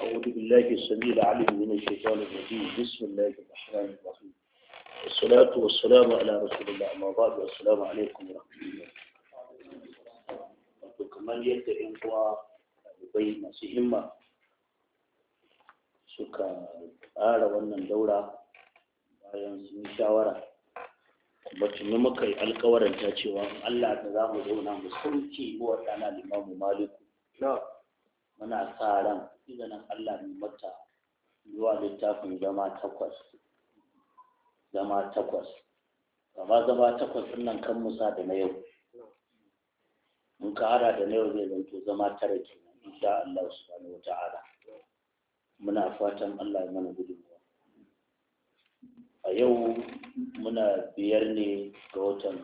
أعوذ بالله السميع العليم من الشيطان الرجيم بسم الله الرحمن الرحيم والصلاة والسلام على رسول الله أما بعد والسلام عليكم ورحمة الله kamar yadda ‘yan uwa ɗalibai masu himma suka tsara wannan daura bayan sun shawara kuma tuni muka yi alkawaranta cewa Allah da za mu zauna mu sauke mu maliku muna sa ran izinin Allah mai mata zuwa littafin zama takwas zama takwas zama zama takwas nan kan musa da na yau mun ka hada da na yau zai zanto zama tara kenan insha Allah subhanahu wata ta'ala muna fatan Allah ya mana gudunmuwa a yau muna biyar ne ga watan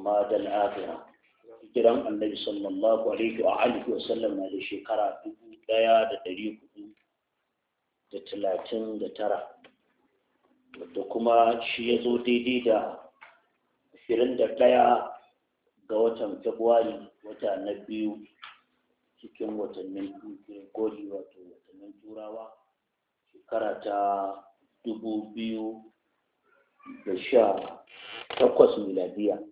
da akhirah kiran annabi sallallahu alaihi wa alihi wa sallam na da shekara dubu daya da dari hudu da talatin da tara wadda kuma shi ya zo daidai da ashirin da daya ga watan februari wata na biyu cikin watannin gori wato watannin turawa shekara ta dubu biyu da sha takwas miladiya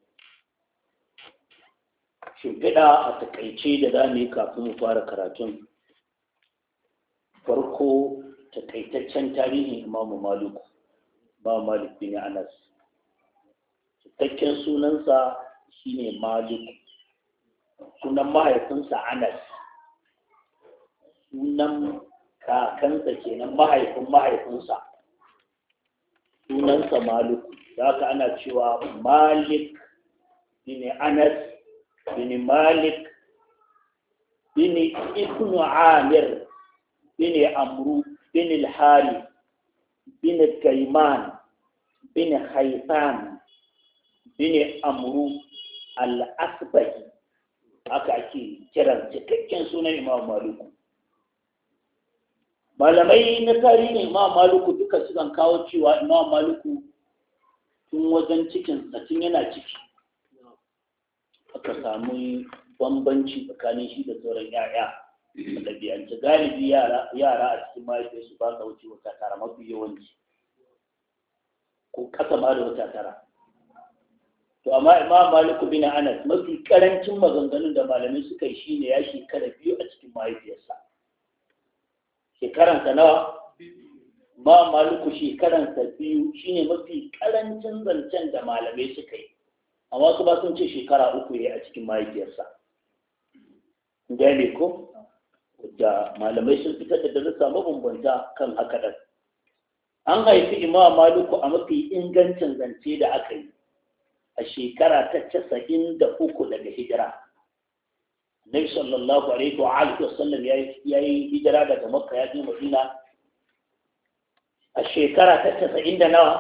shimfiɗa a takaice da za mu yi kafin mu fara karatun farko takaitaccen tarihin imamu malik ba malik bin anas cikakken sunansa shine malik sunan mahaifinsa anas sunan kakansa kenan mahaifin mahaifinsa sunansa malik Za ka ana cewa malik bin anas Bini Malik, Bini Ibn Canir, Bini Amru, Bini Al-Hari, Bini Gayman, Bini Haifan, Bini Amru, Al-Asbaik, haka ake kiran cikakken suna Imawa Maliku. Malamai na tarihin Imawa Maliku duka sukan kawo cewa Imawa Maliku sun wajen cikin a cikin yana ciki. ka samu bambanci tsakanin shi da sauran 'ya'ya a biyanci galibi yara a cikin su ba sa wuce wata tara mafi yawanci ko kasa ma da wata tara to amma imam maliku bin anas mafi karancin maganganun da malamai suka yi shine ya shekara biyu a cikin mahaifiyarsa shekaransa nawa ma maliku shekaransa biyu shine mafi karancin zancen da malamai suka yi a wasu ba sun ce shekara uku ya a cikin mahaifiyarsa gane ko da malamai sun fitar da darussa mabambanta kan haka ɗan an haifi imam Maluku a mafi ingancin zance da aka yi a shekara ta casa'in da uku daga hijira nabi sallallahu alaihi wa alihi wasallam ya yi hijira daga makka ya je madina a shekara ta casa'in da nawa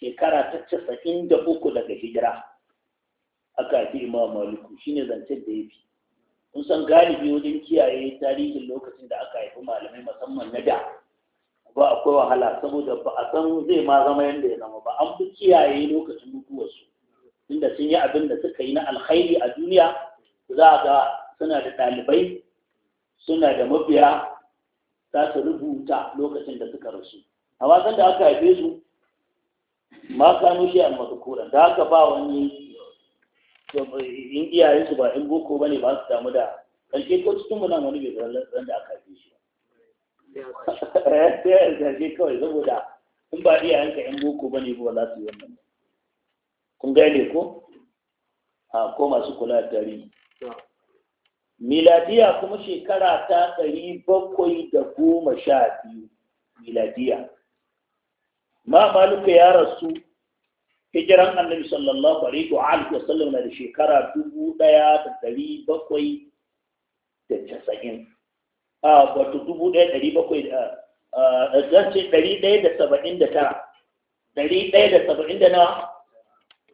shekara ta casa'in da uku daga hijira aka fi imam maliku shine zancen da ya fi kun san galibi wajen kiyaye tarihin lokacin da aka haifi malamai musamman na da ba akwai wahala saboda ba a san zai ma zama yadda ya zama ba an fi kiyaye lokacin mutuwarsu inda sun yi abin da suka yi na alkhairi a duniya za a ga suna da ɗalibai suna da mabiya za su rubuta lokacin da suka rasu a sanda aka haife su ma kanu shi an mazkura da haka ba wani in iyayen su ba in boko ne ba su damu da karshe ko cikin muna wani bai zan ran da aka yi shi ba ya eh, zarge kawai saboda in ba iyayen ka yan boko ne, ba za su yi wannan kun gane ko a ko masu kula da tarihi miladiya kuma shekara ta ɗari bakwai da goma sha biyu miladiya ma maluka ya rasu hijiran annabi sallallahu alaihi wa alihi wa sallam da shekara dubu ɗaya da bakwai da a wato dubu ɗaya ɗari bakwai da ce ɗaya da saba'in da tara ɗaya da saba'in da na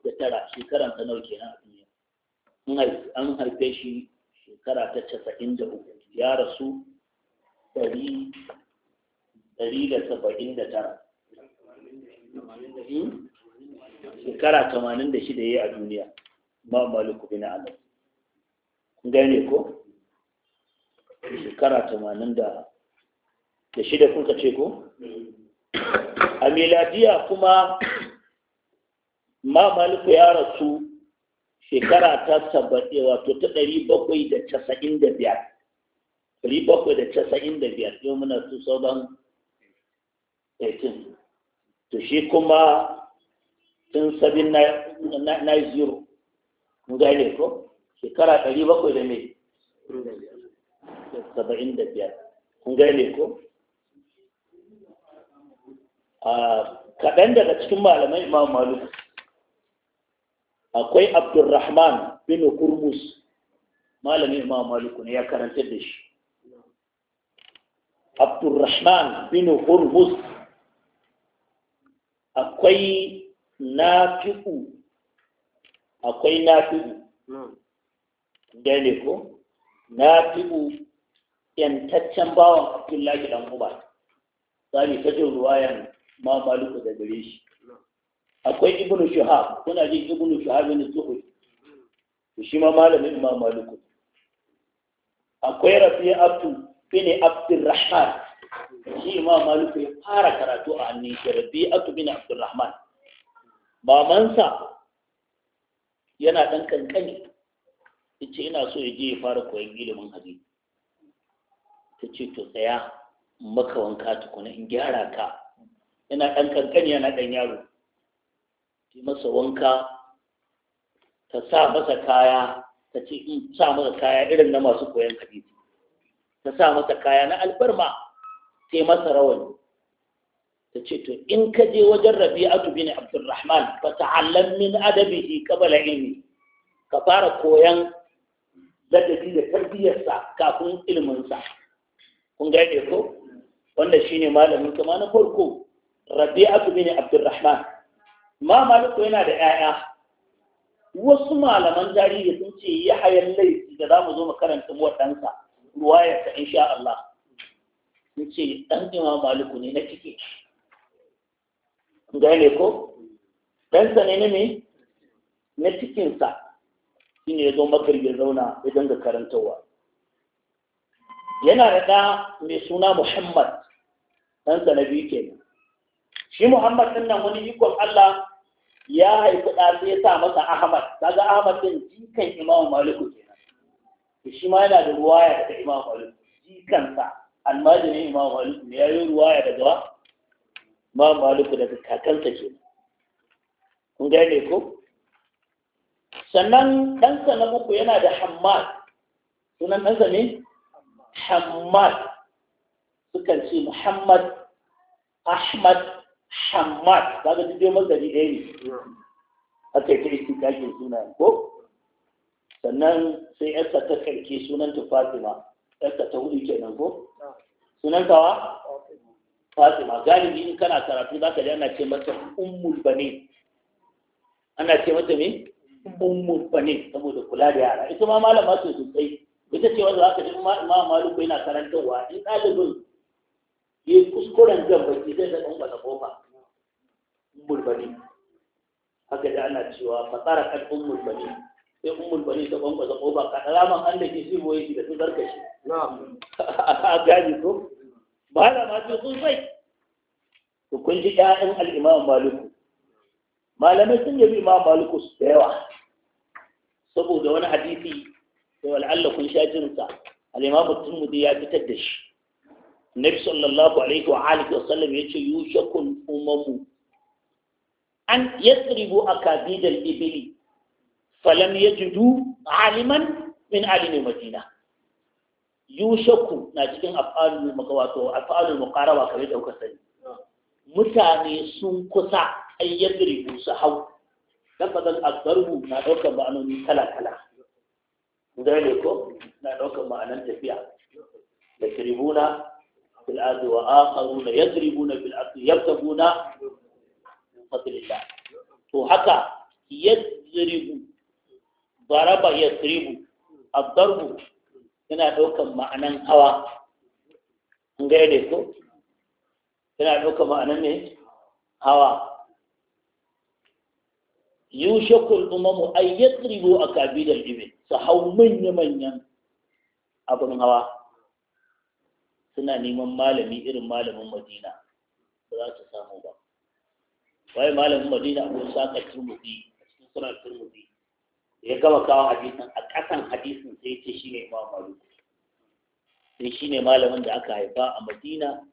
da tara shekaran ta nauke kenan duniya an harfe shi shekara ta casa'in da uku ya rasu ɗari da saba'in da tara shekara tamanin da shida ya yi a duniya ma maluku bin anas kun gane ko shekara tamanin da shida kun ka ce ko a miladiya kuma ma maluku ya rasu shekara ta sabbaɗe wato ta ɗari bakwai da casa'in da biyar ɗari bakwai da casa'in da biyar yau muna su sauran 18 to shi kuma tun sabin na mun gane ko shekara ɗari bakwai da me saba'in da biyar kun gane ko kaɗan daga cikin malamai imam malu akwai abdulrahman bin kurmus malamin imam maluku ne ya karanta da shi abdulrahman bin kurmus akwai nafi'u akwai nafi'u ko nafi'u yantaccen bawan abdullahi dan uba sani ta jin ruwayan ma maliku da gare shi akwai ibnu shahab kuna jin ibnu shahab ne zuhuri shi ma malamin imam maliku akwai rabi'atu bin abdurrahman shi imam maliku ya fara karatu a hannun shi rabi'atu bin abdurrahman mamansa yana ɗan kankani ta ce ina so ya je ya fara koyon ilimin hadisi ta ce to tsaya maka wanka tukuna in gyara ka yana ɗan kankani yana ɗan yaro ta masa wanka ta sa masa kaya ta ce in sa masa kaya irin na masu koyon hadisi ta sa masa kaya na alfarma sai masa rawani ta ce to in ka je wajen rabi'atu bin abdurrahman fa ta'allam min adabihi qabla ilmi ka fara koyan ladabi da tarbiyyarsa kafin ilminsa kun gane ko wanda shine malamin kama na farko rabi'atu bin abdurrahman ma maliku yana da 'ya'ya wasu malaman tarihi sun ce ya hayan laifi da za mu zo mu karanta mu waɗansa ruwayarsa insha Allah ya ce ɗan imam maluku ne na ciki gane ko ɗansa ne na me na cikinsa shi ne ya zo makar ya zauna ya danga karantarwa yana da ɗa mai suna muhammad ɗansa na biyu kenan shi muhammad ɗin nan wani ikon allah ya haifi ɗa sai ya sa masa ahmad kaga ahmad ɗin jikan imamu maluku ke shi ma yana da ruwaya daga imamu maluku jikansa almajiri imam ya yi ruwaya daga imam malik daga kakansa ke kun gane ko sannan ɗansa na uku yana da hammad sunan ɗansa ne hammad sukan ce muhammad ahmad hammad ka duk dai mazari ɗaya ne aka yi ta kakin sunayen ko sannan sai yarsa ta karke sunan tufafi ma yarsa ta hudu kenan ko sunanta wa fatima galibi in kana karatu za ka ji ana ce mata ummul bane. ana ce mata me ummul bane saboda kula da yara ita ma malama ce sosai ita ce wanda za ka ji ma maluku yana karantarwa in ɗalibin ya kuskuren jan baki zai da ɗan ɓata ƙofa ummul bane, haka da ana cewa fatsara kan ummul bane, sai ummul bane ta kwankwasa ko ka alaman an da ke shi boye da su zarka shi a gani ko malama ce sosai to kun ji ƴaƴan al'imam maliku malamai sun yabi imam maliku su da yawa saboda wani hadisi da wal'alla kun sha jinsa al'imam mu ya fitar da shi nabi sallallahu alaihi wa alihi wa sallam yace yushakun umamu an yasribu akabidal ibili falam yajidu aliman min alimi madina yushaku na cikin af'alul wato af'alul muqaraba kamar da kuka sai mutane sun kusa ayyar ribu su hau lafazan azbarhu na daukar ma'anoni kala kala dole ko na daukar ma'anan tafiya da tribuna fil ardi wa akharuna yadribuna fil ardi yabtaguna min fadlillah to haka yadribu baraba yadribu azbarhu yana ɗaukan ma'anan hawa an gaya da ko yana ɗaukan ma'anan ne hawa yushakul umamu ay yadribu akabidal ibil su hau manya manyan abin hawa suna neman malami irin malamin madina ba za su samu ba waye malamin madina ko saka turmudi a cikin sunan turmudi ya gama kawo hadisin a ƙasan hadisin sai ce shi ne imam malik sai shi ne malamin da aka haifa a madina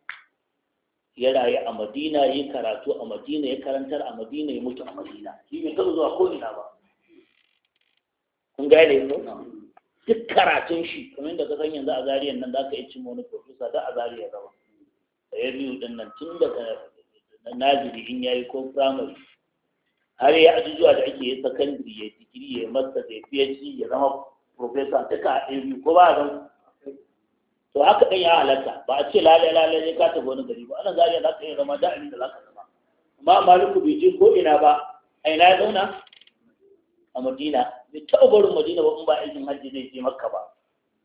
ya rayu a madina ya karatu a madina ya karantar a madina ya mutu a madina shi ne kawai zuwa ko ina ba kun gane yanzu duk karatun shi kamar da ka san yanzu a zariyan nan za ka yi cin wani profesa da a zariya gaba a ya biyu din nan tun daga naziri in yayi ko firamare har ya ajujuwa da ake yi sakandiri ya digiri ya masa da ya phd ya zama profesa duka a ɗaya ko ba a zan to haka ɗan ya halatta ba a ce lalai ne ka tafi wani gari ba ana zariya za ka yi zama abin da za ka zama amma maliku bai je ko ina ba a ina ya zauna a madina bai taɓa barin madina ba in ba aikin hajji zai je makka ba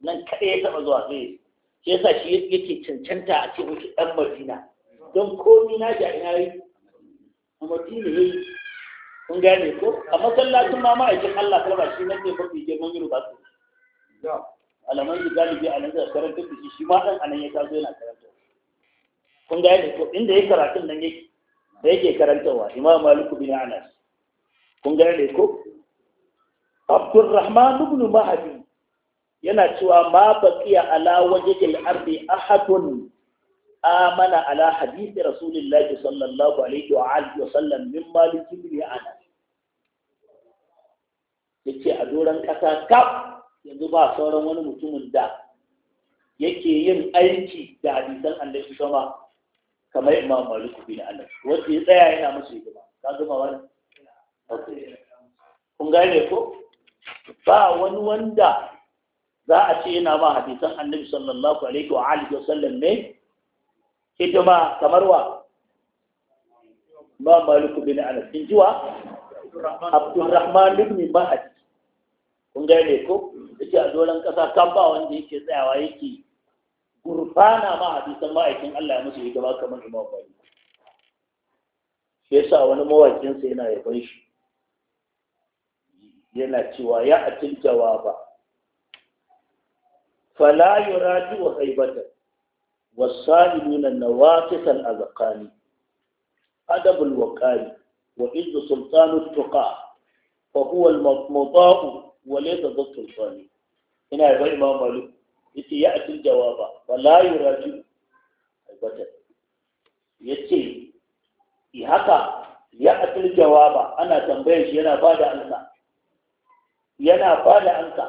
nan kaɗai ya taɓa zuwa sai shi yasa shi yake cancanta a ce mutu ɗan madina don komi na ja a ina yi a madina ya yi kun gane ko a masallacin ma ma'aikin Allah kalma shi nan ne mafi girman yin ba su alaman yi galibi a nan da karanta su shi ma ɗan anan ya taso yana karanta kun gane ko inda ya karatun nan yake da yake karantawa imam malik bin anas kun gane ko abdurrahman ibn mahdi yana cewa ma baqiya ala wajhil ardi ahadun آمن ala حديث رسول sallallahu alaihi الله عليه wa sallam min malik ibn anas yace a doron ƙasa kaf yanzu ba sauran wani mutumin da yake yin aiki da hadisan annabi sama kamar imam malik bin anas wanda ya tsaya yana musu hidima ka gama wani kun gane ko ba wani wanda za a ce yana ma hadisan annabi sallallahu alaihi wa alihi wa sallam ne hidima kamar wa ma maluku bin anas in jiwa abdurrahman ibn mahdi kun ne ko yace a dolan kasa kan ba wanda yake tsayawa yake gurfana ma hadisan ma'aikin Allah ya musu hidima kamar imam bari shi yasa wani mawakin sa yana yaban shi yana cewa ya atil jawaba fala yuradu haibatan والسائلون النواكس الأذقان أدب الوقار وإذ سلطان التقى فهو المطاع وليس ذا السلطان هنا يقول إمام مالك yace ya atil jawaba wala yuraju albatar yace i haka ya atil jawaba ana tambayar shi yana bada ansa yana bada ansa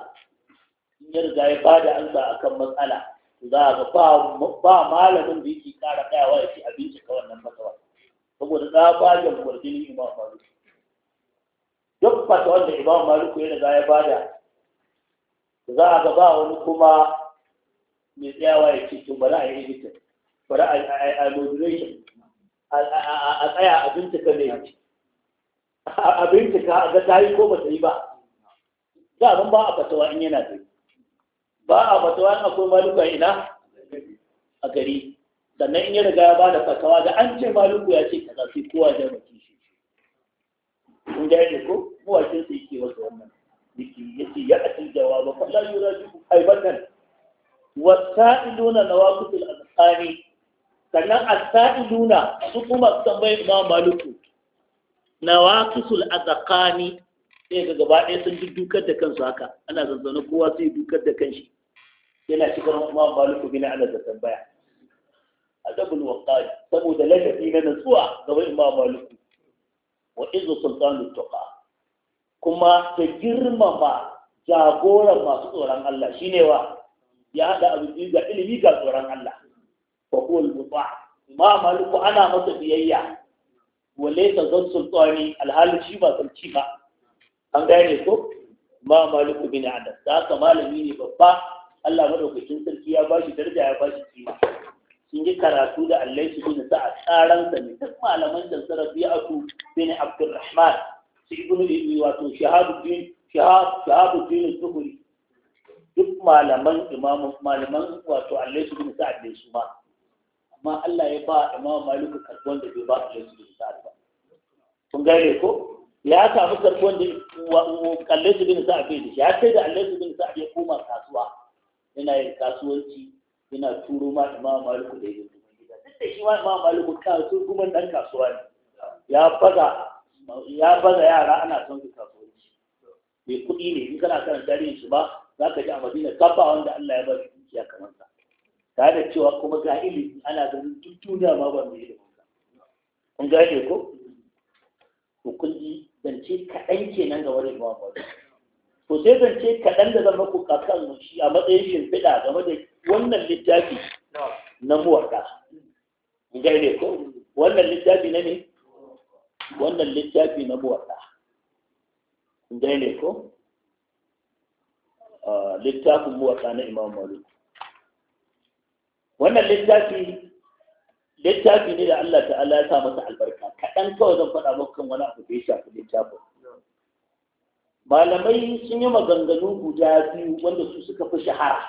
in riga ya bada ansa akan matsala za a ga ba malamin da yake kara tsayawa ya ce abinci kawai wannan matsawa saboda za da kwarjinin imam malik duk fatawar da imam malik ya za ya bada za a ga ba wani kuma mai tsayawa ya ce to za a yi ba za a moderation a tsaya ka bincika ne a bincika ka ga ta yi ko ba ta yi ba za a ban ba a fatawa in yana zai ba a fatawa in akwai maluka ina a gari sannan in ya riga ya bada fatawa da an ce maluku ya ce kaza sai kowa da baki shi kun ga yadda ko mawakin sai ke wasu wannan yake yace ya ati jawaba fa la yuraju aibatan wasa'iluna a tsari sannan a as-sa'iluna su kuma tambayi ma maluku a tsakani? sai ga gaba ɗaya sun dukar da kansu haka ana zazzauna kowa sai dukar da kanshi yana cikin imam maliku bin anas da tambaya adabul waqai saboda ladabi na natsuwa gaba imam maliku wa izu sultanu tuqa kuma ta girmama jagoran masu tsoron Allah shine wa ya hada abu biyu ga ilimi ga tsoron Allah fa huwa muta imam ana masa biyayya wa laysa zan sultani alhal shi ba sarki ba an gane ko ma maliku bin anas da haka malami ne babba Allah madaukakin sarki ya bashi daraja ya bashi kima sun yi karatu da Allah su bin sa a tsaransa ne duk malaman da Rabi'atu bin Abdulrahman, su ibnu Ibni wato Shahabuddin Shahab Shahabuddin Zuhri duk malaman imamu malaman wato Allah su bin sa a su ma amma Allah ya ba Imam Malik karbuwan da bai ba Allah su bin sa ba kun gane ko ya samu karbuwan da Allah su bin sa bai da shi ya sai da Allah su bin sa ya koma kasuwa yana yin kasuwanci yana turo ma imam maliku da yin zuman gida duk da shi ma imam maliku kasu guman dan kasuwa ne ya baza ya baza yara ana son su kasuwanci mai kuɗi ne in kana son tarihin shi ba za ka ji a madina kafa wanda Allah ya ba shi dukiya kamar sa tare da cewa kuma ga ilimi ana ganin duk duniya ma ba mai ilimin sa kun gane ko to kun ji zance kaɗan kenan ga wani imam maliku to sai zance kaɗan da zama ku kakan shi a matsayin shimfiɗa game da wannan littafi na muwaka gane ko wannan littafi na ne wannan littafi na muwaka gane ko littafin muwaka na imam malik wannan littafi littafi ne da Allah ta'ala ya sa masa albarka kaɗan kawai zan faɗa maka wani abu da ya shafi littafin malamai sun yi maganganu guda biyu wanda su suka fi shahara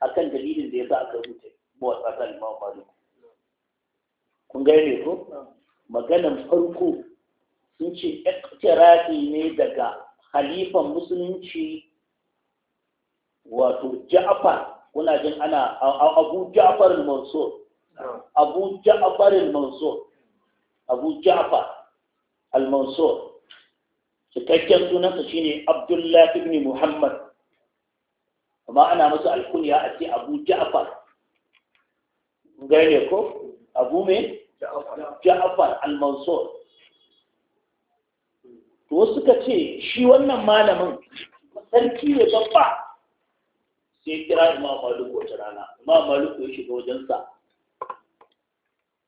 akan dalilin da ya a aka rubuta motsa kan imam kun gane ko maganan farko sun ce iktirafi ne daga halifan musulunci wato ja'far kuna jin ana abu ja'far al-mansur abu ja'far al-mansur abu ja'far al-mansur cikakken sunansa shine abdullahi ibn muhammad amma ana masu alkunya a ce abu ja'afar gane ko abu mai? Ja'afar al-mansur to suka ce shi wannan malamin sarki ne babba sai kira imam malik wata rana imam malik ya shiga wajensa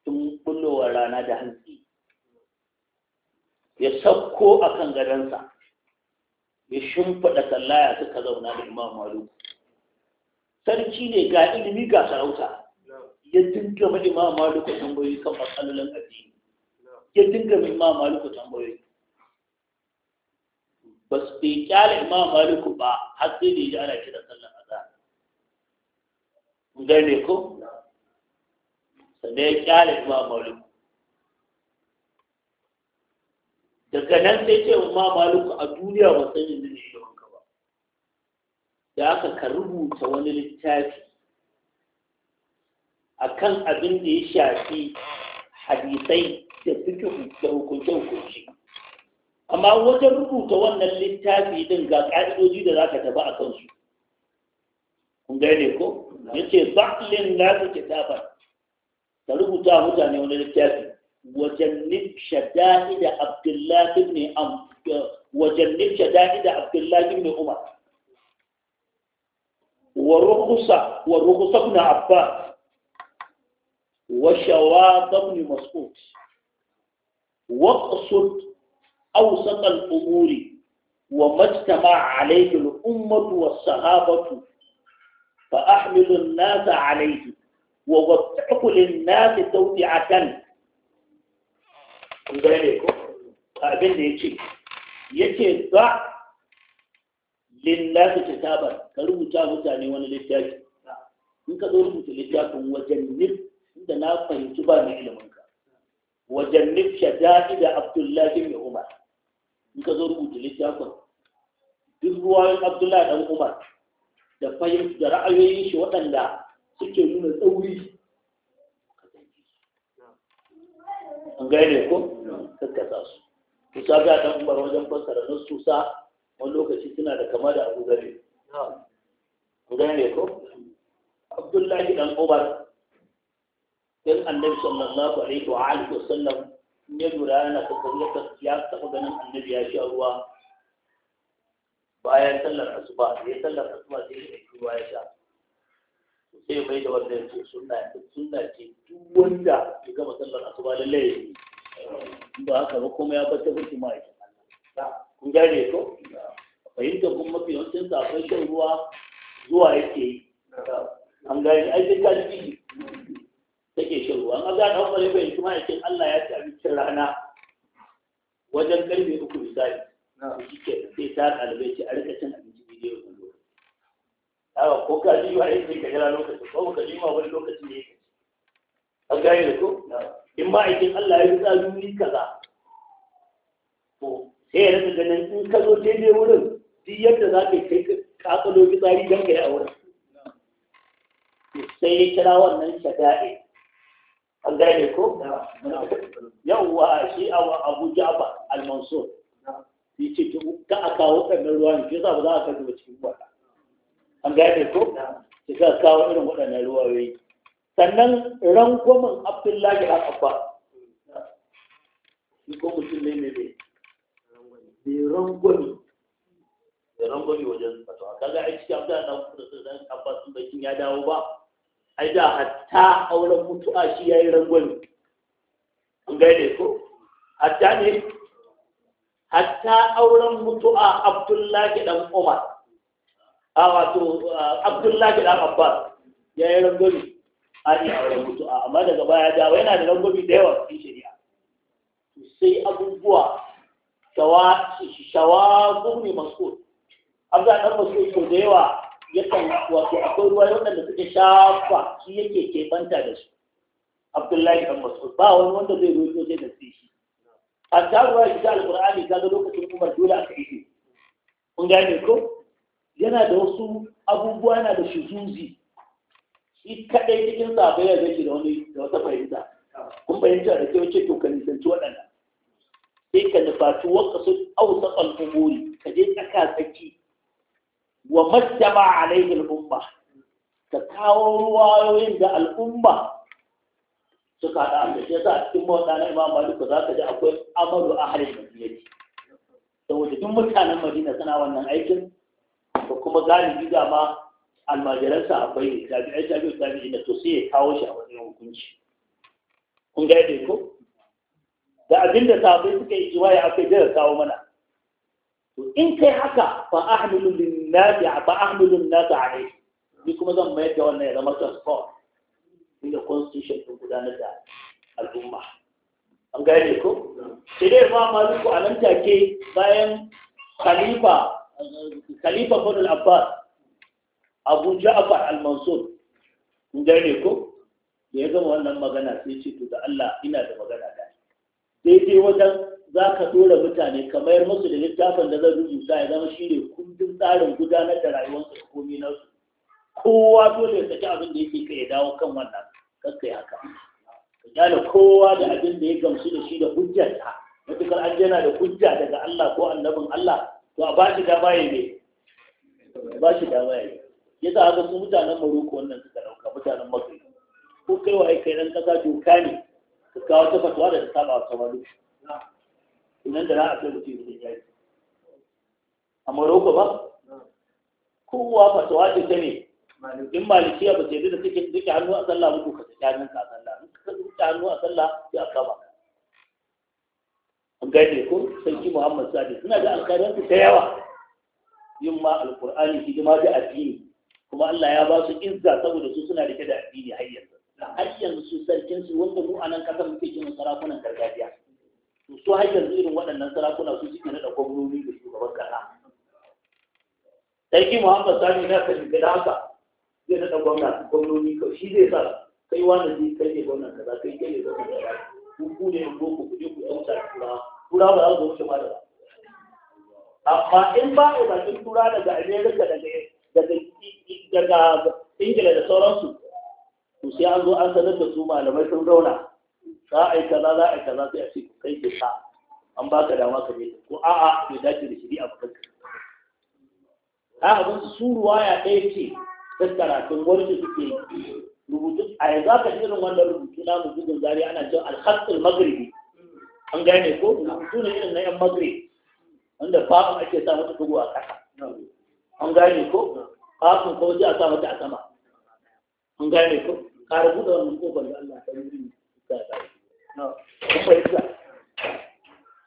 tun bullowar rana da hantsi ya sauko a kan gadansa ya shimfiɗa sallaya suka zauna da imam malu sarki ne ga ilimi ga sarauta ya dinga ma imam malu ko tambayoyi kan matsalolin addini ya dinga ma imam malu ko tambayoyi ba su bai kyale imam malu ba har sai da ya ji ana kiran sallan azan gane ko sannan ya kyale imam malu daga nan sai ce ma maluku a duniya ba sai yin ne shi wanka ba da aka ka rubuta wani littafi akan abin da ya shafi hadisai da suke da hukunce hukunci amma wajen rubuta wannan littafi din ga ƙa'idoji da za ka taba a kansu kun gane ko ya ce ba'lin nasu kitaban ka rubuta mutane wani littafi وجنب شدائد عبد الله بن أم وجنب شدائد عبد الله بن عمر ورخص ورخص ابن عباس وشواط بن مسعود واقصد أوسط الأمور وما اجتمع عليه الأمة والصحابة فأحمل الناس عليه ووثق للناس توسعة kun gane ko abin da ya ce ya ce ba lillahi kitaban ka rubuta mutane wani littafi in ka zo rubuta littafin wajen nif inda na fahimci ba na ilimin ka wajen nif shaddadi da abdullahi bin umar in ka zo rubuta littafin duk ruwan abdullahi dan umar da fahimci da ra'ayoyin shi waɗanda suke nuna tsauri an gane ko kakkasa su to sabi a dan umar wajen fassara nususa wani lokaci suna da kama da abu gari ku gane ko abdullahi dan umar dan annabi sallallahu alaihi wa alihi wa sallam ne lura yana kokarin ya taɓa ganin annabi ya sha ruwa bayan sallar asuba ya sallar asuba sai ya yi ruwa ya sha sai bai da wannan ce sunna sunna ce duk wanda ya gama sallar asuba lallai ya yi ba haka ba kuma ya bar ta burki ma'aikin Allah kun gane ko fahimta kuma mafi yawancin sa akwai shan ruwa zuwa yake yi an gane ai duk kalbi take shan ruwa an ga dan ne bai kuma yake Allah ya ci abincin rana wajen karfe uku misali na shike sai ta kalbe ci a rika cin abinci bidiyo kullu haka ko ka ji wa yake ka gara lokaci ko ka ji ma wani lokaci ne an gane ko in ba aikin Allah ya sa duni kaza to sai ya rasa ganin in ka zo daidai wurin duk yadda za ka kai kakalo fitsari don ka yi a wurin sai ya kira wannan shada'i an gane ko yawwa shi a abu jaba al ya ce ka a kawo waɗannan ruwan shi yasa ba za a kai cikin wata an gane ko ya ka kawo irin waɗannan ruwa ruwayoyi sannan rangwamen abdullahi ɗan abba shi ko mutum ne mai mai rangwami mai rangwami wajen fatawa kaga ai cikin abdullahi ɗan abba sun ɗan abba sun bakin ya dawo ba ai da hatta auren mutuwa shi ya yi rangwami an gaida ko hatta ne hatta auren mutuwa abdullahi ɗan umar a wato abdullahi ɗan abbas ya yi rangwami an yi auren mutu'a amma daga baya jawo yana da rangobi da yawa cikin shari'a sai abubuwa shawa gumi masu abuwa ɗan masu ko da yawa yakan wato akwai ruwa da suka shafa shi yake banta da su abdullahi ɗan masu ba wani wanda zai roƙo sai da shi a jaruwa shi ta alƙur'ani ta ga lokacin umar dole aka yi kun gane ko yana da wasu abubuwa yana da shuzuzi shi kadai cikin safe ya zai da wani da wata fahimta kun fahimta da kyau ce to ka nisanci waɗannan sai ka nufaci waka sun ausa al'umuri ka je tsaka tsaki wa majtama alaihi al'umma ka kawo ruwayoyin da al'umma suka haɗa da shi yasa a cikin mawata na imam malik za ka ji akwai amaru ahalin madinati saboda duk mutanen madina suna wannan aikin Ba kuma galibi da ma almajiran sahabbai ne tabi'ai tabi'u tabi'i na to sai ya kawo shi a matsayin hukunci kun ga yadda ko da abinda sahabbai suka yi jiwaya akai da kawo mana to in kai haka ba ahmilu linnasi fa ahmilu a alayhi ni kuma zan mayar da wannan ya zama transport da constitution din gudanar da al'umma an yadda ko sai dai ma zuku a nan take bayan khalifa khalifa fadul abbas abu ja'far al-mansur in gane ko da ya gama wannan magana sai ce to da Allah ina da magana da dai wajen za ka dora mutane ka mayar musu da littafin da zan rubuta ya zama shi ne kundin tsarin gudanar da rayuwar da komai su? kowa dole ya saki abin da yake kai ya dawo kan wannan kakkai haka ka gane kowa da abin da ya gamsu da shi da ta matukar an jana da hujja daga Allah ko annabin Allah to a ba shi dama ya ne ba shi dama ya ne ya sa haka su mutanen maroko wannan suka dauka, mutanen magrib ko kai waye kai nan ƙasa doka ne ka kawo ta fatuwa da ta saba wa samalu idan da za a kai mutum da a maroko ba kowa fatuwa ce ta ne in malikiya ba ce da take duka hannu a sallah muku ka saki hannun ka a sallah in ka saki hannu a sallah sai a kama an gane ko sarki muhammad sadi suna da alkhairansu ta yawa yin ma alkur'ani hidima da addini kuma Allah ya ba su izza saboda su suna rike da addini har yanzu har yanzu su sarkin su wanda mu anan kasar muke kiran sarakunan gargajiya to su har yanzu irin waɗannan sarakuna su suke naɗa gwamnoni da shugaban kasa sarki Muhammad Sani na ka shiga da haka zai naɗa gwamna gwamnoni kawai shi zai sa kai wani zai kai ne gwamnan kaza kai kai ne gwamnan kaza ku ne yan boko ku je ku ɗauka da kura, ba za ku wuce ma da ba amma in ba a bakin tura daga amerika daga daga daga ingila da sauransu su sai an zo an sanar da su malamai sun zauna za a yi kaza za a yi kaza sai a ce kai ke sa an baka dama ka nesa ko a'a mai dace da shari'a a kanka a abin su ya ɗaya ce ta karatun wanda suke rubutu a yanzu aka irin wannan rubutu na mu bugun zari ana jin alhassul magribi an gane ko rubutu na irin na yan magribi wanda fafin ake sa masa dugu a ƙasa an gane ko kafin ko sai a sa mata a sama an gane ko kare buɗe wannan kofar da Allah ta yi ta ta na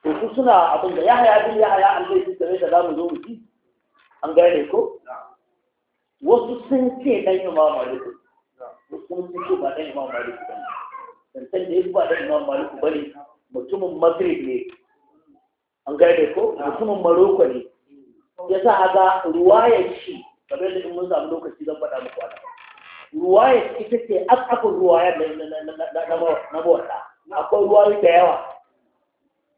to su suna abin da ya haya bin ya haya Allah ya tsare da zamu zo mu ci an gane ko wasu sun ce dan Imam Malik wasu sun ce ba dan Imam Malik ba dan san da yake ba dan Imam Malik ne, mutumin Madrid ne an gane ko mutumin Morocco ne yasa haga ruwayar shi kamar da in mun samu lokaci zan faɗa muku ana ya ita ce ruwa ruwaya na mawata akwai ruwayoyi da yawa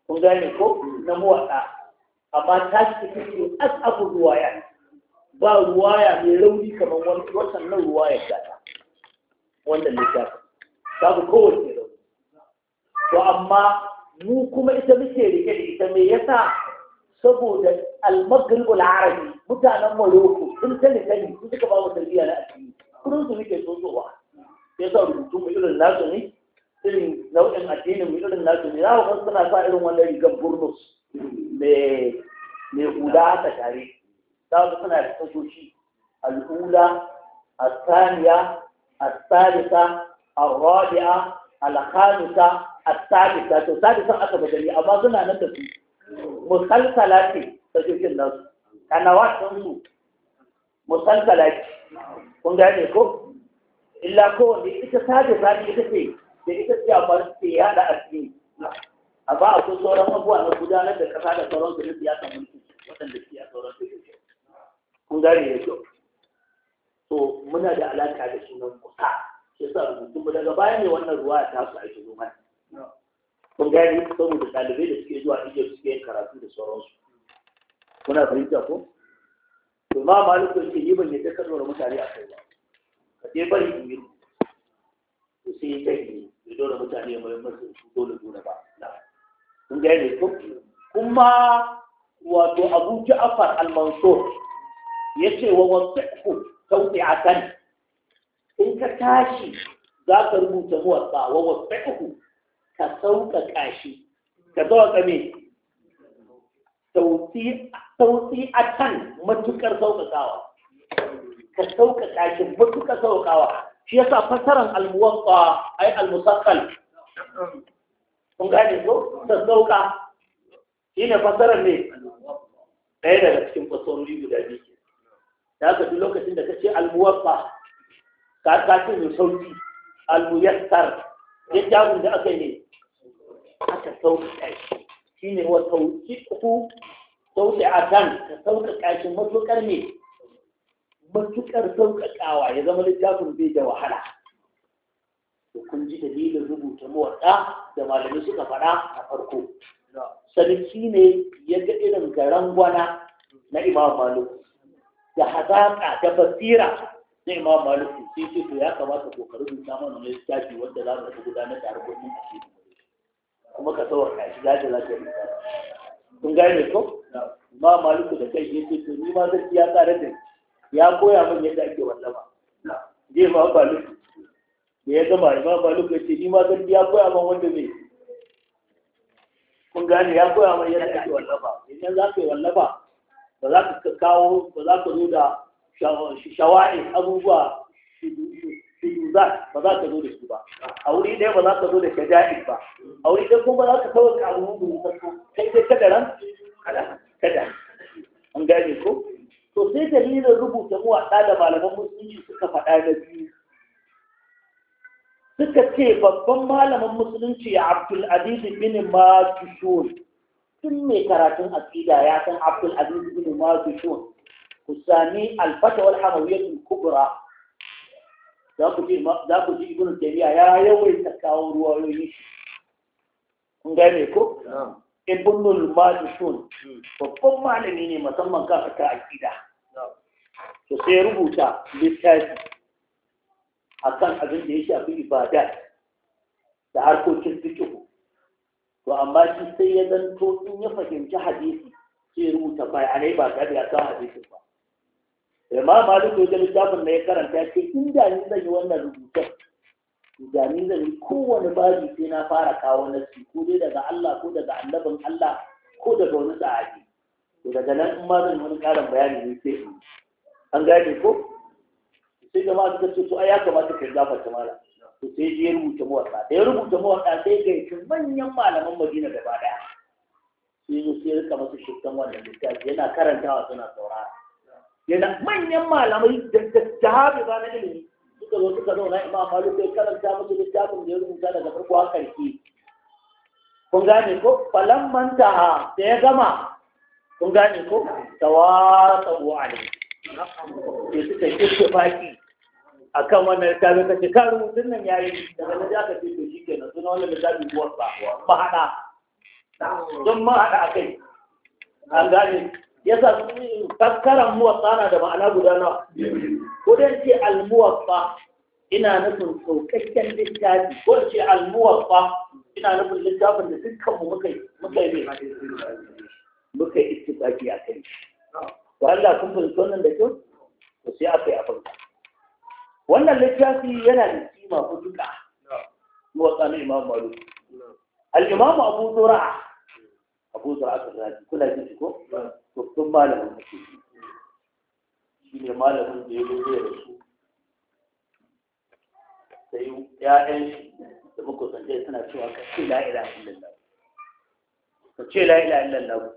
kun gane ko na mawata amma ta ce ita ce ruwa ruwaya ba ruwaya mai rauni kamar wani watan nan ruwaya gata wanda ta babu kowace rauni to amma mu kuma ita muke rike da ita me yasa saboda almagribul arabi mutanen maroko sun sani sani sun suka ba mu tarbiyya na addini kudin su muke tsotsowa sai sa rubutu mu irin nasu ne irin nau'in addinin mu irin nasu ne za ku suna sa irin wannan rigar burnus mai mai hula haka tare za ku suna da tashoshi al'ula الثانية الثالثة الرابعة الخامسة السادسة السادسة أكبر جميع أما ظن أن تكون musalsala ce sojojin nasu kanawa sun su musalsala ce kun gane ko illa kowanne ita sace zaɓi ita ce da ita ce a ke A asiri a kun sauran abubuwa na gudanar da kasa da sauran su nufi ya samu waɗanda su ya sauran su kun gane ya kyau to muna da alaka da sunan kuka kusa shi yasa rubutu daga baya ne wannan ruwa ta su a shi zo kun gani saboda dalibai da suke zuwa Egypt suke yin karatu da sauransu kuna fahimta ko to ma malik ko yi ban yadda ka dora mutane a kai ba ka je bari in yi to sai ka yi ya dora mutane mai masu su dole dole ba kun gani ko kuma wato Abu Ja'far al-Mansur yace wa wasiqu tawdi'atan in ka tashi za ka rubuta muwatta wa wasiqu ka sauƙaƙa shi ka sauƙaƙa me sauƙi a can matuƙar sauƙaƙawa ka sauƙaƙa shi matuƙar sauƙaƙawa shi yasa fasaran almuwaƙa ai almusakkal kun gane ko ta sauƙa shi ne fasaran ne ɗaya daga cikin fasarori guda biyu da aka fi lokacin da ka ce almuwaƙa ka ta ce mai sauƙi almuyassar yadda abin da aka yi ne aka sauƙaƙa shi shi ne wa sauƙiƙu ka sauƙaƙa shi matuƙar ne matuƙar sauƙaƙawa ya zama littafin bai da wahala to kun ji dalilin rubuta mawaɗa da malami suka faɗa a farko sarki ne ya ga irin garan gwana na imam malik da hazaƙa da basira na imam malik sai ce to ya kamata kokarin rubuta mana littafi wanda za mu gudanar da harkokin asiri kuma ka tsawar kashi gashi za ka rika kun gane ko ma maliku da kai yake to ni ma zai ya tsare da ya koya min yadda ake wallafa je ma maliku da ya gama ma maliku yace ni ma zai ya koya min wanda ne kun gane ya koya min yadda ake wallafa idan za ka yi wallafa ba za ka kawo ba za ka zo da shawa'in abubuwa fiyuzat ba za ka zo da shi ba a wuri ɗaya ba za ka zo da shaja'id ba a wuri ɗaya kuma za ka kawo ka abu mu kai dai kada ran kada kada an gane ko to sai dalilin rubuta muwaɗa da malaman musulunci suka faɗa na biyu suka ce babban malaman musulunci abdul aziz bin matushun tun mai karatun aqida ya san abdul aziz bin matushun ku sami alfata wal hamawiyyatul kubra za ku ji ibn ku ya taymiya ya yawaita kawo ruwayoyi kun gane ko ibnul majishun hmm. babban malami ne musamman ka ta akida to sai rubuta littafi akan abin da ya shafi ibada da harkokin fikihu to amma shi sai ya zanto in ya fahimci hadisi sai rubuta bayanai ba ga da ya kawo hadisin ba imam duk da littafin da ya karanta ya ce inda ni zan yi wannan rubutun da ni zan yi kowane babi sai na fara kawo na nasi ko dai daga Allah ko daga annabin Allah ko daga wani sahabi to daga nan in ma zan wani karin bayani ne sai in an gane ko sai jama'a suka ce to ai ya kamata ka zafa mala to sai je ya rubuta mawaƙa da ya rubuta mawaƙa sai ga yake manyan malaman Madina gaba daya sai ya sai rika masu shirkan wannan littafi yana karantawa suna saurara yana manyan malamai da ba na ilimi suka zo suka zauna ima malik ya karanta musu littafin da ya rubuta daga farko a karshe kun gane ko falan mantaha da ya gama kun gane ko tawasau alai ya suka kirke baki akan wannan littafin kace ka rubutun nan yayi daga nan aka ce to shikenan suna wannan littafin buwar ba ba hada don ma hada akai an gane yasa fakkaran muwatsa na da ma'ana guda nawa ko dai ce almuwatsa ina nufin saukakken littafi ko ce almuwatsa ina nufin littafin da dukkan mu muka muka yi muka yi ittifaki a kai to Allah kun fahimci sunan da kyau to sai a kai abin wannan littafi yana da kima duka muwatsa na Imam malu al-Imam Abu Zur'a Abu Zur'a kan kuna jin ko babban malamin da ke shi ne malamin da ya da su da yi ya'yan shi da makusantai suna cewa ka ce la'ila illallah ka ce la'ila illallah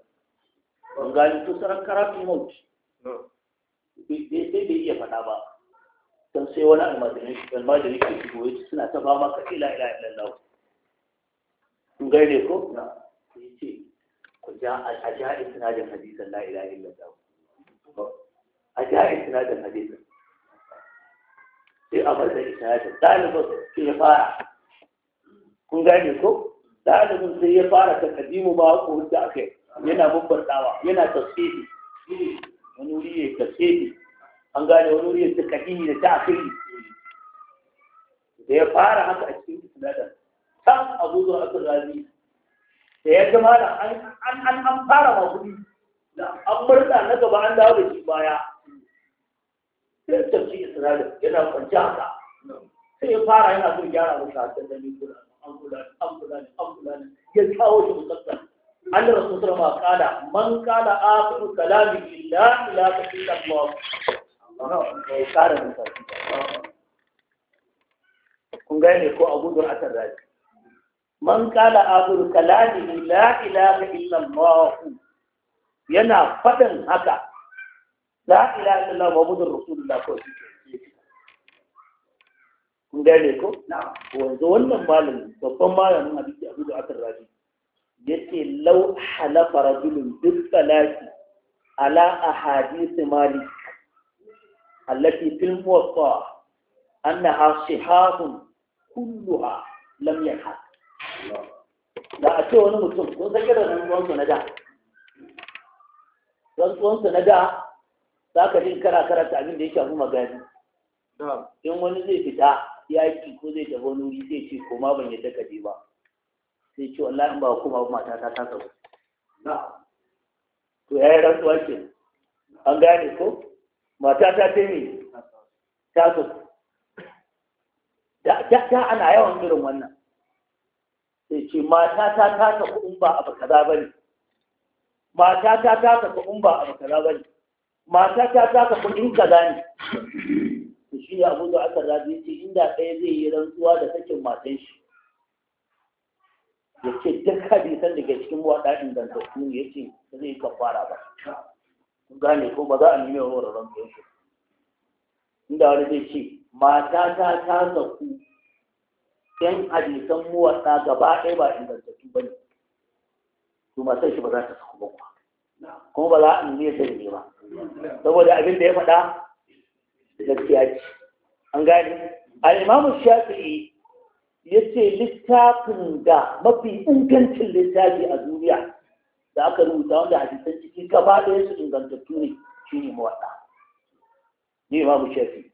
ban gani to sarar karatun maut sai bai iya faɗa ba don sai wani almajirin ke shigo ya suna ta fama ka ce la ila illallah kun gane ko na ce a ja isnadin hadisan la ilaha illallah a ja isnadin hadisan sai a bar da isnadin dalibin ya fara kun gane ko dalibin sai ya fara ta kadimu ba ko da aka yana bambantawa yana tasiri wani wuri ya tasiri an gane wani wuri ya ta kadimu da ta akiri da ya fara haka a cikin isnadin sam abu zuwa akan razi da ya zama da an an fara magudi da an murna na gaba an dawo da shi baya sai tafi isra'ila yana kwanci haka sai ya fara yana so gyara masa hakan da ni kula an kula an kula an kula ya kawo shi musamman an da rasu sura ma kala man kala akhiru kalami illa ila kafin Allah kun gane ko a gudun asar raji man kala abul kalami la ilaha illallah yana faɗin haka la ilaha illallah muhammadur rasulullah ko kun gane ko wanzu wannan Malami babban malamin hadisi abu da akan rabi yace law halafa rajulun bil salati ala ahadith malik allati fil muwatta annaha sihahun kulluha lam yahaq da a ce wani mutum kun sake da rantsuwansu na da rantsuwansu na da za ka jin kara karanta abin da ya shafi magani in wani zai fita yaƙi ko zai tafi wani wuri zai ce koma ban yadda ka je ba sai ce wallahi in ba kuma ba mata ta ta sabo to yayi rantsuwa ce an gane ko mata ta ta ne ta so da ana yawan irin wannan sai ce mata ta ta kuɗin ba abu kaza ba ne mata ta ta kuɗin ba abu kaza ba ne mata ta ta ka kuɗin kaza ne to shi ne abu da aka zaɓi ce inda ɗaya zai yi rantsuwa da sakin matan shi ya ce duk hadisan da ke cikin waɗa ingantattu ya ce ba zai yi kafara ba kun gane ko ba za a nemi wa rantsuwa inda wani zai ce mata ta ta kuɗin yan hadisan muwasa gaba ɗaya ba ingantattu ba ne to masan shi ba za ta saku ba kuma ba za a nune sai ne ba saboda abin da ya faɗa gaskiya ce an gane al-imamu shafi'i ya ce littafin da mafi ingancin littafi a duniya da aka rubuta wanda hadisan ciki gaba ɗaya su ingantattu ne shi ne muwasa ni imamu shafi'i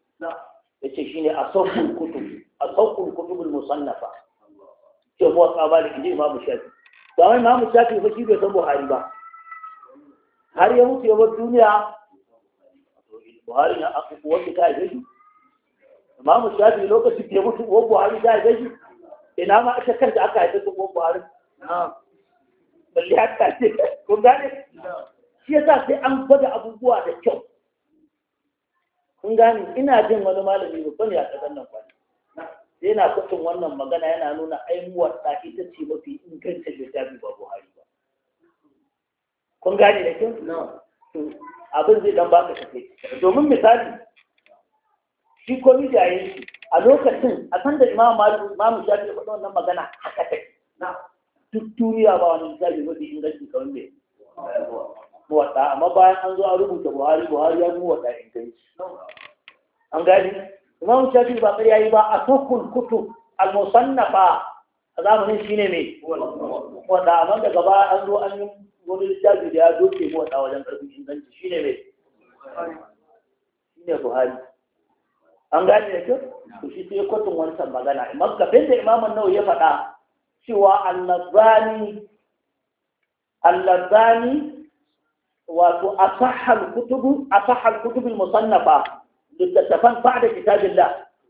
yace shine asawqul kutub asawqul kutub musannafa ce mu asaba da inji imamu shafi ba wai imamu shafi ba shi bai san buhari ba har ya mutu ya bar duniya buhari na aku wanda ta haife shi imamu shafi lokacin da ya mutu uwar buhari ta haife shi ina ma ita kanta aka haife su uwar buhari balle haka ce kun gane shi yasa sai an gwada abubuwa da kyau kun gani ina jin wani malami ba sani a ƙasar nan kwani yana kucin wannan magana yana nuna aimuwar ta ita ce mafi ingancin littafi ba buhari ba kun gani da kin abin zai dan baka kafe domin misali shi komi jayen shi a lokacin a san da imam malu imam shafi ya faɗa wannan magana haka take duk duniya ba wani misali mafi ingancin kawai mai muwaɗa amma bayan an zo a rubuta buhari buhari ya in kai an gani imam shafi ba kariya yi ba a tukul kutu al-musannafa a zamanin shine me. wanda amma daga baya an zo an yi wani littafi da ya doke muwaɗa wajen ƙarfin inganci shine me. shine buhari an gani ne kyau shi sai kwatun wancan magana imam kafin da imaman nawa ya faɗa cewa al-nazani al-nazani wato asahal kutubu asahal kutubul musannafa littattafan ba'da da,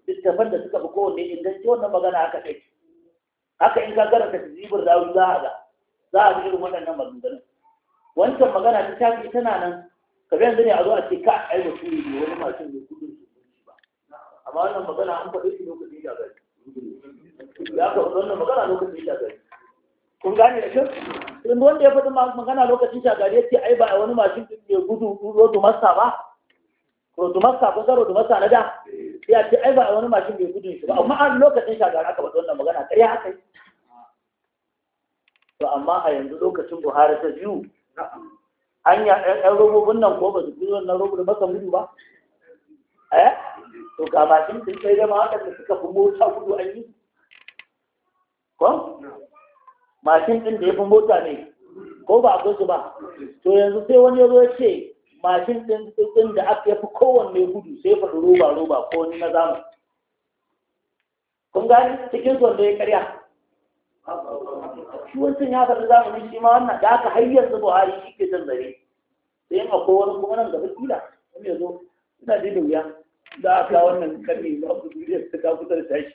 littattafan da suka fi kowanne inganci wannan magana haka take haka in ka karanta tazibur rawi za a ga za a ga irin waɗannan maganganun wancan magana ta shafi tana nan ka biyan yanzu a zo a ce ka ai mutum ne wani mashin ne kudin su ba amma wannan magana an faɗi shi lokacin da gari ya ka wannan magana lokacin da gari kun gane da shi wanda ya faɗi magana lokacin shagari ya ce ai ba a wani mashin mai gudu masa ba ko kun san masa na da ya ce ai ba a wani mashin mai gudun shi ba amma a lokacin gari aka faɗi wannan magana ƙarya aka yi to amma a yanzu lokacin buhari ta biyu hanya ɗan robobin nan ko ba su fi wannan robobin masa gudu ba eh to ga mashin sun sai ma waɗanda suka fi mota gudu an yi ko mashin ɗin da ya fi mota ne ko ba akwai su ba to yanzu sai wani yazo ya ce mashin ɗin ɗin da aka yafi kowanne gudu sai faɗi roba roba ko wani na zamu kun gani cikin su wanda ya karya shi wancan ya faɗi zamani shi ma wannan da aka har yanzu Buhari shi ke zan zare sai in akwai wani kuma nan gaba kila wani yazo ina dai da wuya da aka wannan karni ba ku duniya ta ka kusa da tashi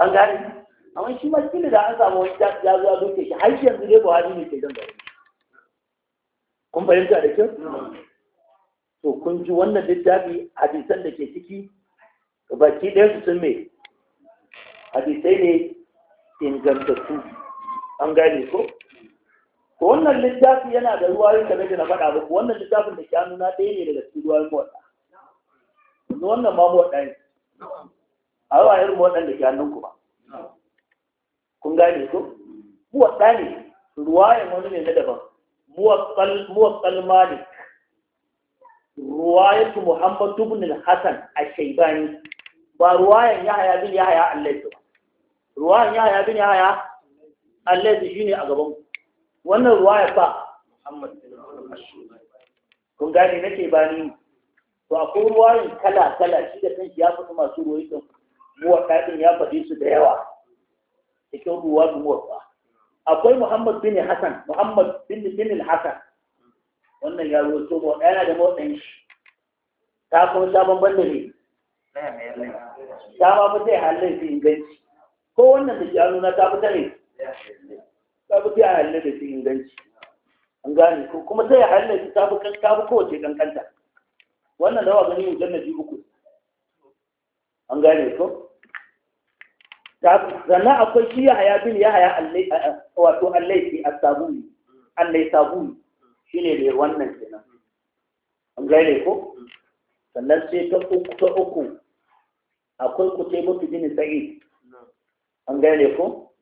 an gani amma shi ma kila da an samu wani ya zo a doke shi har yanzu dai buhari ne ke zan gari kun fahimta da kyau to kun ji wannan littafi hadisan da ke ciki baki ɗaya su sun me hadisai ne ingantattu an gane ko to wannan littafi yana da ruwayoyi kamar da na faɗa muku wannan littafin da shanu na ɗaya ne daga cikin ruwayoyin mawaɗa yanzu wannan ma mawaɗa ne a yawa irin mawaɗan da shanun ku ba kun gane ko muwatta Ruwa ya wani ne na daban muwakkal malik ruwayatu muhammad ibn al-hasan ash-shaybani ba ruwayan haya bin haya allahi ba ruwayan haya bin yahya shi ne a gaban wannan ruwaya fa muhammad kun gane nake ba ni to akwai ruwayan kala kala shi da kanshi ya faɗi masu ruwayi din muwatta din ya faɗi su da yawa cikin ruwa muwatta akwai Muhammad bin Hassan Muhammad bin bin Hassan wannan ya so ba ɗaya da motsin shi ta kuma sha bamban da ne ta ma fita zai halin fi inganci ko wannan da shanu na ta fi ta ne ta fi zai halin da fi inganci an gane ko kuma zai halin da ta fi kowace kankanta wannan da wa gani mujallaji uku an gane ko sannan akwai shi ya haya bin ya haya wato allai a sabuni allai sabuni shi ne mai wannan kenan an gane ko sannan sai ta uku ta uku akwai ku ce mutu bin sa'i an gane ko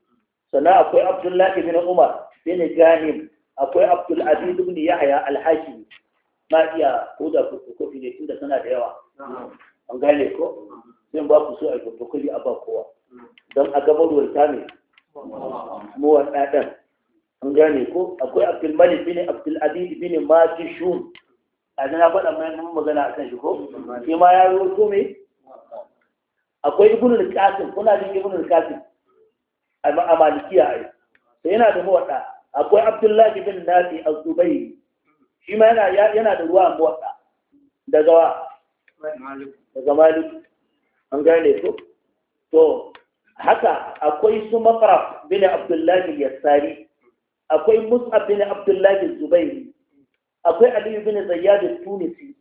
sannan akwai abdullahi bin umar bin ganim akwai abdul aziz bin yahya alhaji ma iya ko da kofi ne tunda suna da yawa an gane ko zan ba ku so a gurgurkuli a ba kowa don a gabarwarta ne mawaɗa ɗan an gane ko akwai abdulmalik bin abdulabid bin majishun a na faɗa mai mun magana a kan shi ko shi ma ya zo so me akwai ibnu al-qasim kuna jin ibnu al-qasim a malikiya ai sai yana da muwada, akwai abdullahi bin nafi az-zubayri shi ma yana yana da ruwa muwada, daga wa, daga malik an gane ko to haka akwai su mafaraf bin abdullahi yassari akwai mus'ab bin abdullahi zubairi akwai aliyu bin zayyad tunisi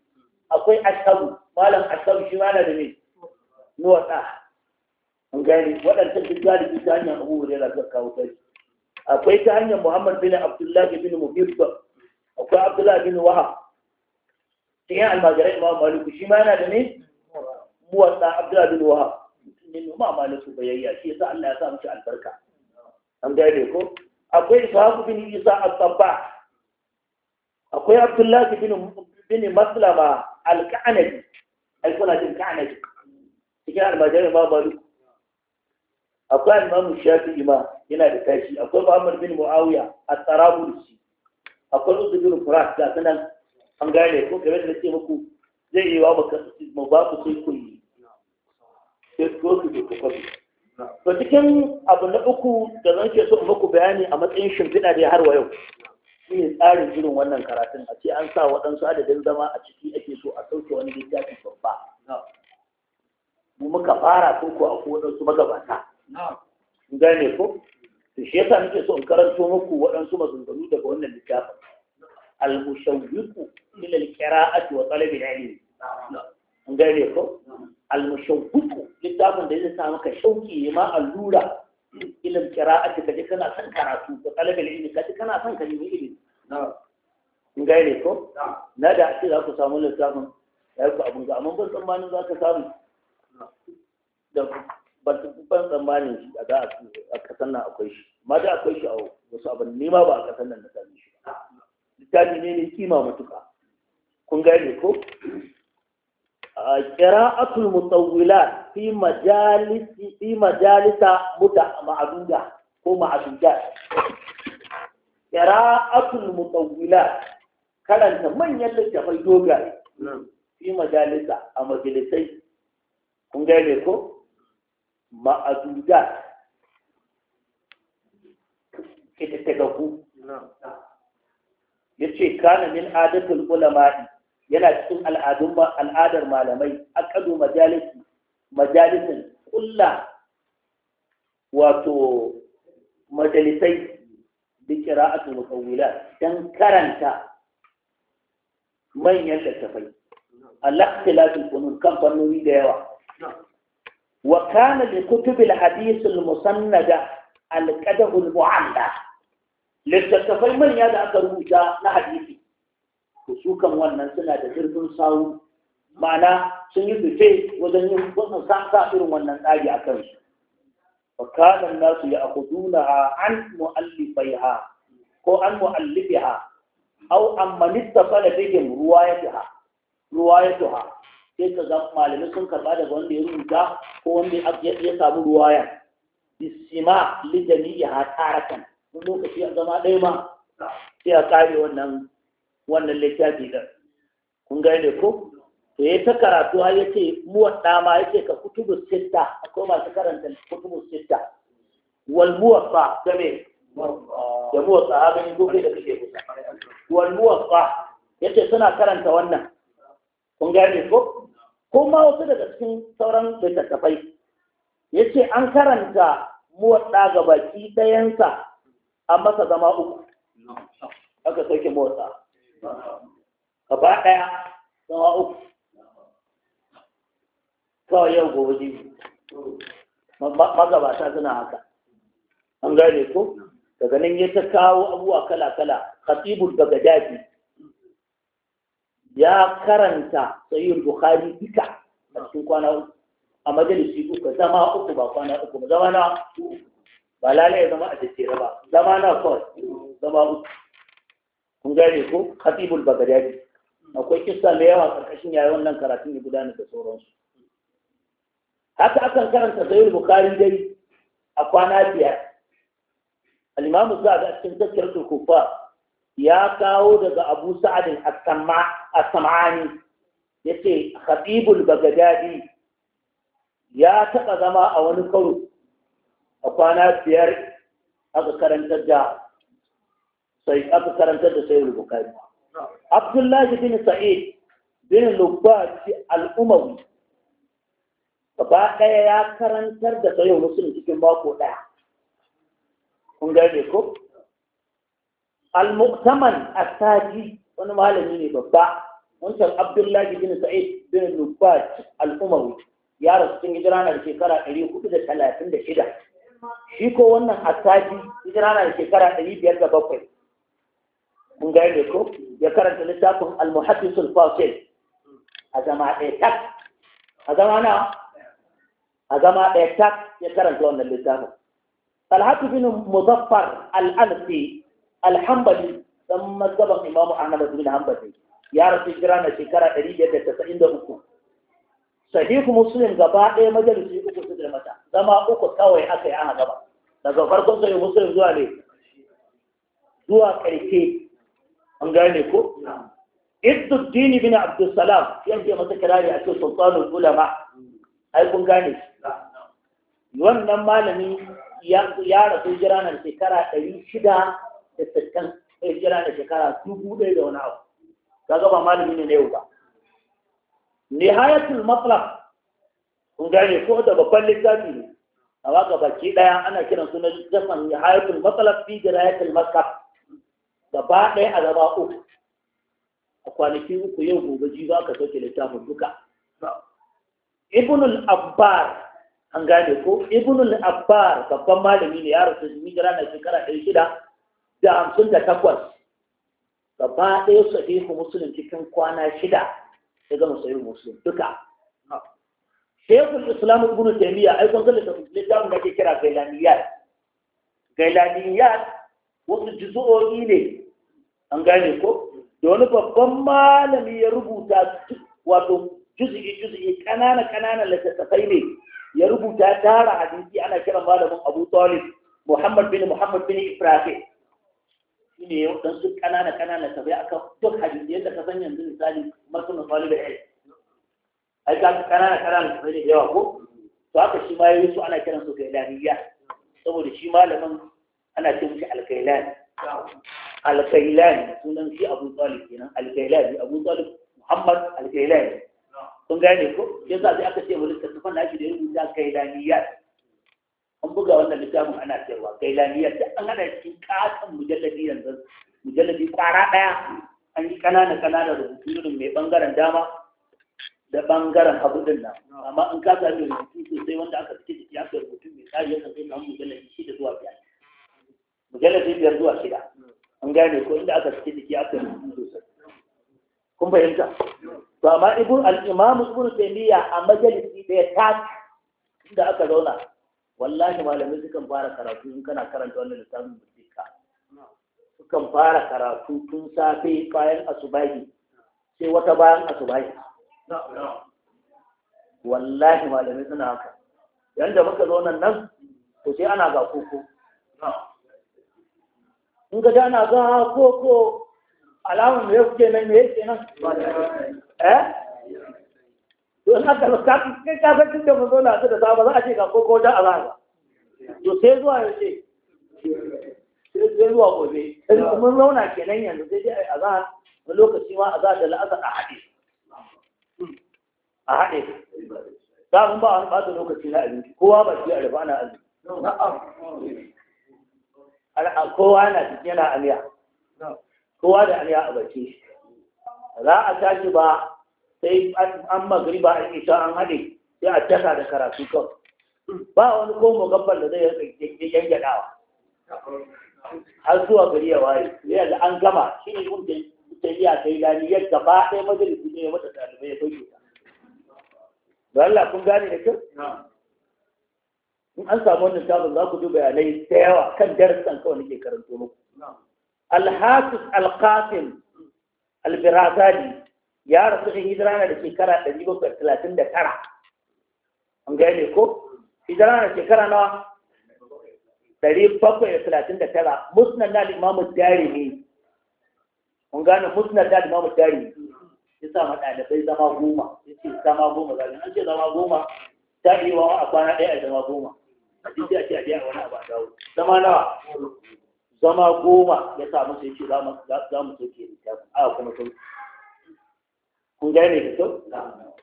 akwai ashabu malam ashabu shi ma da ne, nuwata an gani waɗancan duk galibi ta hanyar abu da ga kawo sai akwai ta hanyar muhammad bin abdullahi bin mubibba akwai abdullahi bin wahab cikin almajirai imam maliku shi ma da ne muwatsa abdullahi bin wahab min ma su bayayya shi yasa Allah ya sa miki albarka an gane ko akwai sahabu bin Isa al-Sabba akwai Abdullahi bin bin Maslama al-Ka'anabi ai kuna jin Ka'anabi cikin almajirin ma maluku akwai al shafi ima yana da tashi akwai Muhammad bin Muawiya at-Tarabulsi akwai Udu bin Furat da sanan an gane ko game da ce muku zai yi wa mu ba ku sai kulli sai su su bai kuka to cikin abu na uku da zan ke so in muku bayani a matsayin shimfiɗa dai har wa yau shine tsarin irin wannan karatun a ce an sa waɗansu adadin zama a ciki ake so a sauke wani littafi babba mu muka fara ko ko akwai waɗansu magabata in gane ko to shi yasa nake so in karanto muku waɗansu maganganu daga wannan littafin al-mushawwiqu ila al-qira'ati wa talab al-ilm gare ko almushawwiku littafin da zai sa maka shauki ma allura ilm qira'ati kaje kana son karatu ko talabal ka kaje kana son kalimi ilmi an gane ko na da ce za ku samu littafin ya ku abun ga amma ban tsammanin za ka samu da ban tsammanin shi a za a kasan nan akwai shi ma da akwai shi a wasu abin nema ba a kasan nan na sami shi littafi ne ne kima matuka kun gane ko qira'atul mutawwilat fi majalisi fi majalisa muta ma'duda ko ma'dudat qira'atul mutawwilat karanta manyan littafai dogare fi majalisa a majalisai kun gane ko ma'adudat ita ta gaku ya ce kana min adatul ulama'i yana cikin al'adun al'adar malamai akadu majalisi majalisin kulla wato majalisai da kira'atu mutawwila Don karanta manyan littafai a ikhtilafil qunun kan fannoni da yawa wa kana li kutubil hadith al-musannada al-qadah al-mu'alla littafai manya da aka rubuta na hadisi to su wannan suna da zurfin sawu ma'ana sun yi fice wajen yin wasu sa irin wannan tsari a kansu wa kana nasu ya ha an ha, ko an ha? mu'allifiha aw amman ittasala bihim ruwayatuha ha sai ka ga malami sun karba daga wanda ya rubuta ko wanda ya samu ruwaya bisima ya jami'iha taratan wani lokaci a zama ɗaya ma sai a kare wannan wannan littafi ɗin kun gane ko to ya ta karatu ya ce muwa ɗama ya ce ka kutubu sitta Ko masu karanta kutubu sitta wal fa da me da muwaɗa abin gobe da kake kusa wal fa ya ce suna karanta wannan kun gane ko ko ma wasu daga cikin sauran littattafai ya ce an karanta muwaɗa ga baki ɗayansa an masa zama uku aka sauke muwaɗa gaba ɗaya zama uku kawai yau gobe jibi magabata suna haka an gane ko daga nan ya ta kawo abubuwa kala-kala khatibul daji ya karanta sayyid bukhari duka a cikin kwana uku a majalisi uku zama uku ba kwana uku zama na ba lalai zama a jajjere ba zama na kawai zama uku kun gane ko khatibul bagdadi akwai kissa da yawa karkashin yayin wannan karatun da gudanar da sauransu haka akan karanta sayyid bukhari dai a kwana biyar al-imamu sa'ad cikin tafsiratul kufa ya kawo daga abu sa'adin as-sam'ani yace khatibul bagdadi ya taɓa zama a wani karo a kwana biyar aka karanta da sai aka karantar da sayyid bukari abdullahi bin sa'id bin lubbati al-umawi gaba ɗaya ya karantar da sayyid muslim cikin mako ɗaya kun gane ko al-muqtaman asaji wani malami ne babba wancan abdullahi bin sa'id bin lubbat al-umawi ya rasu cikin hijira na shekara 436 shi ko wannan as-saji hijira na shekara 507 mun ga ne ko ya karanta littafin al-muhaddis al-fasil a zama ɗaya tak a zama na a zama ɗaya tak ya karanta wannan littafin talhatu bin muzaffar al-alfi al-hanbali dan mazhaban imamu ahmad bin hanbali ya rasu jira na shekara 193 sahihu muslim gaba ɗaya majalisi uku su da mata zama uku kawai aka yi aka gaba daga farkon sahihu muslim zuwa ne zuwa ƙarshe an gane ko Idduddin bin Abdussalam yan ce masa kirari a cikin sultanul ulama ai kun gane shi wannan malami ya rasu jira na shekara ɗari shida da sittin sai eh, jira shekara dubu ɗaya da wani abu kaga ba malami ne ne ba nihayatul matlab kun gane ko da babban littafi ne a waka baki ɗaya ana kiran sunan jafan nihayatul matlab fi jirayatul matlab gaba ɗaya a zama uku a kwanaki uku yau gobe ji za ka sauke littafin duka ibnul abbar an gane ko ibnul abbar babban malami ne ya rasu da hijira na shekara ɗari shida da hamsin da takwas gaba ɗaya sahihu musulun cikin kwana shida ya gama sahihu musulun duka shekul islam ibn taymiya ai kun ga littafin da ke kira gailaniyat gailaniyat wasu jizo'o'i ne an gane ko da wani babban malami ya rubuta wato juzi'i juzi'i kanana kanana littattafai ne ya rubuta tara hadisi ana kiran malamin Abu Talib Muhammad bin Muhammad bin Ibrahim ne ya dan su kanana kanana tabai aka duk hadisi yadda ka san yanzu misali masana talib ilm ai ka kanana kanana tabai ne yawa ko to haka shi ma yayi su ana kiran su gailaniya saboda shi malamin ana ce mishi alkailan alkailan sunan shi abu talib kenan alkailan abu talib muhammad alkailan sun gane ko yasa sai aka ce wani littattafan na shi da ya rubuta kailaniyat an buga wannan littafin ana cewa kailaniyat da an hana cikin katon mujalladi yanzu mujalladi kwara daya an yi kanana kanana rubutu irin mai bangaren dama da bangaren hagu din nan amma an kasa sami rubutu sosai wanda aka cike jiki aka rubutu mai tsari ya kan sai samu mujalladi shi da zuwa biyar mujalladi biyar zuwa shida an gane ko inda aka cike jiki aka rubutu sosai kun fahimta to amma ibn al-imam ibn taymiya a majalisi ya ta inda aka zauna wallahi malamai sukan fara karatu in kana karanta wannan littafin ka, sukan fara karatu tun safe bayan asubahi sai wata bayan asubahi wallahi malamai suna haka yanda muka zo nan nan to sai ana ga koko in ga na ga ah, koko alamun da yake nan me yake nan eh to in aka ka kai ka san da mun zauna su da saba za a ce ga koko da azaba to sai zuwa yace sai zuwa gobe mun zauna kenan yanzu sai dai a azan wani lokaci ma a azan da la'asar a haɗe a haɗe da mun ba wani da lokaci na abinci kowa ba shi a rufa na azumi kowa na cikin yana aliya kowa da aliya a bakin shi za a tashi ba sai an magriba an isa an haɗe sai a tasa da karatu kawai ba wani ko mugabban da zai yanyaɗawa har zuwa gari ya waye yanzu an gama shi ne kun ta yi gani yadda ba ɗaya majalisi ne ya mata ɗalibai ya bayyana. Ba Allah kun gane da kyau? in an samu wannan tabin za ku duba bayanai da yawa kan darasan kawai nake karanto muku alhafiz Alkafin albirazali ya rasu in hijira na da shekara ɗari bakwai talatin da tara an gane ko hijira na shekara nawa ɗari bakwai da talatin da tara Musnan na limamu ne. mun gane musnan na limamu ne. ya sa maɗalibai zama goma ya ce zama goma za an ce zama goma ta yi wa a kwana ɗaya a zama goma duk da ake a wani abu zama nawa zama goma ya sa musu ce za mu soke littafin a kuma sun kun gane da kyau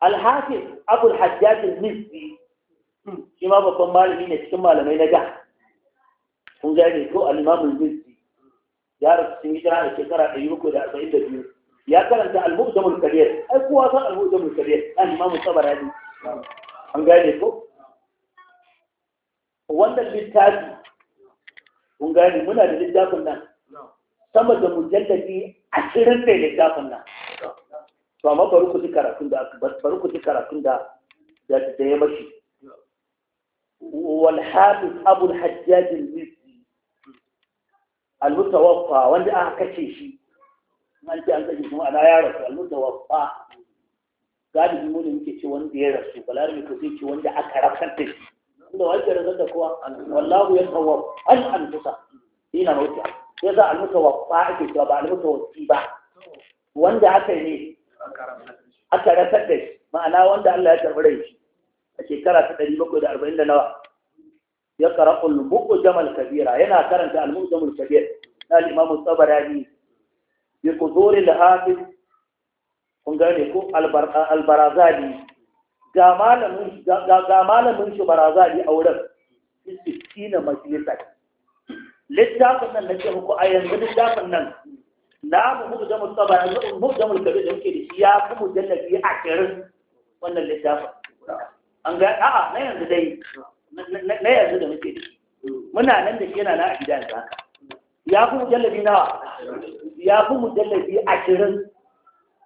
Alhafi abul hajjajin nisbi shi ma babban malami ne cikin malamai na ga. kun gane ko alimamun nisbi ya rasu sun yi jira da shekara ɗari uku da arba'in da biyu ya karanta al-mu'jamul kabir ai kowa san al-mu'jamul kabir al-imamu tabarani an gane ko wannan littafi kun gani muna da littafin nan sama da a cikin da littafin nan to amma bari ku ji karatun da bari ku ji karatun da da ya mashi wal hafiz abu al hajjaj al misri al mutawaffa wanda aka kace shi an ji an kace kuma ana ya rasu al mutawaffa gadi mu ne muke ce wanda ya rasu Balar mu sai ce wanda aka rafanta shi inda wake razar da kowa wallahu ya tsawo an alfusa ina mawuta ya za a wa almutawaffa ake cewa ba a almutawaffi ba wanda aka yi ne aka rasar da shi ma'ana wanda Allah ya karɓi rai shi a shekara ta ɗari bakwai da arba'in da nawa ya kara ulmuku jamal kabira yana karanta almuku jamal kabir na al'imamu tsabarani bi kuzuri da hafiz kun gane ko albarazali ga malamin ga malamin shi barazali a wurin na majalisa littafin nan ke muku a yanzu littafin nan na mu muku da mutsaba yanzu mu da mulka da muke da shi ya fi mujallabi a kirin wannan littafin an ga a'a na yanzu dai na yanzu da muke da muna nan da shi yana na a da haka ya fi mujallabi nawa ya fi mujallabi a kirin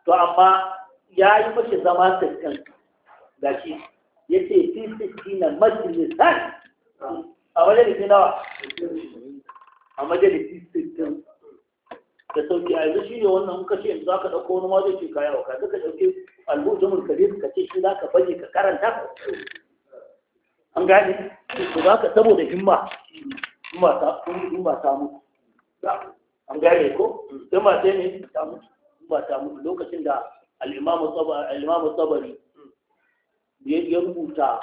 to amma ya yi mashi zama sassan gashi ya ce fi na majalisar a majalisi nawa a majalisi sittin da sauki a yanzu shi ne wannan muka ce za ka ɗauko wani wajen ce kaya wa kaga ka ɗauki albutumul ka ce shi za ka baje ka karanta an gane su za ka saboda himma himma ta ba ta mutu an gane ko himma sai ne ta mutu ta mutu lokacin da al-imamu sabari ya rubuta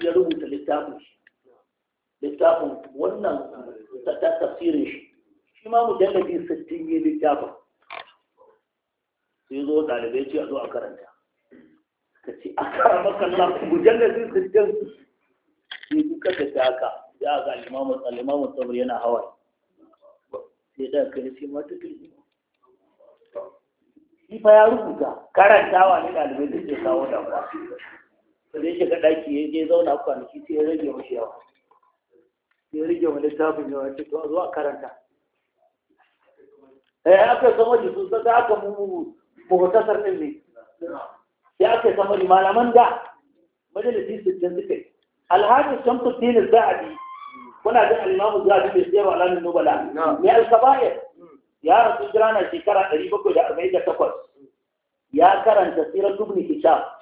ya rubuta littafin shi littafin wannan tafsirin shi shi ma mujallabi sittin yi littafin sai zo ɗalibai ce a zo a karanta ka ce a kara makalla mujallabi sittin sai duka da ta haka ya ga limamun alimamun tsamar yana hawa sai da kai sai mata kalli shi fa ya rubuta karantawa ne ɗalibai da ke kawo damuwa sai shiga ɗaki ya je zauna kwanaki sai ya rage mashi yawa sai ya rage wani tabin yawa ce to zuwa karanta eh aka sama ji sun saka aka mu muhtasar din ne Ya aka sama ji malaman da majalisi su can suka yi alhaji shamsu dinin za'adi kuna ga Alimamu imamu za'adi bai sai wa alamin nubala ne al ya rasu jira na shekara 748 ya karanta sirar dubni kitab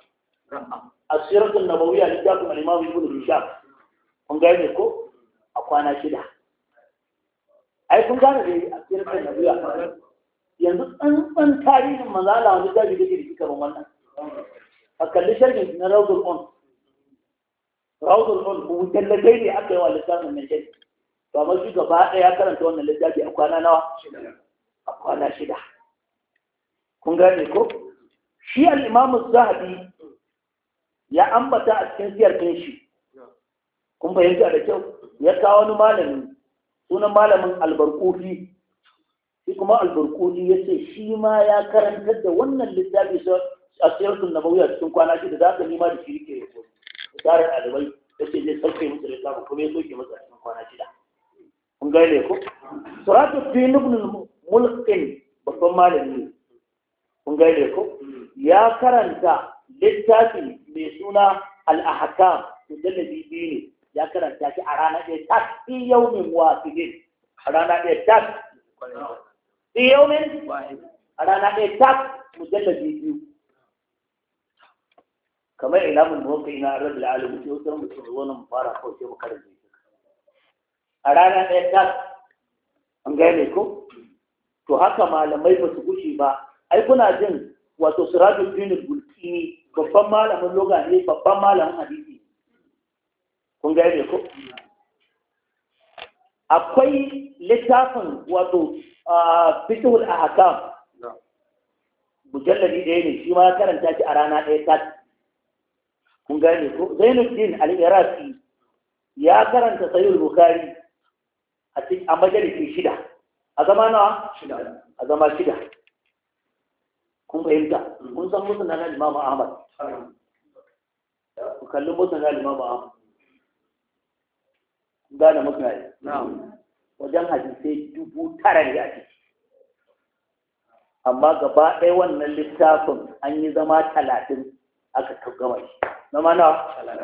a siratun nabawiyya littafin al-imam ibn hisham kun gane ko a kwana shida ai kun gane da a da Nabawiya. yanzu tsantsan tarihin manzo Allah wani zabi da yake wannan a kalli sharhin na rawdul on rawdul on ko tallagai ne aka yi wa littafin nan shari to amma shi gaba ɗaya karanta wannan lissafi a kwana nawa a kwana shida kun gane ko shi al-imam az-zahabi ya ambata a cikin siyar ɗin shi kun fahimta da kyau ya kawo wani malami sunan malamin albarkufi shi kuma albarkufi ya ce shi ma ya karanta da wannan littafi a siyar sun na a cikin kwana da za ka nima da shi ke rikon tsarin ɗalibai ya ce zai sauke musu littafin kuma ya soke musu a cikin kwana shida kun gane ko suratu fi nubnul mulkin babban malami kun gane ko ya karanta littafin mai suna al'ahakam mujallabi biyu ne ya karanta shi a rana ɗaya tak fi yaumin wafidin a rana ɗaya tak fi yaumin a rana ɗaya tak mujallabi biyu kamar ilamun mawaka ina rabu alibu ce wutar mutum da wani fara kawai sai bukari karanta a rana ɗaya tak an gane ko to haka malamai ba su gushi ba ai kuna jin wato sirajul dinul bulkini babban malamin loga ne babban malamin hadisi kun ga ne ko akwai littafin wato fitowar a hakam da ɗaya ne shi ma ya karanta shi a rana ɗaya ta kun ne ko zainuddin al-iraqi ya karanta sayul bukari a majalisi shida a zama nawa a zama shida kun fahimta kun san musu na limamu ahmad ku kalli musu na limamu ahmad gane musu na wajen hadisai dubu tara ne a ciki amma gaba ɗaya wannan littafin an yi zama talatin aka gama shi zama nawa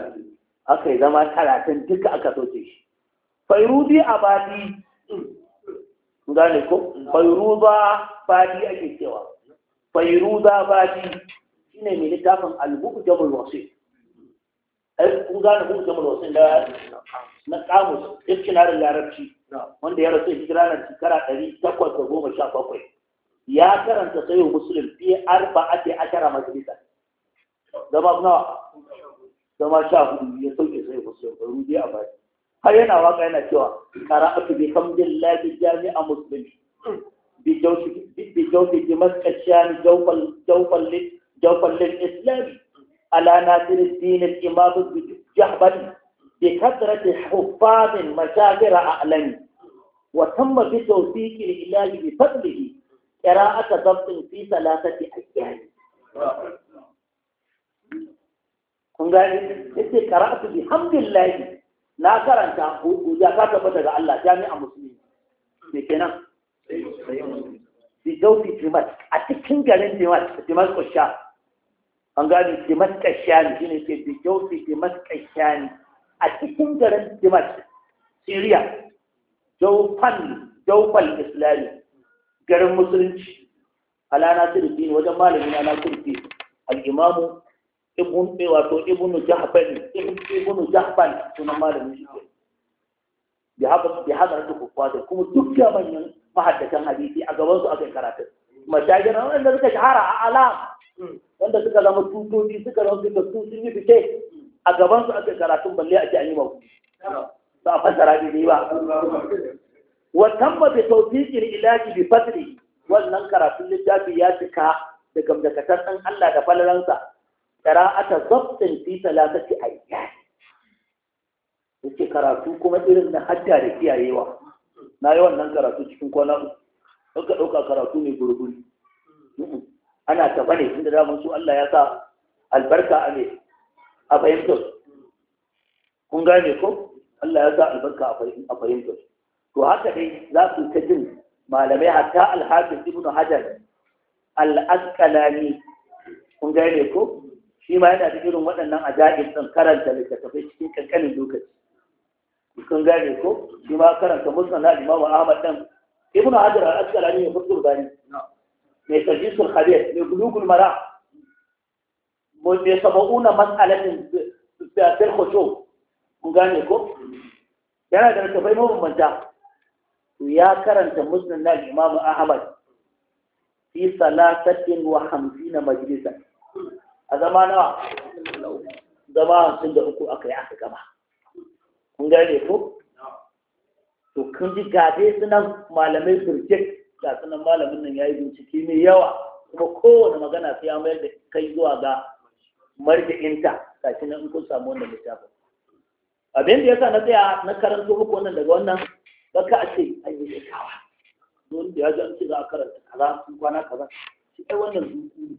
aka yi zama talatin duka aka soke shi fairuzi a badi gane ko ba badi ake cewa fairuza badi shine mai littafin Jamal muqjamul wasit ai kun gane muqjamul wasit da na kamus dictionary larabci wanda ya rasu na shekara 817 ya karanta sayo Musulun fi arba'ati ashara majalisa zama nawa zama sha hudu ya sauke sai Musulun. da rudi a baki har yana waka yana cewa kara qara'atu bi lafi jami'a musulun بجوف دمشق الشام جوف جوف جوف الإسلامي على ناصر الدين الإمام الجحبري بكثرة حفاظ مشاهير أعلامي وتم بتوفيق الإله بفضله قراءة ضبط في ثلاثة أيام kun gane yace qara'atu bihamdillah na karanta hujja ka tabbata ga Allah jami'a musulmi me kenan bi dausi timas a cikin garin timas timas kusha an gani timas kashani shine ke bi dausi timas kashani a cikin garin timas Syria Jaufan Jaufal Islami garin musulunci ala nasiruddin wajen malamin na nasiruddin al ibn wato ibn jahban ibn jahban sunan malamin shi ke bi haka bi haka da kuma duk manyan mahaddatan hadisi a gaban su yi karatu mashayira wanda suka shahara a alam wanda suka zama tutoci suka zama suka su sun yi fice a gaban su akai karatu balle a ji an yi mawu ba fasara ne ba wa tamma bi ilahi bi fatri wannan karatun littafi ya cika da gamdakatar dan Allah da falalansa ata zabtin fi talatati ayyani yake karatu kuma irin na hadda da kiyayewa na yi wannan karatu cikin kwana uku ka ɗauka karatu ne gurguri ana taɓa ne inda daman su Allah ya sa albarka a ne a fahimtar kun gane ko Allah ya sa albarka a fahimtar to haka dai za su ta jin malamai hatta alhafin ibnu hajar al'askalani kun gane ko shi ma yana da irin waɗannan ajaib ɗin karanta littattafai cikin ƙanƙanin lokaci kun gane ko shi ma karanta musan na Imam Ahmad dan Ibn Hajar al-Asqalani ya fito gani mai tajisul khabir mai bulugul mara mai saba'una mas'alatin fil khushu kun gane ko yana da tafai mabambanta to ya karanta musnad na Imam Ahmad fi salasatin wa hamsina majlisa a zama nawa zama hamsin da uku aka yi aka gama kun gane ko to kun ji gaje sunan malamai birjik ga sunan malamin nan yi bincike mai yawa kuma kowane magana su ya mayar da kai zuwa ga marji'inta ga shi nan kun samu mai littafin abin da ya sa na tsaya na karanta muku wannan daga wannan baka a ce an yi shekawa don da ya ji an ci za a karanta kaza sun kwana kaza shi ɗaya wannan zuku ne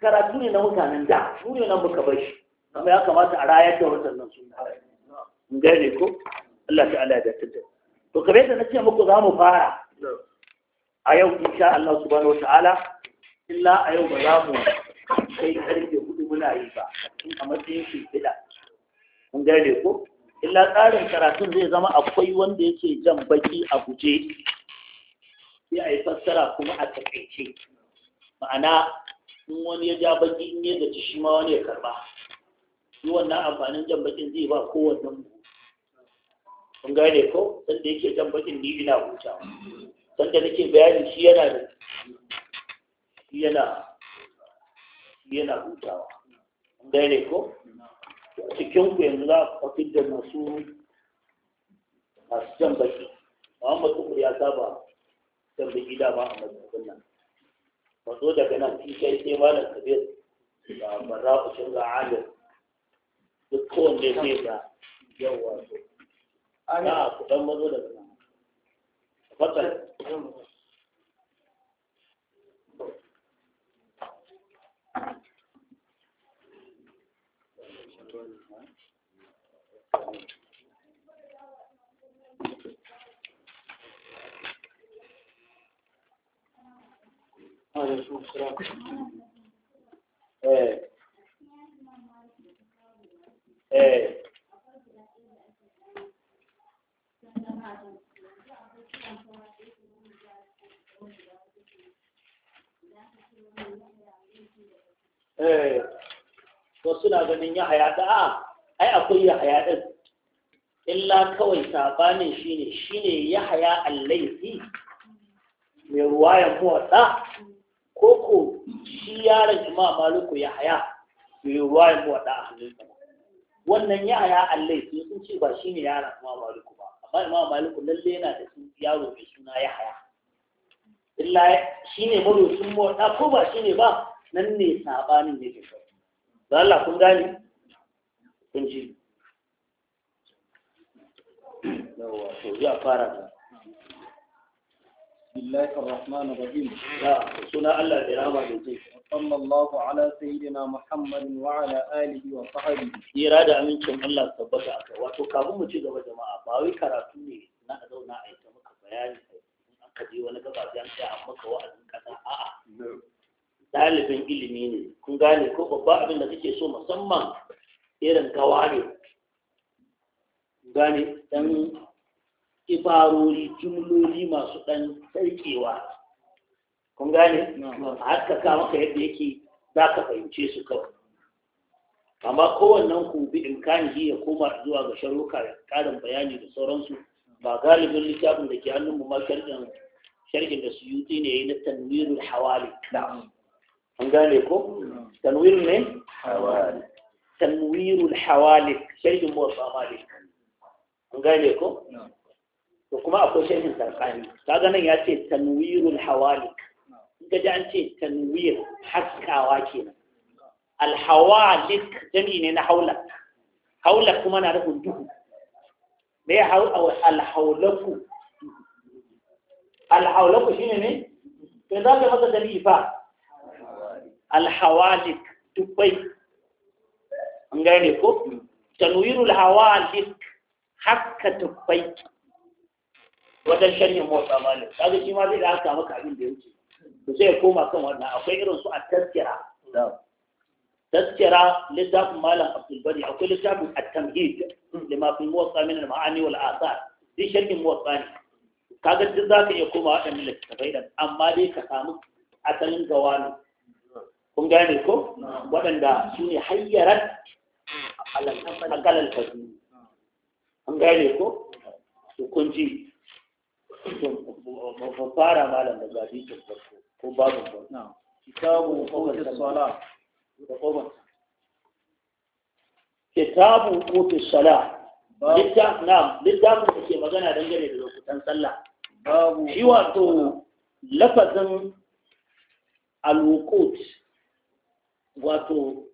karatu ne na mutanen da mu ne nan muka bar shi kuma ya kamata a rayar da wannan sunna gane ko Allah ta'ala ya tattata to kamar yadda na ce muku za mu fara a yau insha Allah subhanahu wata'ala illa a yau ba za mu kai karfe hudu muna yi ba in a matsayin shi bida mun gane ko illa tsarin karatun zai zama akwai wanda yake jan baki a guje sai a yi fassara kuma a takaice ma'ana in wani ya ja baki in ya gaci shi ma wani ya karba shi wannan amfanin jan bakin zai ba kowannen mu kun gane ko sanda yake jan bakin ni ina hutawa sanda nake bayani shi yana da shi yana yana hutawa kun gane ko cikin ku yanzu za ku fafi da masu masu jan baki Muhammad Tukur ya saba jan baki dama a mazaunin nan wato daga nan shi kai sai malam kabir da barra ushin ga alim duk kowanne zai ga yawa sosai na ku mazo da zama fatal sannan yara allai su sun ce ba shine yaran imam maliku ba amma imam maliku lalle yana da sun yaro mai suna haya illa shine sun mota ko ba shine ba nan ne sabanin ke kai da Allah kun gani kun ji yawa to ya fara da بسم الله الرحمن الرحيم لا سنة الله برامة جيش وصلى الله على سيدنا محمد وعلى آله وصحبه يرى da amincin Allah tabbata aka wato kafin mu ci gaba jama'a ba wai karatu ne na da zauna a ita maka bayani an ka je wani gaba an tsaya maka wa'azin kasa a'a ɗalibin ilimi ne kun gane ko babba abin da kake so musamman irin gawa ne gane dan ibarori jumloli masu ɗan sarkewa kun gane haka ka maka yadda yake za ka fahimce su kawai amma kowannen ku bi imkanihi ya koma zuwa ga sharuka da karin bayani da sauransu ba galibin littafin da ke hannun mu ma sharhin da suyuti ne na tanwirul hawali an gane ko tanwir ne tanwirul hawali sharhin muwafa malik an gane ko to kuma akwai sharhin sarkani kaga nan ya ce tanwirul hawali gaji an ce tanwir haskawa kenan alhawalik jami ne na haula haula kuma na nufin duhu me ya alhaulaku alhaulaku shine ne to za ka masa jami fa alhawalik dubai an gane ko tanwirul hawalik hakka dubai wajen shari'a motsa malam. kaga shi ma zai da haka maka abin da ya wuce to sai ya koma kan wannan akwai irin su a taskira taskira littafin malam abdul bari akwai littafin at-tamhid lima fi muwatta min al-ma'ani wal asar shi sharhin muwatta ne kaga duk zaka iya koma waɗannan littafai da amma dai ka samu asalin gawani kun gane ko waɗanda su ne a akalal fasi an gane ko ji. fara malam da zabi farko ko babu kitabu da kitabu littafin da ke magana dangane da lokutan sallah shi wato lafazin alwukut wato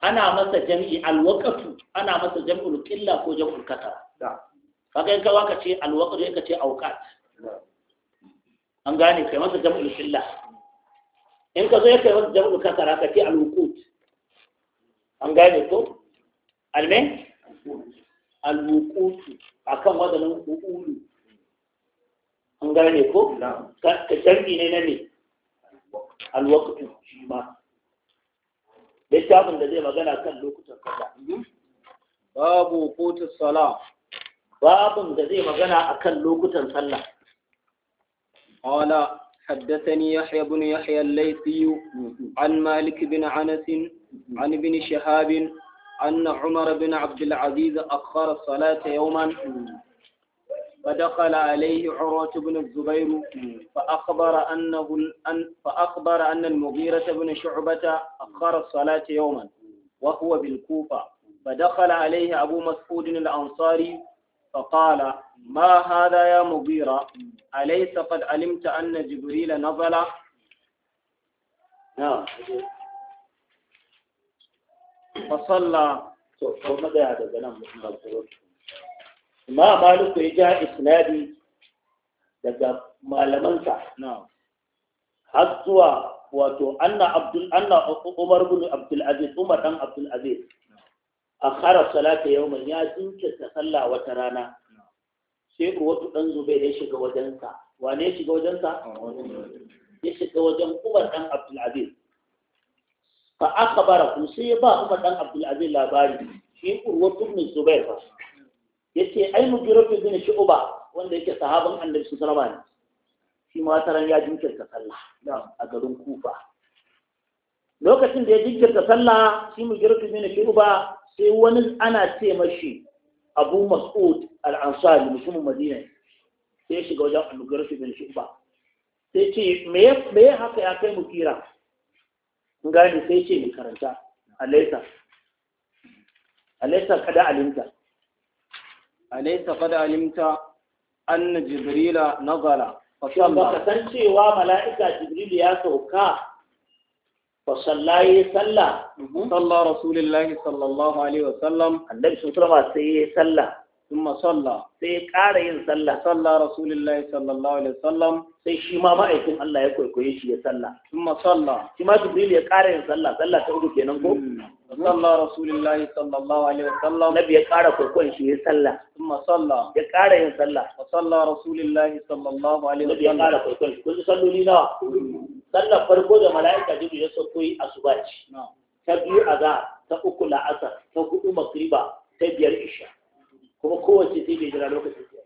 ana masa jami'i alwakatu ana masa jam'ul qilla ko jam'ul kasara kaga yanka waka ce alwaqtu yanka ce awqat an gane kai masa jam'ul silla in ka zo ya kai masa jam'ul kasara ka ce alwuqut an gane ko alme alwuqut akan wadannan uulu an gane ko ka sharbi ne na ne alwaqtu shi ma littafin da zai magana kan lokutan kaza babu kotu salam بابن da zai أكل لوكت الفلا قال حدثني يحيى بن يحيى الليثي عن مالك بن عنس عن ابن شهاب أن عمر بن عبد العزيز أخر الصلاة يوما فدخل عليه عروة بن الزبير فأخبر أنه أن فأخبر أن المغيرة بن شعبة أخر الصلاة يوما وهو بالكوفة فدخل عليه أبو مسعود الأنصاري فقال ما هذا يا مغيرة أليس قد علمت أن جبريل نزل فصلى ما مالك يجا إسنادي daga malamansa har zuwa wato anna abdul anna umar bin abdul aziz umar dan abdul akhara salata yawman ya ta sallah wata rana sai uwatu dan zube ya shiga wajensa wane ya shiga wajensa ya shiga wajen umar dan abdul aziz fa ku sai ba umar dan abdul aziz labari shi uwatu ibn zubair ba yace ai mu gina shi uba, wanda yake sahaban annabi sallallahu alaihi wasallam shi ma taran ya ta sallah a garin kufa lokacin da ya ta sallah shi gina shi uba. sai wani ana ce mashi abu mas'ud al-ansari mutumin madina sai ya shiga wajen al su bin shuba sai ce me ya haka ya kai mu kira gani sai ce mu karanta alaisa alaisa kada alimta alaisa kada alimta anna jibrila nazala fa kan ka san cewa mala'ika jibril ya sauka وصلى صلى صلى رسول الله صلى الله عليه وسلم النبي صلى الله عليه وسلم صلى thumma salla sai ƙara yin sallah sallah rasulullahi sallallahu alaihi wasallam sai shi ma ma'aikin Allah ya kwaikwaye shi ya sallah thumma salla ma jibril ya ƙara yin sallah sallah ta uku kenan ko sallah rasulullahi sallallahu alaihi wasallam nabi ya ƙara kwaikwayen shi ya sallah thumma salla ya ƙara yin sallah wa sallah rasulullahi sallallahu alaihi wasallam nabi ya ƙara kwaikwayen shi kun salloli nawa sallar farko da mala'ika jibril ya sauko yi asuba ta biyu a azhar ta uku la'asar ta hudu magriba ta biyar isha kuma kowace sai bai jira lokacin ta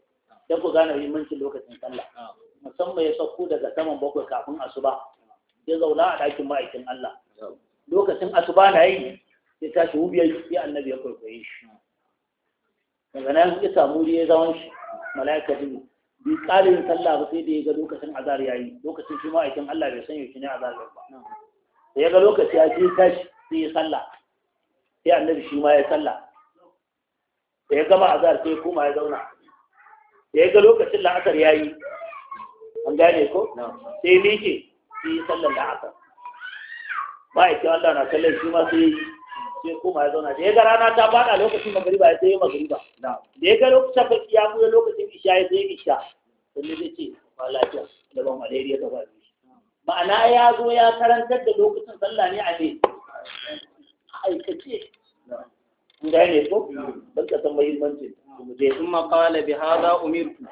dan ku gane muhimmancin lokacin sallah musamman ya sauko daga saman bakwai kafin asuba ya zauna a ɗakin ma'aikin Allah lokacin asuba na yi sai tashi wubiyar sai annabi ya kwaikwaye shi daga nan ya samu ya zaman shi mala'ika biyu bi ƙarin sallah ba sai da ya ga lokacin azar ya yi lokacin shi ma'aikin Allah bai san yaushe ne azar ya ba da ya ga lokaci ya je tashi sai ya sallah sai annabi shi ma ya sallah da ya gama a sai kuma ya zauna da ya ga lokacin la'asar ya yi an gane ko sai miƙe sai yi sallar la'asar ma'aikin Allah na sallar shi ma sai sai kuma ya zauna da ya ga rana ta bada lokacin magariba ya sai yi magariba da ya ga lokacin faki ya buɗe lokacin isha ya sai isha sai ne ce ba lafiya da ba malaria ta ba ma'ana ya zo ya karantar da lokacin sallah ne a ne a aikace gane ko Ban hmm. ka san muhimmancin mu je sun makala bi hada umirtu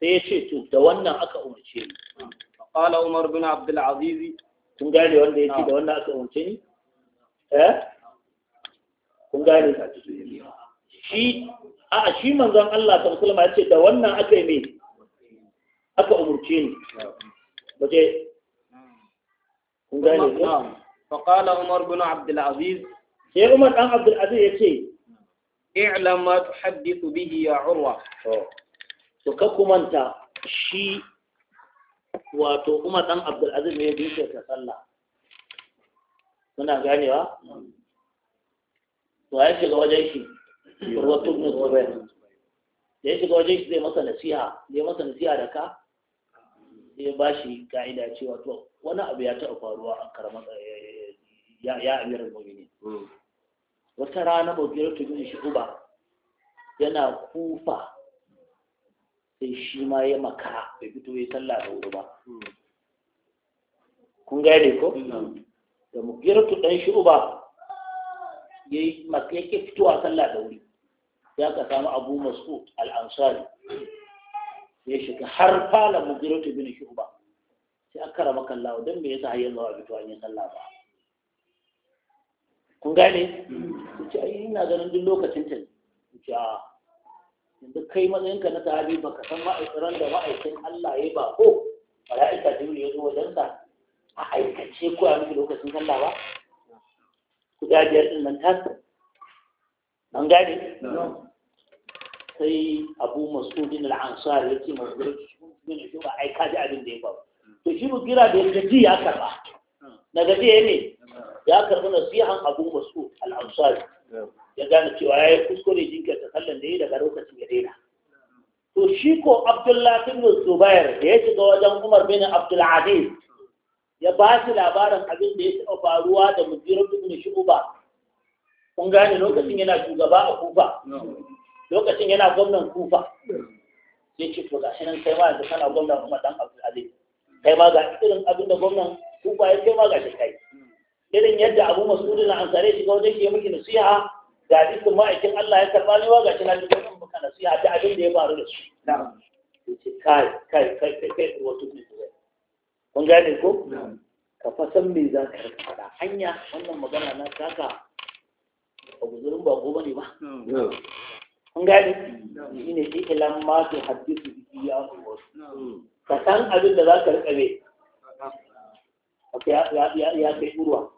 sai ya ce to da wannan aka umarce ni hmm. qala umar bin abdul aziz kun gane wanda ya ce da wannan aka umarce ni eh kun gane shi a shi manzon Allah ta alaihi ya ce da wannan aka yi ne, aka umarce ni baje hmm. kun gane ko فقال عمر بن عبد العزيز sai Umar dan Abdul Aziz yace i'lam ma tuhaddithu bihi ya Urwa to ka kumanta shi wato Umar ɗan Abdul ne ne yake ta sallah muna ganewa to ya shiga wajen shi Urwa ibn Zubair da ya shiga wajen shi zai masa nasiha zai masa nasiha da ka sai ba shi ka'ida cewa to wani abu ya taɓa faruwa a karamar ya amir mumini hmm. wata rana mabiyar ta bin shi uba yana kufa sai shi ma ya makara bai fito ya sallah da wuri ba kun gane ko da mabiyar ta dan shi uba ya yi yake fitowa sallah da wuri ya ka samu abu mas'ud al-ansari ya shiga har fala mabiyar ta bin shi uba sai aka rama kallawa don me yasa har yanzu ba fitowa yin sallah ba kun gane su ce ai ina ganin duk lokacin ta su ce a yanzu kai ka na sahabi baka san ma'aikiran da ma'aikin Allah ya ba ko mala'ika jibril ya zo wajen sa a aikace ko a miki lokacin sallah ba ku ga biyar din nan tas an gane sai abu masudin al'ansar ya ce masu gari shi ba aika ji abin da ya faru to shi gira da yadda ji ya karba daga jiya ne ya karɓi nasihan abu masu al'amsari ya gane cewa ya yi kuskure jinkirta kallon da yi daga lokacin ya daina to shi ko abdullahi bin zubair da ya shiga wajen umar bin abdulaziz ya ba shi labarin abin da ya taɓa faruwa da mujirar ibn shuba kun gane lokacin yana shugaba a kufa lokacin yana gwamnan kufa sai ce to gashi nan kai ma yanzu kana gwamnan kuma dan abdulaziz kai ma ga irin abin da gwamnan ku kwaye kai ma gashi kai irin yadda abu masudin na ansare shi ga wajen ke miki nasiha ga dukkan ma'aikin Allah ya karba ne wa gashi na dukkan mun maka nasiha ta abin da ya faru da shi na'am yace kai kai kai kai kai wato ne kun gane ko ka fa san me za ka fara hanya wannan magana na taka ba guzurin ba ko bane ba kun gane ne ilan ma su haddisu ya ko ka san abin da za ka rikabe ya kai urwa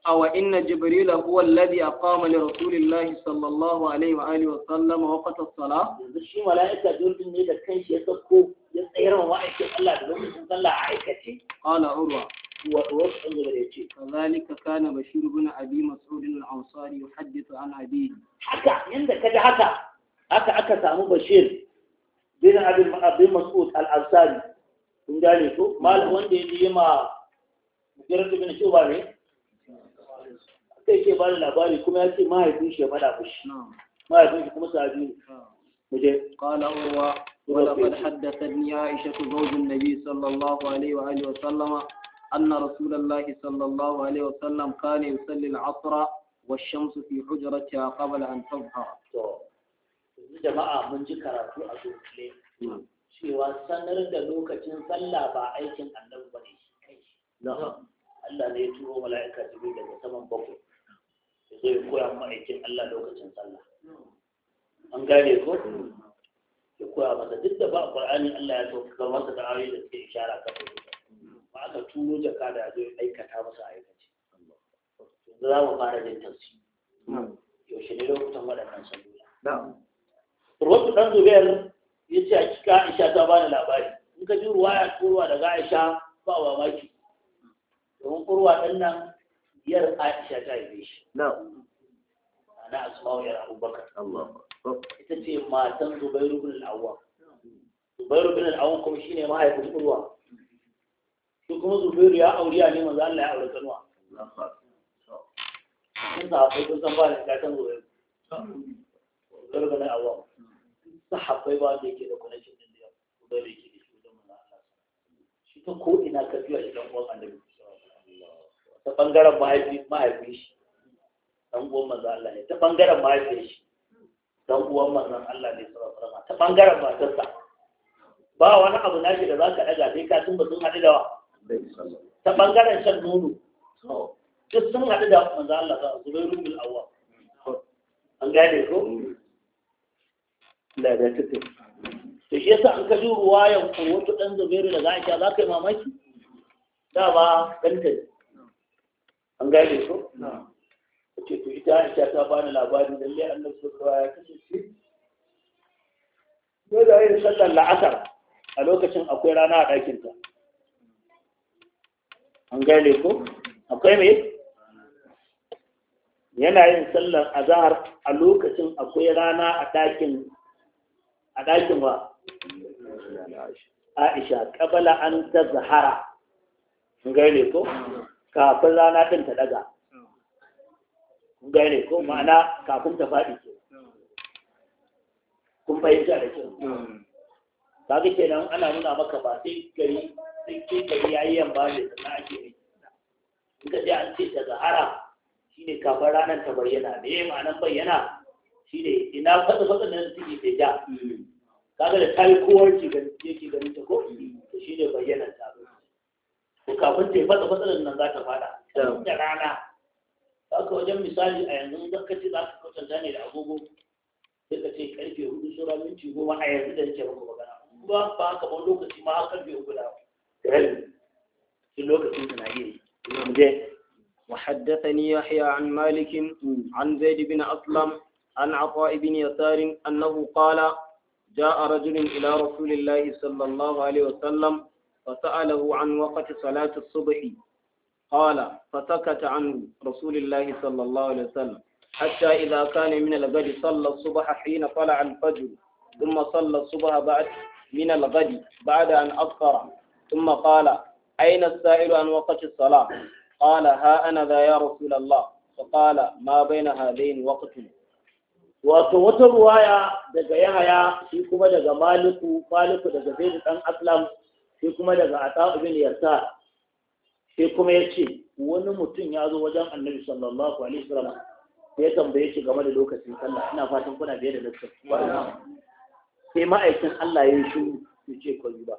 أو إن جبريل هو الذي أقام لرسول الله صلى الله عليه وآله وسلم وقت الصلاة شي ملائكة دول إن إذا كان شيء يسكو يسيرون وعيك الله دول صلى عيكتي قال عروة كذلك كان بشير بن أبي مسعود الأنصاري يحدث عن أبيه حكى عندك كذا حكى حكى حكى سامو بشير بن أبي مسعود الأنصاري kun gane ko malam wanda ya je ma mujarrad bin shuba ne sai yake ba da labari kuma ya ce mahaifin shi ya faɗa fushi mahaifin shi kuma sahabi muje qala urwa ولقد حدثتني عائشة زوج النبي صلى الله عليه وآله وسلم أن رسول الله صلى الله عليه وسلم كان يصلي العصر والشمس في حجرتها قبل أن تظهر. جماعة من في cewa sanar da lokacin sallah ba aikin annabi ba ne shi kai shi Allah ne ya turo mala'ika jibril daga saman bakwai ya zo ya koya mu aikin Allah lokacin sallah an gane ko ya koya masa duk da ba Qur'ani Allah ya sauka masa da ayoyi da suke ishara kan ba aka turo jaka da zo ya aikata masa aikace yanzu za mu fara jin tafsiri yaushe ne lokutan waɗannan sallula Ruwatu ɗan Zubair yace a kika aisha ta bani labari in ka ji ruwaya kurwa daga aisha ba wa maki don kurwa ɗan nan biyar aisha ta yi shi ana asma'u yar abubakar ita ce matan zubairu bin al'awwa zubairu bin al'awwa kuma shine mahaifin kurwa shi kuma zubairu ya auriya ne manzo Allah ya aure kanwa sun sa akwai kun san ba da gatan zubairu zubairu bin sahabbai ba da yake da connection din da Ubayr yake da shi wajen manzo Allah shi ta ko ina ka biya shi dan uwan Annabi ta bangaren mahaifi mahaifi shi dan uwan manzo Allah ne ta bangaren mahaifi shi dan uwan manzo Allah ne sallallahu alaihi wasallam ta bangaren matarsa ba wani abu na shi da za ka daga sai ka tun ba sun haɗu da wa ta bangaren shan nono oh. duk sun haɗu da manzo Allah sallallahu alaihi wasallam oh. an gane ko mm. Allah ya dace da to shi yasa an kaji ruwayan kurwatu dan zubairu daga aisha za ka yi mamaki da ba danta an gane ko ce to ita aisha ta bani labari lalle annabi sallallahu alaihi wasallam ya kasance dole a yi sallar la'asar a lokacin akwai rana a ɗakinta an gane ko akwai me? yana yin sallar azahar a lokacin akwai rana a ɗakin a ɗakin wa aisha kabala an ta zahara gane ko kafin rana ɗin ta ɗaga gane ko ma'ana kafin ta faɗi ke kun fahimta da kyau ba ga nan ana nuna maka ba sai gari sai ke gari yi yamma ne sannan ake yi in ka ce an ce ta zahara shine kafin ranar ta bayyana me ma'anar bayyana shi ne ina faɗa faɗa nan da suke ke ja kaga da ta yi ki ta ko to shi ne bayyana ta ko kafin ta yi nan za ta fada kafin da rana wajen misali a yanzu zan kace za ka kwatanta ne da agogo sai ka ce karfe hudu sura minti goma a yanzu da nake maka magana ba ba haka ba lokaci ma har karfe uku da shi lokacin da na yi mu je وحدثني يحيى عن مالك عن زيد بن أسلم عن عطاء بن يسار أنه قال جاء رجل إلى رسول الله صلى الله عليه وسلم فسأله عن وقت صلاة الصبح قال فسكت عن رسول الله صلى الله عليه وسلم حتى إذا كان من الغد صلى الصبح حين طلع الفجر ثم صلى الصبح بعد من الغد بعد أن أفطر ثم قال أين السائل عن وقت الصلاة قال ها أنا ذا يا رسول الله فقال ما بين هذين وقت wato wata ruwaya daga yahaya shi kuma daga maliku maliku daga zaidu dan aslam shi kuma daga ata ibn yarsa shi kuma ya ce wani mutum ya zo wajen annabi sallallahu alaihi wasallam ya tambaye shi game da lokacin sallah ina fatan kuna biye da lokacin sai ma'aikin Allah ya yi shiru ya ce yi ba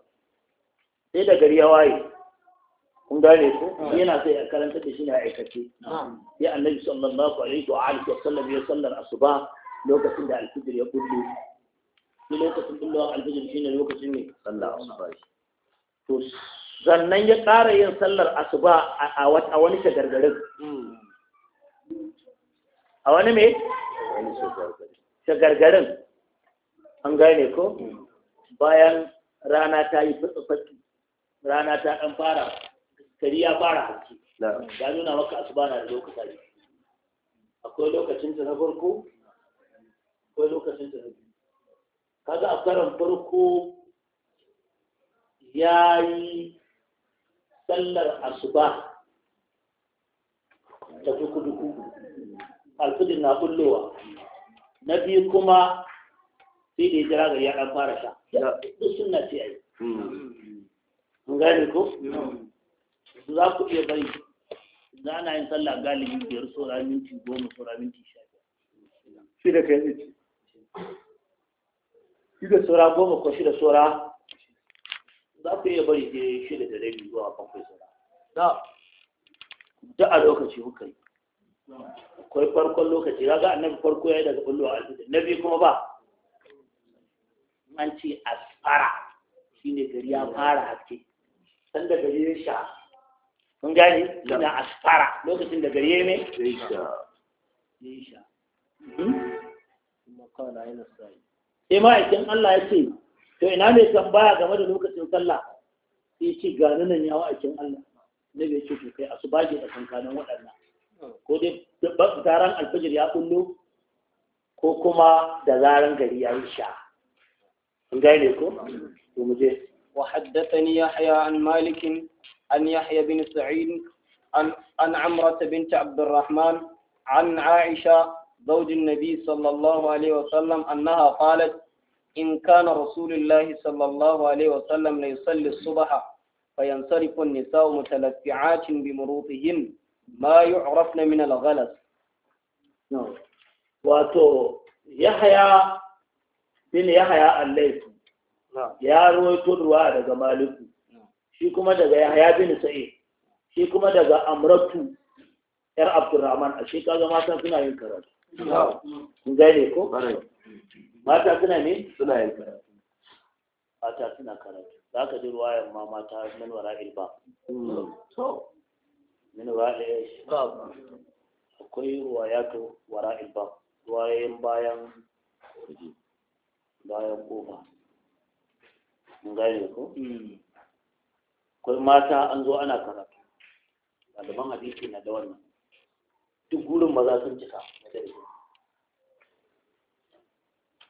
sai da gari ya waye kun gane ko yana sai ya karanta da shi ne aikace sai annabi sallallahu alaihi wa wasallam ya sallar asuba lokacin da alfijir ya kullu shi lokacin kullowar alfijir shine lokacin ne sallar asuba to sannan ya ƙara yin sallar asuba a wani shagargarin a wani me shagargarin an gane ko hmm. bayan rana ta yi fatsi rana ta ɗan fara kari ya fara haske ya nuna maka asuba na da lokacin. akwai lokacin ta na farko akwai lokacin da zunubi kaga a karan farko ya yi sallar asuba ta kudu duku alfudin na bullowa na biyu kuma sai da ya jira gari ya ɗan fara sha duk suna ce yi hmm. mun gane ko hmm. za ku iya bari za na yin sallah galibi biyar saura minti goma saura minti sha biyar shi da kai da saura goma ko shida saura za ku iya bari ke shida da rabi zuwa bakwai saura na da a lokaci muka yi akwai farkon lokaci ga annabi farko ya yi daga a alfijir na biyu kuma ba man ce asfara shine gari ya fara haske san da gari ya sha kun gani na asfara lokacin da gari ya yi mai ya sha hmm? sai ma'aikin Allah ya ce to ina mai tambaya game da lokacin sallah sai ce ga nan ya wa'aikin Allah na bai ce kai a su bage da kankanin waɗannan ko dai taron alfajir ya kullo ko kuma da zaran gari ya yi sha an gane ko to mu je وحدثني يحيى عن an عن يحيى بن سعيد عن عن an بنت عن زوج النبي صلى الله عليه وسلم أنها قالت إن كان رسول الله صلى الله عليه وسلم ليصلي الصبح فينصرف النساء متلفعات بمروطهن ما يعرفن من الغلس wato yahaya bin yahaya allaifu ya rawaito ruwa daga maliku shi kuma daga yahaya bin sa'id shi kuma daga amratu yar abdurrahman a shekaru mata suna yin karatu gane ko mata suna ne suna yin karatu mata suna karatu za ka ji ruwayan ma mata min wara ilba hmm. min wara ilba akwai ruwayatu wara ilba ruwayoyin bayan bayan kofa mun gane ko hmm. akwai mata an zo ana karatu ɗaliban hadisi na da wannan duk gurin maza sun cika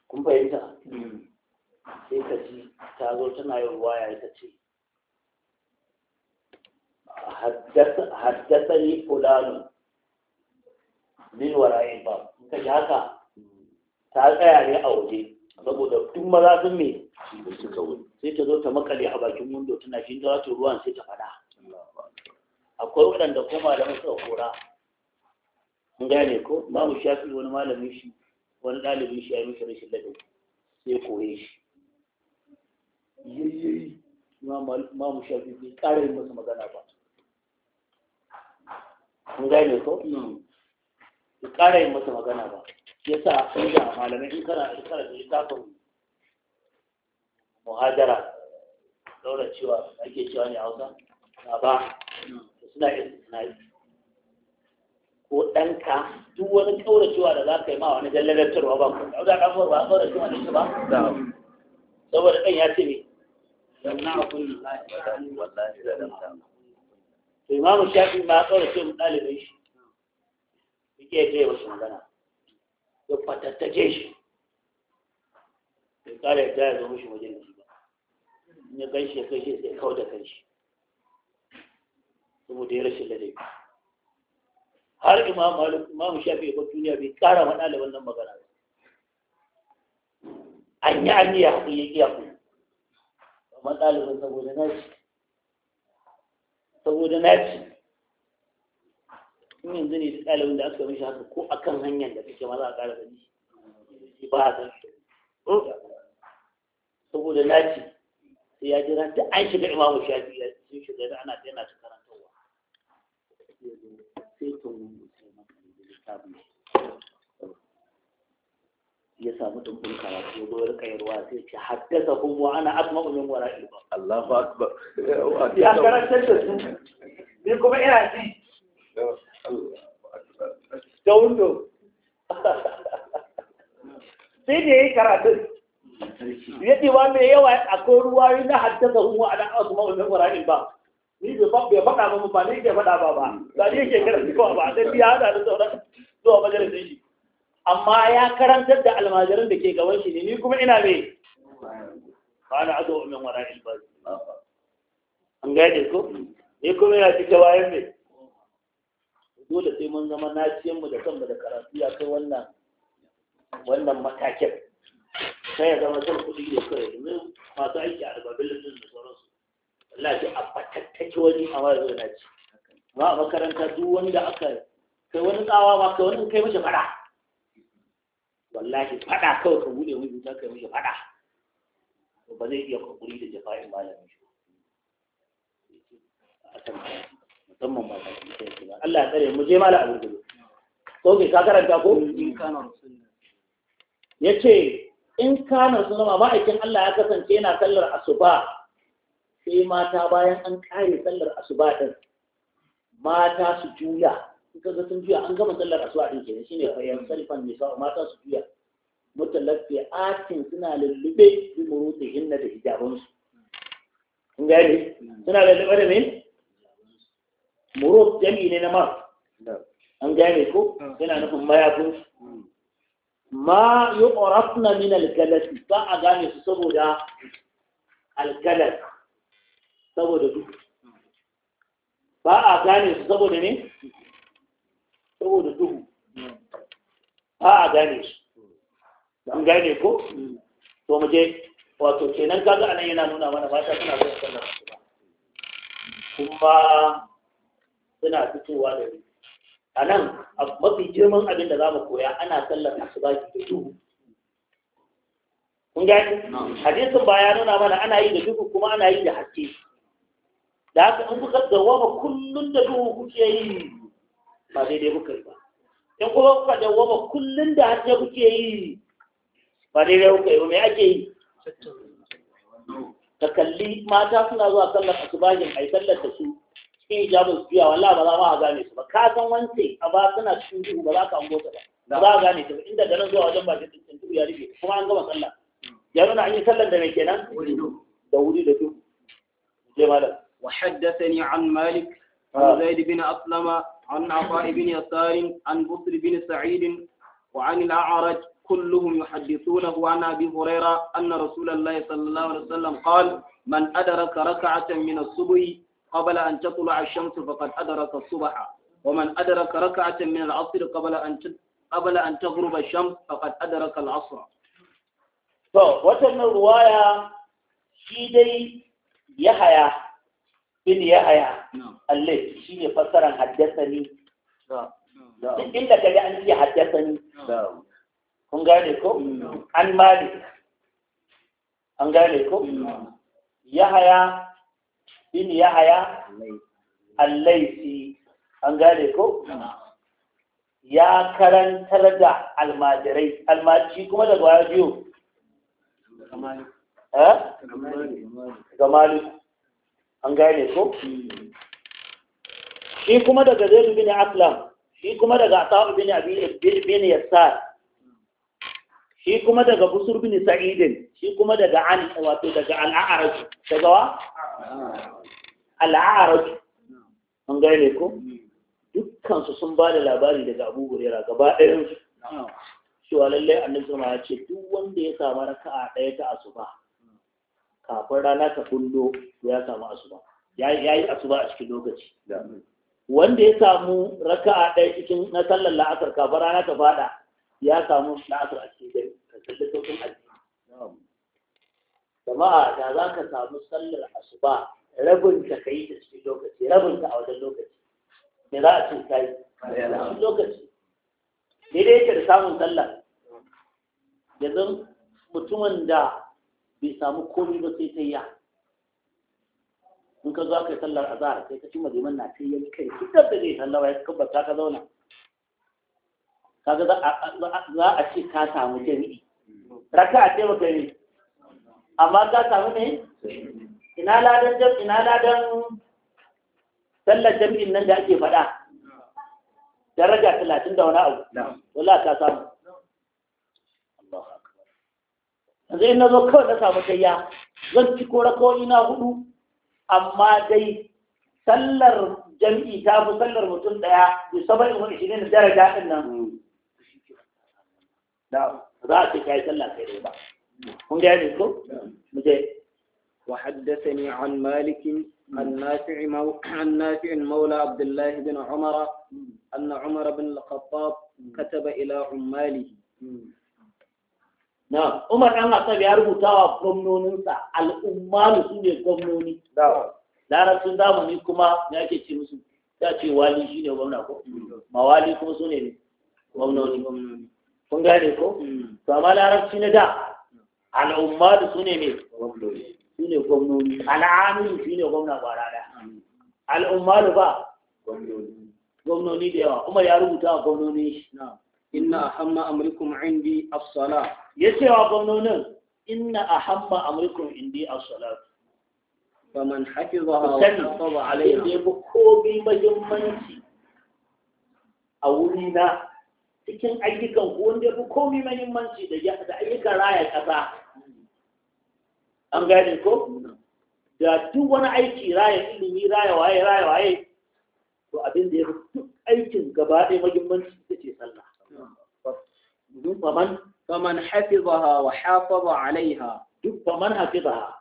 kun fahimta hmm. sai ka ji ta zo tana yin waya ita ce haddasa ni fulano min wara'in ba ka ji haka ta tsaya ne a waje saboda duk maza sun me sai ta zo ta makale a bakin mundo tana shi ruwan sai ta fada akwai waɗanda kuma da masu kora gane ko babu shafi wani malami shi wani ɗalibin shi ya mishi rashin ladabi sai koye shi yayyayi mamu shafi bai ƙara yin masa magana ba mun gane ko bai ƙara yin masa magana ba ya sa a da malamai in kana in kana da littafin muhadara daura cewa ake cewa ne a hausa na ba suna yin suna yi ko ɗanka duk wani da za ka yi ma wani jallalantarwa ba ku ɗauka ba shi ba saboda ɗan ya ce ne to imamu shafi ma ya kaurace mu shi yake ya wasu magana ya fatattake shi yadda ya zo mushi wajen ji ba in ya gan shi ya kai shi sai kawo da kan shi saboda ya rashin ladabi har imam maluk imam shafi ko duniya bai kara wa ɗaliban nan magana ba an yi an yi ya haƙi ya ƙiya ku amma ɗaliban saboda na ci saboda na ci in yanzu ne da ɗalibin da aka mishi haka ko akan hanyar da kake ma za a ƙara gani ba a san saboda na ci sai ya jira duk an shiga imamu shafi ya sun shiga da ana tsaye su ta karantarwa sai ta ya samu dubbin karatu ya zo rika yarwa sai ce haddasa kuma wa ana asma umin wara ilba Allahu akbar ya karantar da su ne kuma ina ji da wundo sai ya yi karatun ya ce mai yawa akwai ruwa na haddasa kuma ana asma umin wara ilba ni bai faɗa ba ba ni ke faɗa ba ba ba ni yake karantawa ba dan ya hada da sauran zuwa majalisar shi amma ya karantar da almajiran da ke gaban shi ne ni kuma ina mai ba na azo min wara ilbas an gane ko ni kuma ina cike wayan mai dole sai mun zama na naciyan mu da kanmu da karatu ya kai wannan wannan matakin sai ya zama zan kuɗi da kare domin masu aiki a albabilin da sauransu lafi a fatattake wani a wani zuwa ci ba a makaranta duk wani da aka kai wani tsawa ba kai wani kai mashi fada wallahi fada kawai ka bude mai ta kai mashi fada ba zai iya kakuri da jafa'in malamin shi a tambaya musamman ba ta cikin ba Allah ya tsare mu je mala abu gudu ko ke ka karanta ko Ya ce yace in kana sunna ma ma'aikin Allah ya kasance yana sallar asuba sai mata bayan an kare sallar asuba din mata su juya in ka ga sun juya an gama sallar asuba din kenan shine fayyar ne nisa mata su juya mutallaqi atin suna lullube bi hinna da hijabansu kun gane suna lullube da me murut jami ne na ma an gane ko yana nufin mayafin ma yi ƙorafna min alkalasi ba a gane su saboda alkalasi saboda duhu ba a gane su saboda ne saboda duhu ba a gane su an gane ko to mu je wato kenan kaga anan yana nuna mana mata suna zuwa sallar kuma suna fitowa da ni a nan mafi girman abin da za mu koya ana sallar ba da duhu kun gani hadisin ba ya nuna mana ana yi da duhu kuma ana yi da haske da haka in kuka dawama kullum da duhu kuke yi ba daidai kuka yi ba in kuma kuka dawama kullum da hajja kuke yi ba daidai kuka yi ba me ake yi ka kalli mata suna zuwa sallar a ai sallar da su cikin hijabin su biya wallahi ba za ma a gane su ba ka san wance a ba suna cikin duhu ba za ka ango ta ba ba za a gane su, ba inda nan zuwa wajen ba ta cikin duhu ya rufe kuma an gama sallah ya nuna an yi sallar da mai kenan da wuri da duhu je malam وحدثني عن مالك عن زيد بن أسلم عن عطاء بن يسار عن بصر بن سعيد وعن الأعرج كلهم يحدثونه عن أبي هريرة أن رسول الله صلى الله عليه وسلم قال من أدرك ركعة من الصبح قبل أن تطلع الشمس فقد أدرك الصبح ومن أدرك ركعة من العصر قبل أن قبل أن تغرب الشمس فقد أدرك العصر. So, wata ruwaya shi dai Yahaya bin ya aya alle shi ne fassaran haddasani duk inda ka ga an ce haddasani kun gane ko an mali an gane ko yahaya bin yahaya allaisi an gane ko ya karantar da almajirai almaci kuma da wajiyo ga malik eh? an gane ko shi kuma daga zaidu bin aslam shi kuma daga ta'u bin abi bin yassar shi kuma daga busur bin sa'idin shi kuma daga an wato daga al'a'araj daga wa al'a'araj an gane ko dukkansu sun ba da labari daga abu hurera gaba ɗayansu cewa lallai annabi sama ya ce duk wanda ya samu raka'a ɗaya ta asuba kafin rana ta kullo ya samu asuba ya yi asuba a cikin lokaci wanda ya samu a ɗaya cikin na sallar la'asar kafin rana ta fada ya samu la'asar a cikin gari sautin addini jama'a da za ka samu sallar asuba rabin ta ka yi da cikin lokaci rabin ta a wajen lokaci me za a ce a cikin lokaci daidai yake da samun sallah yanzu mutumin da bai samu komai ba sai ta ya in ka zo aka yi sallar azhar sai ka cimma madiman na ta yi kai kidan da zai sallar ya kabbata ka zauna ga za a ce ka samu jami'i raka a ce maka ne. amma ka samu ne ina ladan jam ina ladan sallar jami'in nan da ake faɗa daraja talatin da wani abu wala ka samu yanzu in na zo kawai na samu gayya zan ci kora ko ina hudu amma dai sallar jam'i ta fi sallar mutum daya bi saba'in wani shi na daraja din nan hmm. za a ce kai sallah kai dai ba kun ga ne ko hmm. mu je وحدثني عن مالك عن نافع مو... عن نافع مولى عبد الله بن عمر أن عمر بن الخطاب كتب إلى عماله na Umar dan Hassan ya rubuta wa gwamnoninsa al'ummanu su ne gwamnoni sun zamani kuma ya ke ce musu ya ce wali shi ne gwamna ko mawali kuma su ne gwamnoni kun gane ko to amma larabci na da al'ummalu su ne ne su ne gwamnoni al'amilu su ne gwamna ba da al'ummanu ba gwamnoni da yawa Umar ya rubuta wa gwamnoni shi na inna ahamma amrikum indi as Ya ce wa gwamnonin inna ahamma amrikum indi as-sala faman hafizaha wa hafiza da ya bu komai mahimmanci a wuri na cikin ayyukan ko wanda bu komai muhimmanci da ya da ayyukan raya ƙasa an gane ko da duk wani aiki raya ilimi raya waye raya waye to abin da ya fi duk aikin gaba ɗaya mahimmanci ita sallah faman faman hafizaha wa hafaza alaiha duk faman hafizaha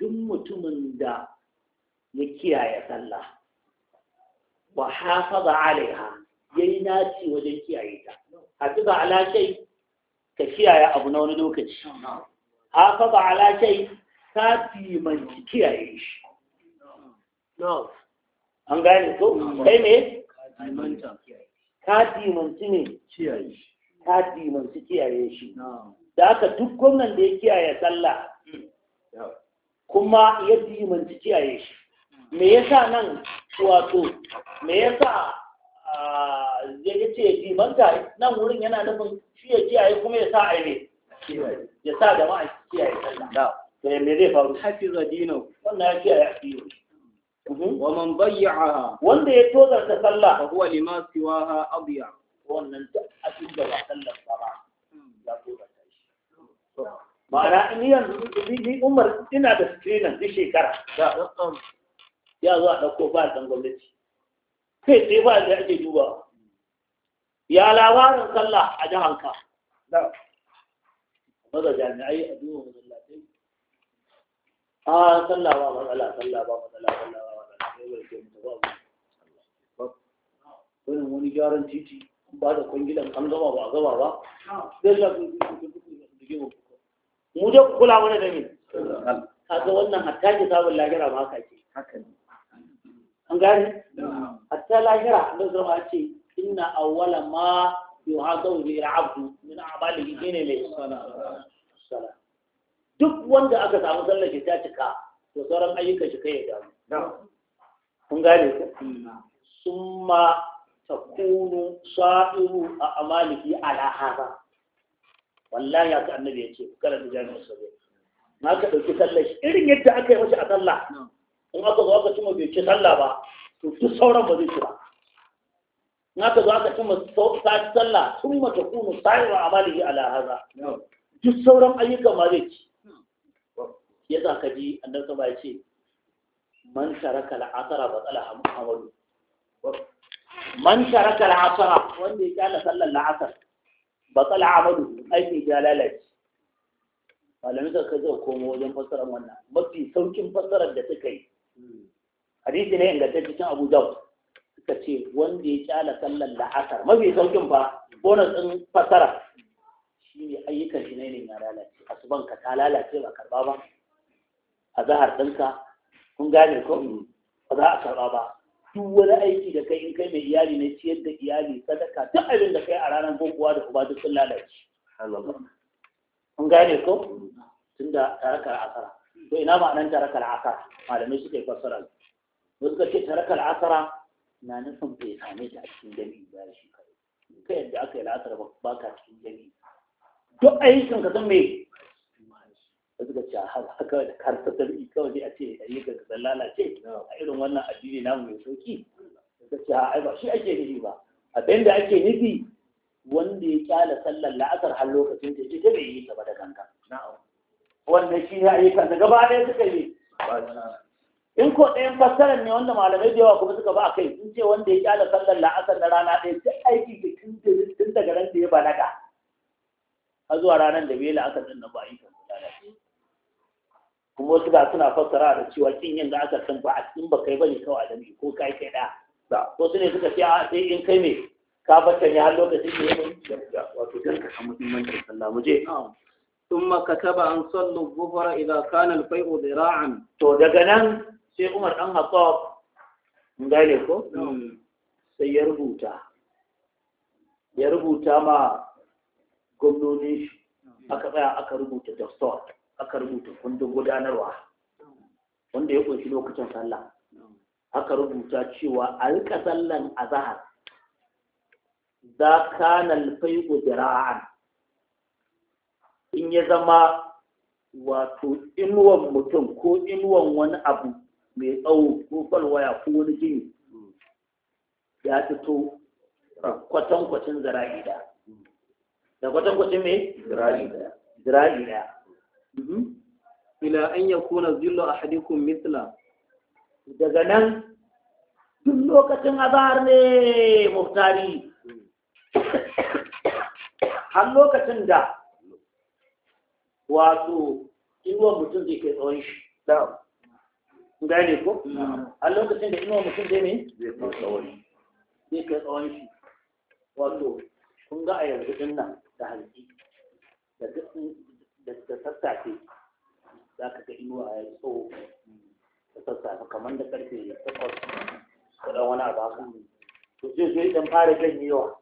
duk mutumin da ya kiyaye sallah wa hafaza alaiha yayi naci wajen kiyaye ta hafiza ala shay ka kiyaye abu na wani lokaci hafaza ala shay ka timanci kiyaye shi an gane ko kai ne ka timanci ne kiyaye shi kati masu kiyaye shi da aka duk gwamnan da ya kiyaye sallah kuma ya dimanci kiyaye shi me yasa nan wato me yasa ya ce ya dimanta nan wurin yana nufin shi ya kiyaye kuma ya sa aile ya sa ma'a kiyaye sallah to me zai faru haifi zadino wannan ya kiyaye Wa addini ومن Wanda ya tozarta Sallah. تسلى فهو لما ha أضيع wannan duk abin da ba sallar ba ya tsorata shi ma'ana in yanzu ni umar ina da screener duk shekara ya um. zo a ɗauko ba ɗan gwamnati kai sai ba da ake duba ya labarin sallah a jihar ka maza jami'ai a duba masallatai a sallah ba matsala sallah ba matsala sallah ba matsala sai wani wani gyaran titi ba da kwangilan kan zama ba a zama ba zai lafi mu da kula mana da a ga wannan hatta ki samun lahira ma haka ke an gane hatta lahira da zama ce inna awwala ma yuhadawu bi al-abdu min a'malihi dine ne duk wanda aka samu sallar shi ta cika to sauran ayyukan shi kai ya damu kun gane summa takunu sa'iru a amaliki ala hada wallahi haka annabi yace da jami'a sabo na ka dauki sallar shi irin yadda aka yi masa a sallah in aka zo aka cimma bai ci sallah ba to duk sauran ba zai ci ba in aka zo aka cimma sati sallah sun mata kunu sa'iru a amaliki ala hada duk sauran ayyukan ma zai ci ya za ka ji annabi ya ce man taraka al'asara ba tsala hamalu man taraka al-asra wanda ya kyala sallar la'asar tsala amadu aiki ya lalace malamin ka zai komo wajen fassarar wannan mafi saukin fassarar da suka yi hadisi ne ingantacce cikin Abu Dawud suka ce wanda ya kyala sallar la'asar mafi saukin fa bonus din fassara shine ayyukan shi ne ya lalace asuban ka ta lalace ba karba ba a zahar dinka kun gane ko ba za a karba ba duk wani aiki da kai in kai mai iyali na ciyar da iyali sadaka duk abin da kai a ranar gogowa da kuma duk sun lalace an gane ko tunda tarakar asara to ina ma'anar tarakar asara malamai suka yi fassara wasu ka ce tarakar asara na nufin bai same ta a cikin jami'i ba shi kai ka yadda aka yi la'asar ba ka cikin dangi. duk aikin ka san mai da suka ce haka da karsa tarbi kawai sai a ce a yi zan lalace a irin wannan addini namu mai sauki suka ce ai ba shi ake nufi ba abin da ake nufi wanda ya kyala sallar la'asar har lokacin da ita bai yi ta da ganga wannan shi ne ayyukan da gaba ɗaya suka yi in ko ɗayan fassarar ne wanda malamai da yawa kuma suka ba a kai sun ce wanda ya kyala sallar la'asar na rana ɗaya duk aiki da tun daga ran da ya balaga har zuwa ranar da bai la'asar ɗin nan ba a yi kuma wasu ga suna fassara da cewa kin yin da aka san ba in ba kai bane kawai adami ko kai kai da ba wasu ne suka ce a sai in kai ne ka batta ne har lokacin da ya wato dan ka samu muhimmancin sallah mu je an ثم كتب أن صلوا الظهر إذا To daga nan, sai Umar سي عمر دان خطاب ne ko sai ya rubuta ya rubuta ma gwamnonin shi aka tsaya aka rubuta dastor aka rubuta kundin gudanarwa wanda ya kunshi lokacin sallah aka rubuta cewa a rika sallan azahar za ka nalfai dira'an in ya zama wato inuwan mutum ko inuwan wani abu mai tsawo ko falwaya ko wani gini ya fito kwatankwacin zira'i da kwatankwacin mai zira'i da Mhm. ila an yakuna zillu ahadikum mithla daga nan duk lokacin azahar ne muhtari har lokacin da wato inuwa mutum zai kai tsawon shi gane ko a lokacin da inuwa mutum zai ne zai kai tsawon shi wato kun ga a yanzu din nan da hanzi da duk da sassafe za ka ga inuwa ya tso da sassafe kamar da karfe takwas ko dan wani abu haka to sai sai dan fara yawa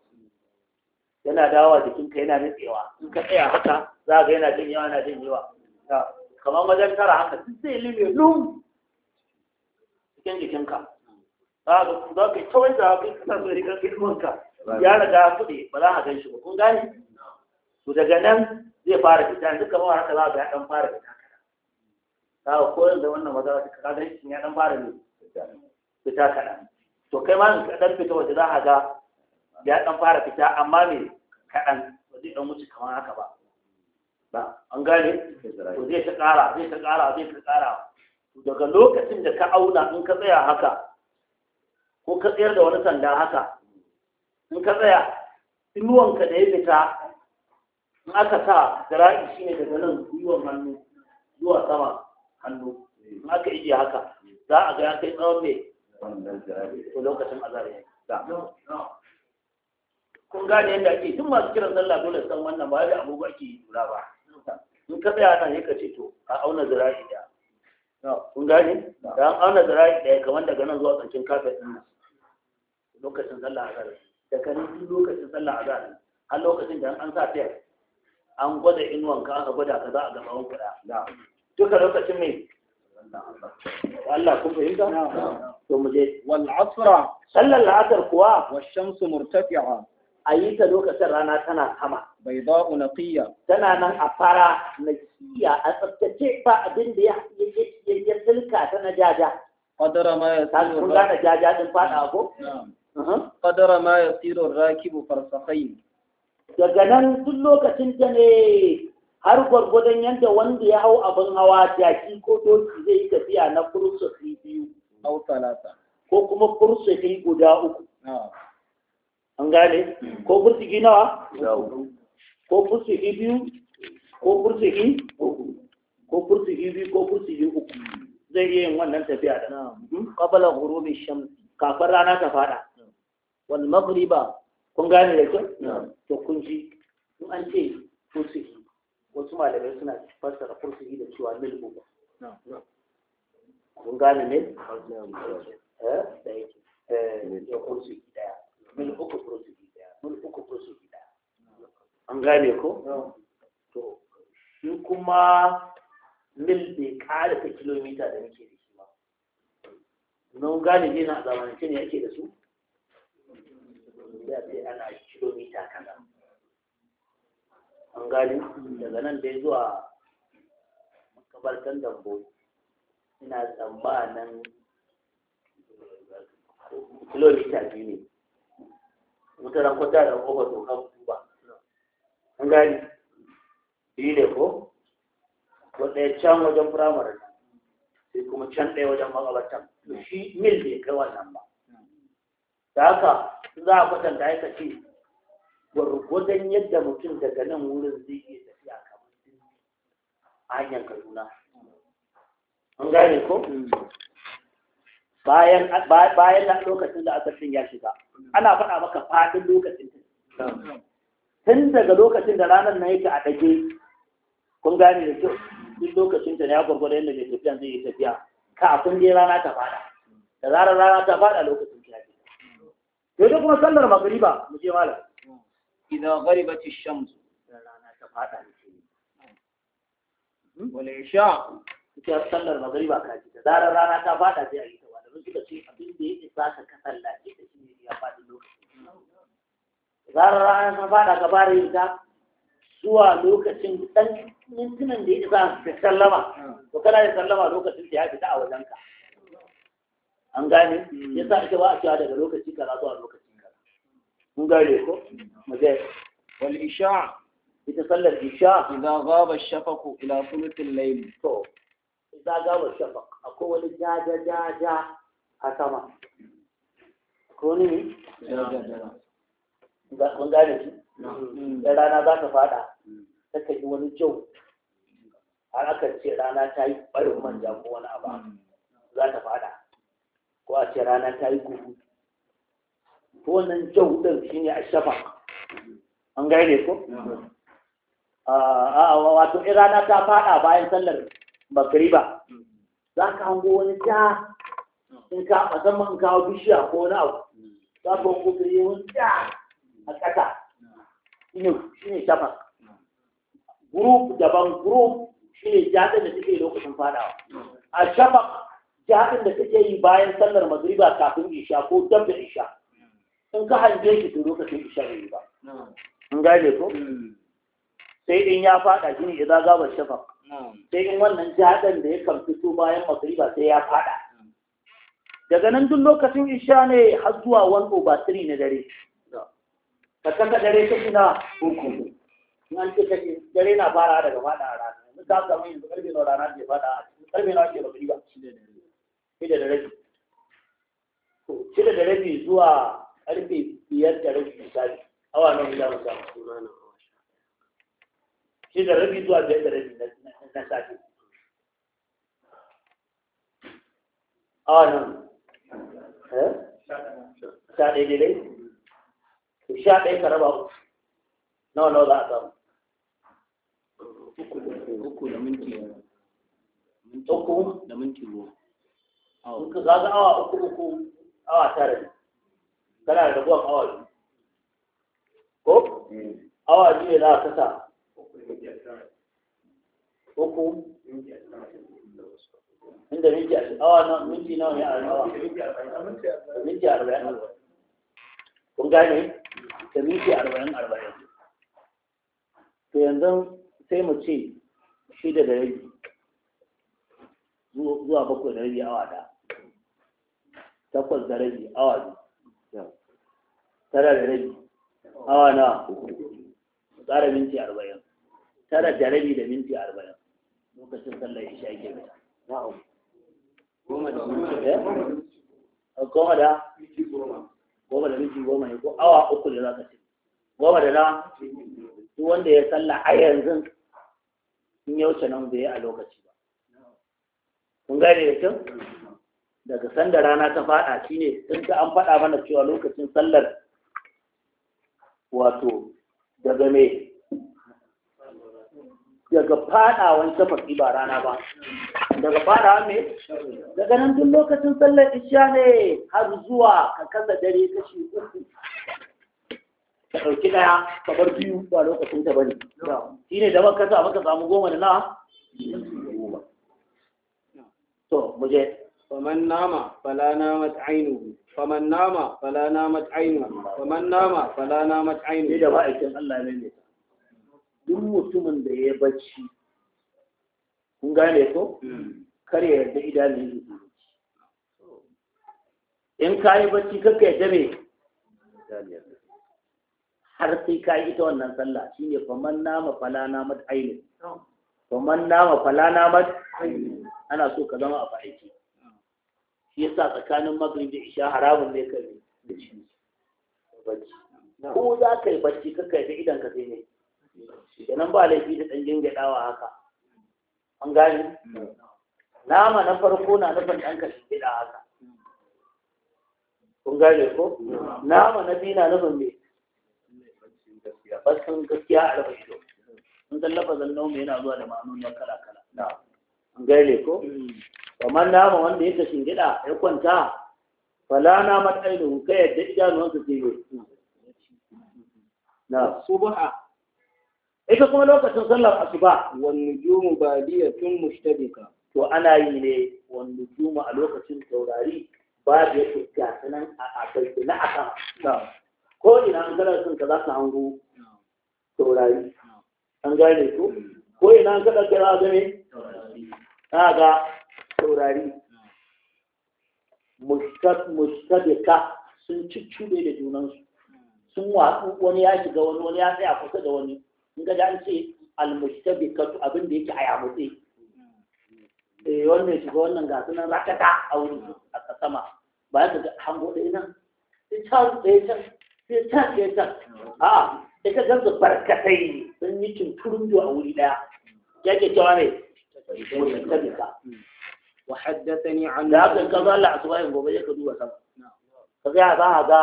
yana dawowa ka yana nutsewa in ka tsaya haka za ka yana na yana yawa kamar wajen tara haka duk zai lime lum cikin ka. za ka yi ta wanda haka ka sa su rigar ya riga kuɗi ba za a gan shi ba kun gane to daga nan zai fara fita duk kamar haka za ga ya dan fara fita kaɗan kaga ko yanzu wannan maza ta kaga shi ya dan fara ne fita kana to kai ma ka dan fita waje za ka ga ya dan fara fita amma me kaɗan ba zai dan wuce kamar haka ba ba an gane to zai ta kara zai ta kara. zai ta kara. daga lokacin da ka auna in ka tsaya haka ko ka tsayar da wani sanda haka in ka tsaya inuwanka da ya fita in aka sa zira'i shine daga nan zuwa hannu zuwa sama hannu in aka iya haka za a ga ya kai tsawon mai to lokacin azhar ya kun gane yadda ake tun masu kiran sallah dole san wannan ba da abubuwa yi lura ba in ka tsaya nan yaka ce to a auna zira'i da kun gane da an auna zira'i da kamar daga nan zuwa tsakin kafet din lokacin sallah azhar da kan lokacin sallah azhar har lokacin da an sa tayar an gwada inuwanka aka gwada ka za a gaba wani kuɗa duka lokacin mai Allah kun fahimta? To mu je. Wal asra. Sallar la'asar kuwa. Wa shamsu murtafi'a. A yi ta lokacin rana tana sama. Bai za naqiya. Tana nan a fara naqiya a tsaftace ba abin da ya ya silka ta na jaja. Qadara ma ya tsiro. Kun gane jaja din fada ko? Qadara ma ya tsiro rakibu farsakhain. daga nan duk lokacin ta ne har gwargwadon yadda wanda ya hau abin hawa jaki ko doki zai tafiya na kursofi biyu ko kuma kursofi guda uku an gane ko kursofi nawa ko kursofi biyu ko kursofi ko kursofi biyu ko kursofi uku zai yi yin wannan tafiya da qabala ghurubi shams kafin rana ta fada wal maghriba kun gane da kyau to kun ji in an ce fursuhi wasu malamai suna fassara fursuhi da cewa milbu kun gane ne da yake ya fursuhi daya mil uku fursuhi daya mil uku fursuhi daya an gane ko to shi kuma mil bai kara ta kilomita da nake da shi ba nan gane ne na zamanance ne ake da su ya ce ana kilomita kana an gani daga nan dai zuwa makabartan dambo ina tsammanin kilomita biyu ne mutanen kwata da to dokan kuba an gani biyu ne ko ko ɗaya can wajen firamare sai kuma can ɗaya wajen makabartan shi mil ne kai wannan ba da haka za a kwatanta aika ce gwargwadon yadda mutum daga nan wurin zai iya tafiya kamar hanyar kaduna an gane ko bayan na lokacin da aka ya shiga ana faɗa maka faɗin lokacin tun daga lokacin da ranar na yake a ɗage kun gane da kyau duk lokacin ta ya gwargwadon yadda mai tafiya zai yi tafiya kafin dai rana ta fada da zarar rana ta fada lokacin sai kuma sallar magriba mu je malam idan gharibati shams rana ta fada ne hmm? wala isha ita sallar magriba ka ji da zarar rana ta fada sai a yi ta wanda suka ce abin da yake sa ka sallace ta shi ne ya fadi lokacin zarar rana ta fada ka bare ita zuwa lokacin dan mintunan da yake sa ka sallama hmm. to kana da sallama lokacin da ya fita a wajenka an gane Ya sa ake ba a cewa daga lokaci kaza zuwa lokaci kaza mun gane ko mu je wal isha ita sallar isha idan gaba shafaqu ila al layl to idan gaba shafaq akwai wani jaja jaja a sama ko ne ne mun gane shi hmm. da rana za ta fada ta kai wani jau har aka ce rana ta yi barin manja ko wani abu hmm. za ta fada ko a ce rana ta yi kuku to wannan jau ɗin shine a shafa an gane ko a wato in rana ta faɗa bayan sallar bakari ba za ka hango wani ta, in ka musamman in kawo bishiya ko wani abu za ka hango ka yi wani ta a ƙasa shi ne shafa group daban group shi ne ja da suke lokacin faɗawa a shafa jihadin da kake yi bayan sallar magriba kafin isha ko dab da isha in ka hange shi to lokacin isha ne ba in gane ko hmm. sai in ya fada jini ne idan gabar shafa sai in wannan jadan da ya kan fito bayan magriba sai ya fada daga nan duk lokacin isha ne har zuwa 1 ba 3 na dare ka kaka dare ta na hukum. an ce kake dare na fara daga fada rana mun ta samu yanzu karfe na rana ke fada karfe na ke magriba shida da rabi shida da rabi zuwa karfe biyar da rabi misali awa nan gida mu samu sunana shida da rabi zuwa biyar da rabi na sati awa nan eh? sha ɗaya daidai sha ɗaya ka raba nawa nawa za a samu uku da minti uku da minti goma in ka zaga awa uku uku awa tara ne kana da raguwar awa biyu ko hmm. awa biyu ne za a kasa uku inda minti awa na minti nawa ne a awa minti arba'in kun gane da minti arba'in arba'in to yanzu sai mu ce shida da rabi zuwa bakwai da rabi awa da takwas da rabi awa biyu tara da rabi awa na tsara minti arba'in tara da rabi da minti arba'in lokacin sallar isha ke mata goma da minti eh? goma da minti goma ne ko awa uku da za ka ce goma da na duk wanda ya salla a yanzu in yau wuce nan bai a lokaci ba kun gane da kyau daga sanda rana ta faɗa shine sun ta an faɗa mana cewa lokacin sallar wato daga me daga faɗawan tafasi ba rana ba daga faɗawa me daga nan duk lokacin sallar isha ne har zuwa ka kalla dare shi uku ka ɗauki ɗaya ka bar biyu ba lokacin ta bane shi ne da maka sa maka samu goma da na to mu je فمن nama فلا نامت عينه فمن nama فلا نامت عينه فمن nama فلا نامت عينه da ma'aikin Allah ne duk mutumin da ya bacci kun gane ko hmm. kar ya yarda idanun yi in ka yi bacci yarda me har sai ka yi ita wannan sallah ne faman nama fala namat ainihu oh. faman nama fala namat ainihu ana so ka zama a fa'aiki yasa tsakanin magrib da isha haramun ne kai da shi ko za ka yi bacci ka kai da idan ka sai ne idan ba laifi da ɗan dawa haka an gane nama na farko na nufin ɗan ka da haka kun gane ko nama na biyu na nufin me baccin gaskiya a rafa ido Mun san lafazin nau yana zuwa da ma'anoni kala kala an gane ko mm. kamar nama wanda ya tashin gida ya kwanta fala na matsayin ka yadda idanuwansa su yi na subha ita kuma lokacin sallar asuba wan nujumu badiyatun mushtabika to ana yi ne wan nujumu a lokacin taurari ba da yake gasa nan a asali na aka ko ina an gara sun ka za ka hango taurari an gane ko mm. ko ina an kada kira ga ne ga taurari mustadika sun cube da junansu sun watsu wani ya shiga wani wani ya tsaya kusa da wani in ga an ce almustabikatu abin da yake a yamutse eh wannan ya shiga wannan ga sunan rakata a wuri a sama ba ya ga hango ɗaya nan sai ta ɗaya can sai ta ɗaya can a ita su barkatai sun yi tunturin a wuri ɗaya yake cewa ne mustabika وحدثني عن ذاك كذا لا سواه غبي كذو سما كذا هذا هذا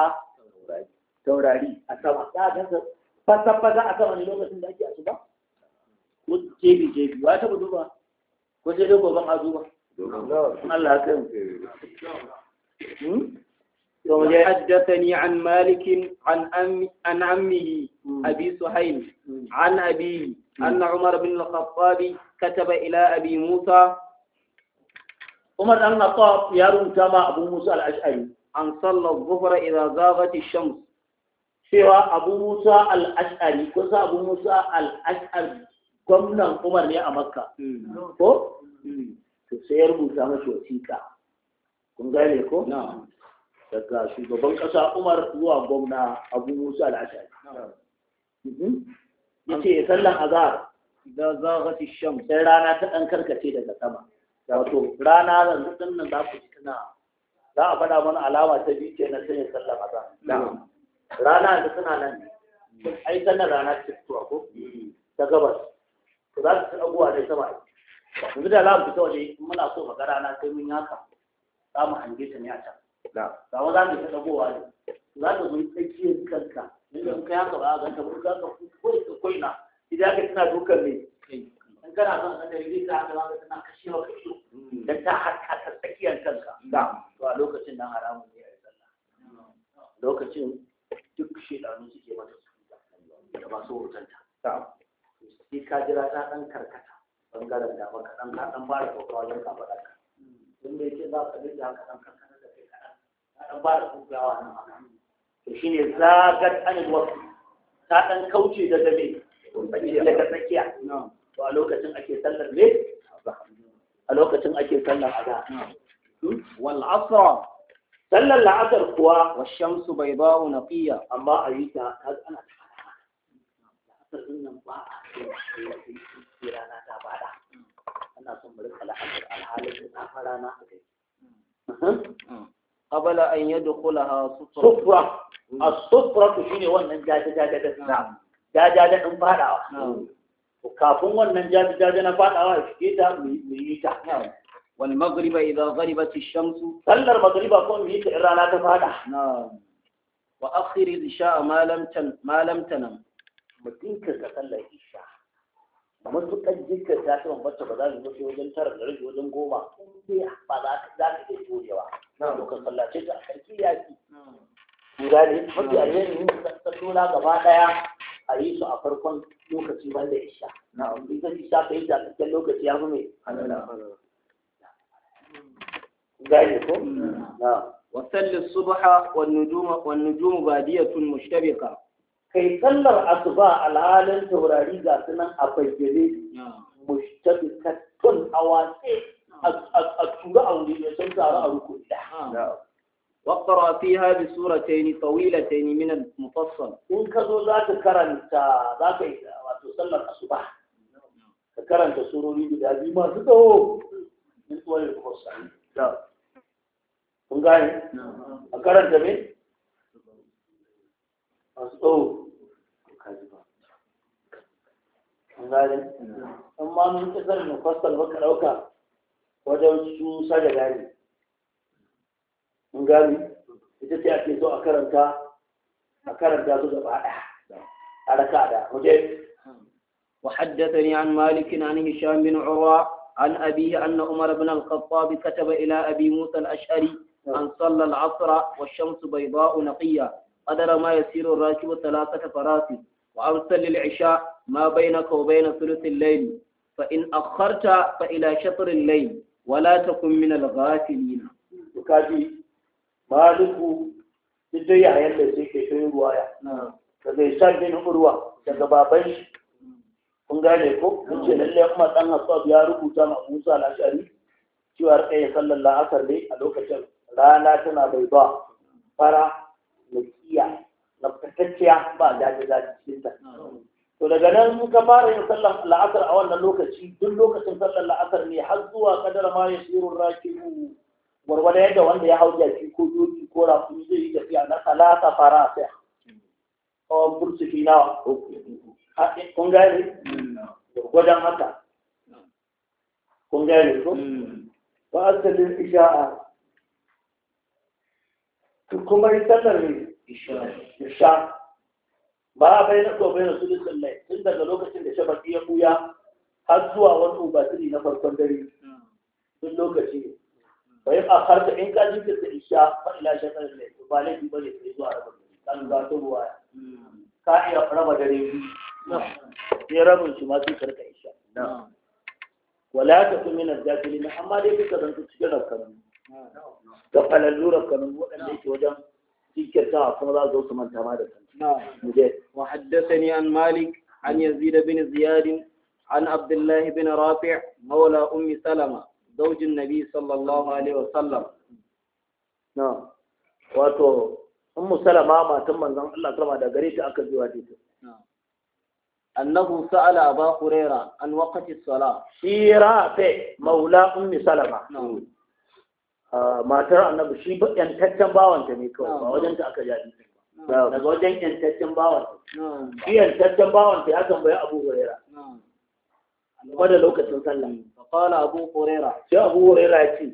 توراري اسما هذا فتا فتا اسما لو كان ذاك اسما قد جيبي جيبي واه تبو دوبا كوجه دو بابا ازو با الله كان نعم. حدثني عن مالك عن أم عن عمه أبي سهيل عن أبي أن عمر بن الخطاب كتب إلى أبي موسى Umar dan Khattab ya rubuta ma Abu Musa al-Ash'ari an salla dhuhra idza ghabati shams cewa Abu Musa al-Ash'ari ko sa Abu Musa al-Ash'ari gwamnan Umar ne a Makka ko to sai ya rubuta masa wasiƙa kun gane ko daga shugaban ƙasa Umar zuwa gwamna Abu Musa al-Ash'ari yace sallan azhar idza ghabati shams sai rana ta dan karkace daga sama wato rana da din nan za ku tuna za a faɗa mana alama ta biyu ke na sanya sallah maza rana yanzu suna nan ai sannan rana ce tuwa ko mm. ta gabas to za ku tuna guwa dai sama yanzu da za mu fita waje muna so ga rana sai mun yaka za mu hange ta ne a can ga za mu tuna guwa ne za ka zo tsakiyar kanka inda in ka yaka ba a ganta ba ka ko ina idan ka tuna dukkan ne in kana son kadari zai sa haka zaka tana kashewa kashewa hmm. dan ta harka ta tsakiyar kanka to a lokacin nan haramun ne a sallah lokacin duk shedanu suke mata su da masu wutanta sai ka jira ta dan karkata bangaren da maka dan ka dan fara kokawa dan ka faɗa ka in hmm. me yake za ka rage haka dan karkata da kai kaɗan ka dan fara kokawa nan haka to shine zagat anil wasu ta dan kauce daga me daga tsakiya to a lokacin ake sallar ne a lokacin ake sallar azhar hmm? wal asr sallar la'asar kuwa wa shamsu baydau nafiya. amma a yi ta ana ta la'asar din nan ba a rana ta ana son rika alhalin da ta hmm? hmm. a قبل أن يدخلها صفرة jaja الصفرة شنو وانا jaja جاجا جاجا kafin wannan jaji-jaji na fadawa a shige ta mu yi ta wal maghriba idza gharibat ash-shamsu sallar maghriba ko mu yi ta in rana ta fada na'am wa akhir al-isha ma lam tan ma lam tanam mutum ka sallar isha matuƙar jinkar ta ta bambanta ba za su mutu wajen tara da rage wajen goma sai ba za ka za ka iya jurewa to ka sallace ta a karki yaki ku gane mafi alheri ne ka sallola gaba ɗaya a yi su a farkon lokaci wanda isha na ita isa ta yi ta cikin lokaci ya mai gani ko na wasalli subha ba nujuma tun nujumu badiyatun mushtabika kai sallar asuba alhalin taurari ga sunan a fayyade mushtabikatun a a tura a wuri san tsara a rukun da وقرأ فيها بسورتين طويلتين من المفصل إن كذو ذاك كرنت ذاك وتصلى الصبح كرنت سوروني بدأبي ما تدعو من طوال المفصل لا kun gane a karanta me masu tsawo kun gane amma mun kasar mu fasal baka ɗauka mun gani ita ce سوء so a karanta a على su gaba وحدثني عن مالك عن هشام بن عروة عن أبيه أن عمر بن الخطاب كتب إلى أبي موسى الأشعري أن صلى العصر والشمس بيضاء نقية قدر ما يسير الراكب ثلاثة فراس وأرسل للعشاء ما بينك وبين ثلث الليل فإن أخرت فإلى شطر الليل ولا تكن من الغافلين وكاتب maliku duk dai yayin da sai ke kai ruwaya zai isa bin urwa daga baban shi kun gane ko kun ce lallai kuma dan hasab ya rubuta ma musa al-ashari cewa kai ya sallallahu asar ne a lokacin rana tana bai ba fara lakiya lafkatacciya ba daji da cikin ta to daga nan in ka fara yin sallar la'asar a wannan lokaci duk lokacin sallar la'asar ne har zuwa kadar ma ya shirin rakibu gwargwada yadda wanda ya hau jaki ko doki ko rafi zai yi tafiya na talata fara a tsaya kawai burtuki nawa kun gane gwargwadon haka kun gane ko wa asalin isha'a kuma yi sallar ne isha ba a bai na gobe na su dukkan mai tun daga lokacin da shabaki ya buya har zuwa wani ubatiri na farkon dare sun hmm. lokaci فإن أخرت عنك جبت العشاء فإلى شكل الليل فبالك يبالي تريدو عربا كان مباتو هو كائن أخرى مدريو يرم الشماتي كرك عشاء ولا تكن من الذات أما ليك كذن تتجنب كذن تقل اللورة كذن وأن نعم. ليك وجم تذكر تاع فنلا زوت من نعم وحدثني عن مالك عن يزيد بن زياد عن عبد الله بن رافع مولى أم سلمة zaujin nabi sallallahu alaihi wasallam na wato ummu salama matan manzon Allah sallama da gare ta aka ji wa ta annahu sa'ala aba huraira an waqti as-salah shi rafi maula ummi salama matar annabi shi yantaccen bawanta ne kawai ba wajen ta aka jadi daga wajen yantaccen bawanta shi yantaccen bawanta ya tambaya abu huraira game da lokacin sallah mm. fa abu horera sai abu horera ya ce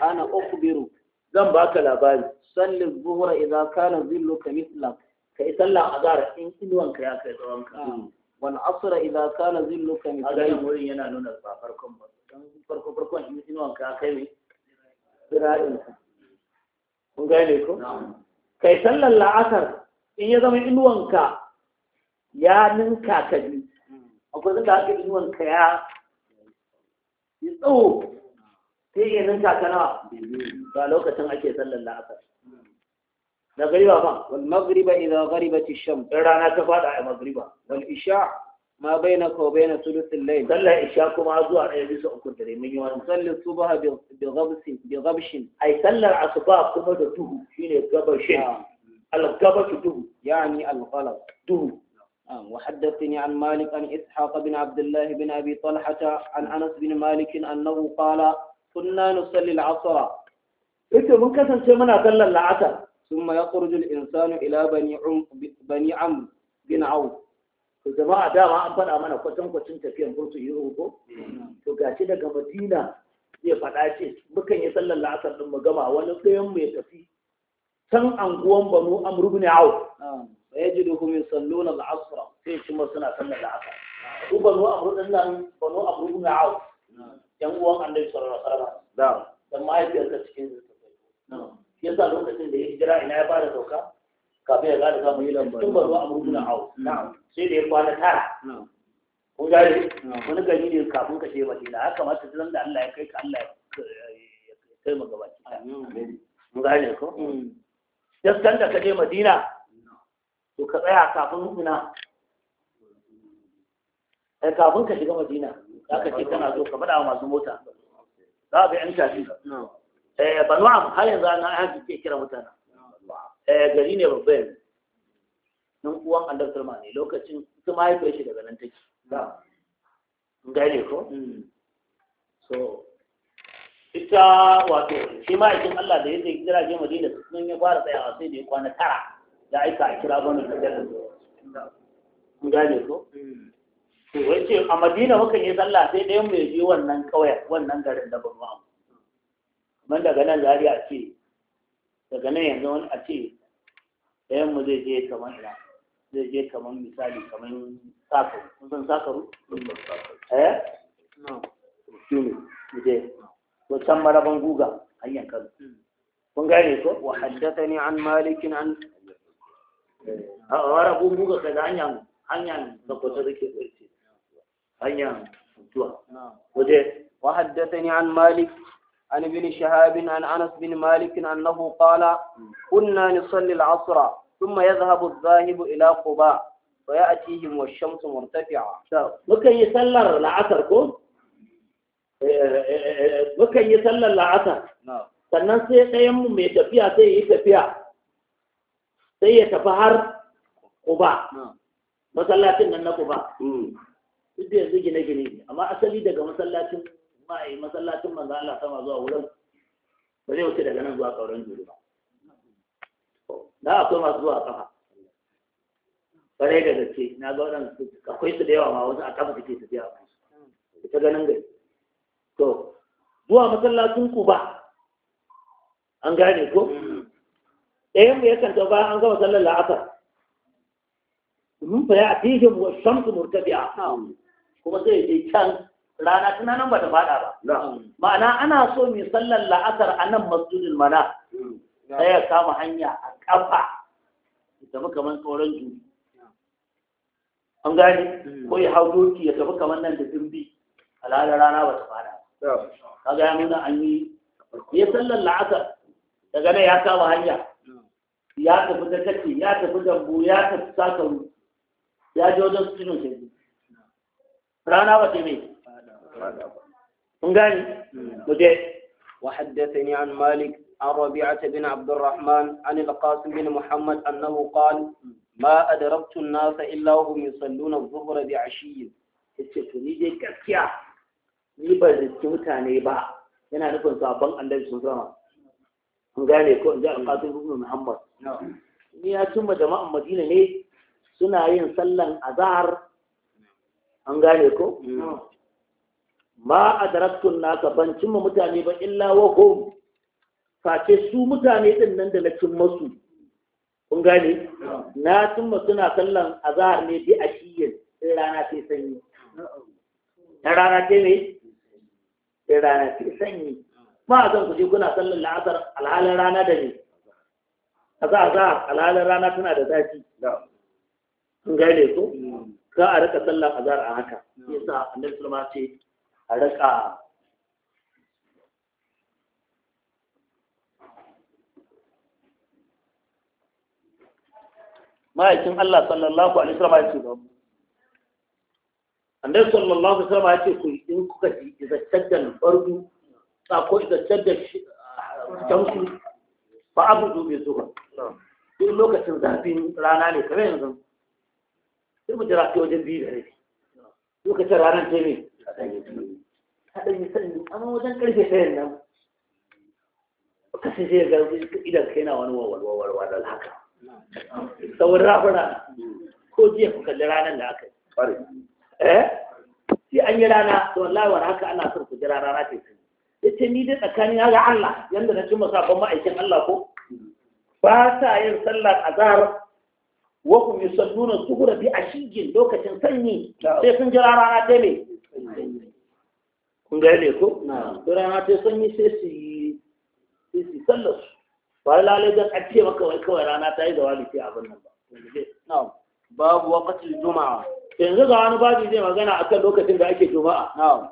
ana biru zan baka labari sallin zuhura idza kana zilluka ka kai sallah azhar in inuwanka ya kai tsawon ka wal asr zin kana zilluka A ga wurin yana nuna ba farkon ba dan farko farkon in inuwanka ya kai ne sira'in kun gane ko kai sallan la'asar in ya zama inuwanka ya ninka ka biyu akwai zaka haka inuwan ka ya yi tsawo sai iya nan taka nawa ba lokacin ake sallar la'asar da gariba ba wal magriba idza gharibat ash-shams dan rana ta fada a magriba wal isha ma bainaka wa bain thuluth al-layl sallar isha kuma zuwa ɗaya bisa uku dare mun yi wani sallar subha bi ghabsin bi ghabshin ai sallar asuba kuma da duhu shine gabashin al-gabashu duhu yani al-ghalab duhu وحدثني عن مالك عن إسحاق بن عبد الله بن أبي طلحة عن أنس بن مالك أنه قال كنا نصلي العصر إذا من كسن شمنا صلى العصر ثم يخرج الإنسان إلى بني عم بني عم بن عوف jama'a dama an faɗa mana kwatan kwatan tafiyan burtu yiro ko to daga madina zai faɗa ce mukan yi sallar la'asar in mu gama wani ɗayan mu tafi can anguwan banu amru ne auf wa yajiduhum yusalluna al-asr sai kuma suna sallar al-asr su banu amru din nan banu amru bin auf yan uwan annabi sallallahu alaihi wasallam da dan mahaifiyar ka cikin zuciya yasa lokacin da ya hijira ina ya fara sauka kafin ya gane samun yi lambar tun banu amru bin auf sai da ya kwana tara kun gane wani gari ne kafin ka je madina ya kamata zan da Allah ya kai ka Allah ya kai mu gaba mun gane ko yaskan da ka je madina to ka tsaya kafin ina a eh, kafin ka shiga madina za ka ce kana zo ka faɗa wa masu mota za a bi yan tafi eh har yanzu ana haji ke kira mutane eh, gari ne babba yanzu nan uwan andar Salma ne lokacin su mahaifiyar shi daga nan take gane ko so ita wato shi ma'aikin Allah da ya zai jirage madina sun ya fara tsayawa sai da ya kwana tara da aika a kira zonar da jallar mun gane ko to wace a madina mukan yi sallah sai ɗayan mai je wannan ƙauyen wannan garin da ban mu kamar daga nan zari a ce daga nan yanzu wani a ce ɗayan mu zai je kamar ina zai je kamar misali kamar sakaru kun san sakaru eh shi ne mu je wancan maraban guga hanyar kan. kun gane ko wa haddathani an malikin an Eh, a wara bu muka kaga hanyar hanyar da kwata da ke tsarki hanyar mutuwa waje wa ni an malik عن ابن شهاب عن أنس بن مالك أنه قال كنا نصلي العصر ثم يذهب الذاهب إلى قباء فيأتيهم والشمس مرتفعة مكن يسلر العصر كون مكن يسلر العصر sannan sai ɗayan mu mai tafiya sai yi tafiya sai ya tafi har kuba masallacin nan na kuba hmm. duk da yanzu gine-gine amma asali daga masallacin ma'ai masallacin manzo Allah sama zuwa wurin ba zai wuce daga nan zuwa kauran juri ba Na akwai masu zuwa kafa bare da gaske na ga su akwai su da yawa ma wasu a kafa suke tafiya a kansu ta ganin gari to zuwa masallacin ku ba an gane ko hmm. ɗayan mu yakan ta bayan an gama sallar la'asar mun fa ya cikin wa shamsu murtabi'a kuma zai yi can rana tana nan bata fada ba ma'ana ana so mai sallar la'asar a nan masjidin mana mm. sai ya kama hanya a kafa ya tafi kamar tsoron juna an gani mm. ko ya hau doki ya tafi kamar nan da dimbi al'adar rana bata fada ba kaga ya nuna an yi ya sallar la'asar daga nan ya kama hanya ya tafi da kake ya tafi bu ya tafi sakaru ya ji wajen su cino shi rana ba ce mai kun gani muje وحدثني عن مالك عن ربيعة بن عبد الرحمن عن القاسم بن محمد أنه قال ما أدركت الناس إلا هم يصلون الظهر بعشي ni dai gaskiya ni ba riski mutane ba yana nufin sabon annabi sun zama an gane ko in ji muhammad ni ya cimma jama'an madina ne suna yin sallan azahar an gane ko ma a daraktun naka ban cimma mutane ba illa wa home face su mutane din nan da na cimma su kun gane na cimma suna sallan azahar ne bi ashiyin in rana ta sanyi ta rana ta ne in rana ta sanyi ma zan ku je kuna sallan la'asar alhalin rana da ne a za a za alhalin rana tana da zafi Sun gane su ka a rika sallar azhar a haka a annabi sallama ce a rika ma'aikin Allah sallallahu alaihi wasallam ya ce ba annabi sallallahu alaihi wasallam ya ce ku in kuka ji izattajjal fardu ko izattajjal shamsu ba abu dube su duk lokacin zafin rana ne kamar yanzu sai mu jira kai wajen biyu da rabi lokacin ranar ta ne a ta ɗanyi sanyi amma wajen ƙarfe ta yin nan kasan zai ga idan kai na wani wawalwawar wadal haka saurin rafuna ko jiya ku kalli ranar da aka yi eh sai an yi rana to wallahi wani haka ana son ku jira rana ce sun ya ce ni dai tsakanin ya ga Allah yadda na cimma sakon ma'aikin Allah ko ba sa yin sallar azhar wa hum yusalluna suhura bi ashijin lokacin sanyi sai sun jira rana ta me kun ga ne ko to rana ta sanyi sai su yi sai su sallar su ba lalai dan a maka wai kawai rana ta yi zawali sai abin nan ba babu waqtil juma'a yanzu ga wani babu zai magana akan lokacin da ake juma'a na'am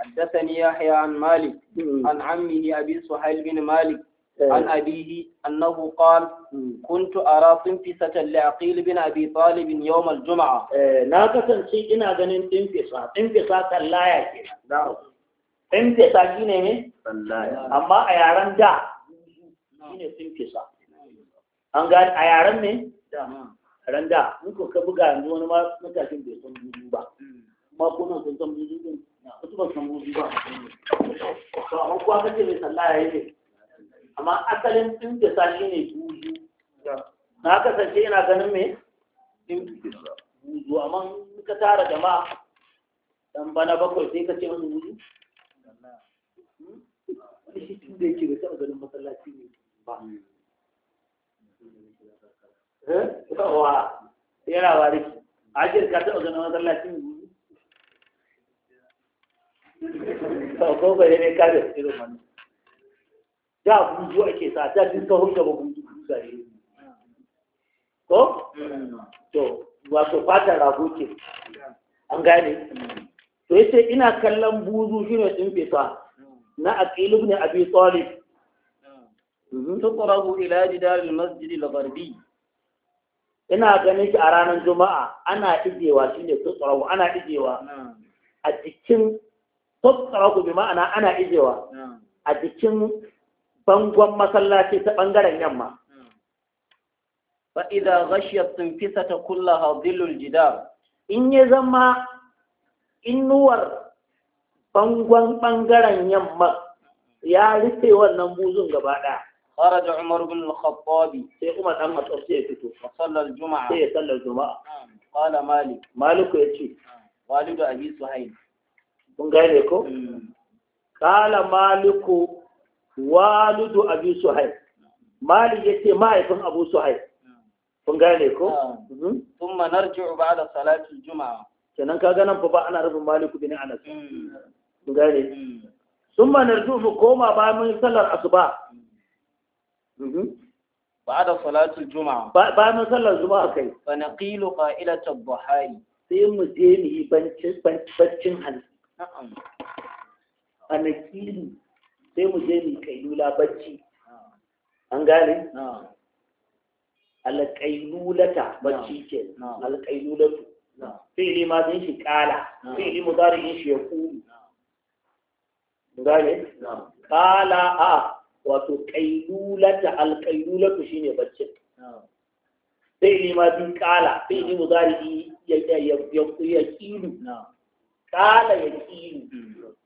حدثني يحيى عن مالك عن عمه أبي سهيل بن مالك عن أبيه أنه قال كنت أرى طنفسة لعقيل بن أبي طالب يوم الجمعة ناقصا شيء إنا غنين طنفسة طنفسة تلايا كده طنفسة كده أما أياران دا shine tsinfisa an ga a yaren ne randa muka ka buga yanzu wani matashin bai san dudu ba kuma kuna sun san dudu din wasu ba san gobe ba amma kuwa kace mai sallah yayi ne amma asalin din da shine na kasance yana ganin me wuzu amma ka tara jama'a dan bana bakwai sai ka ce musu wuzu wani shi tun da yake bai taɓa ganin masallaci ne ba yana wariki ajiyar ka taɓa ganin masallaci ne ko ba ne ka irin wannan da buzu ake sa da duk sahun gaba buzu ko to wato fata rago ke an gane to ina kallon buzu shine din fita na aqil ibn abi talib mm-hmm. ila jidar al masjidi al ina ganin shi a ranar juma'a ana ijewa shine tuqrabu ana ijewa a cikin tuttaraku bi ma'ana ana ijewa a jikin bangon masallaci ta bangaren yamma fa idza ghashiyat tunfisata kulla dhillul jidar in ya zama inuwar bangon bangaren yamma ya rufe wannan buzun gaba daya خرج عمر بن الخطاب سي عمر دان خطاب fito. فيتو Juma'a, الجمعه سي صلى الجمعه قال مالك مالك والد سهيل kun gane ko hmm. kala maliku Walidu abi suhaib malik yace mahaifin abu suhaib kun hmm. gane ko hmm. thumma narji'u ba'da salati juma'a kenan ka ga nan fa ba ana rubin maliku bin anas kun gane Summa narji'u mu koma ba mun sallar asuba ba'da salati juma'a ba mun sallar juma'a kai fa naqilu qa'ilata dhuhari sai mu je mu yi baccin bancin a nakilu sai mu je mu kailula bacci an gane alƙailulata bacci ke alƙailulatu fi'li ma zai shi ƙala fi'li mu zari shi ya kuru gane ƙala a wato ƙailulata alƙailulatu ne bacci fi'li ma zai ƙala fi'li mu zari ya ƙilu ƙala ya ƙilu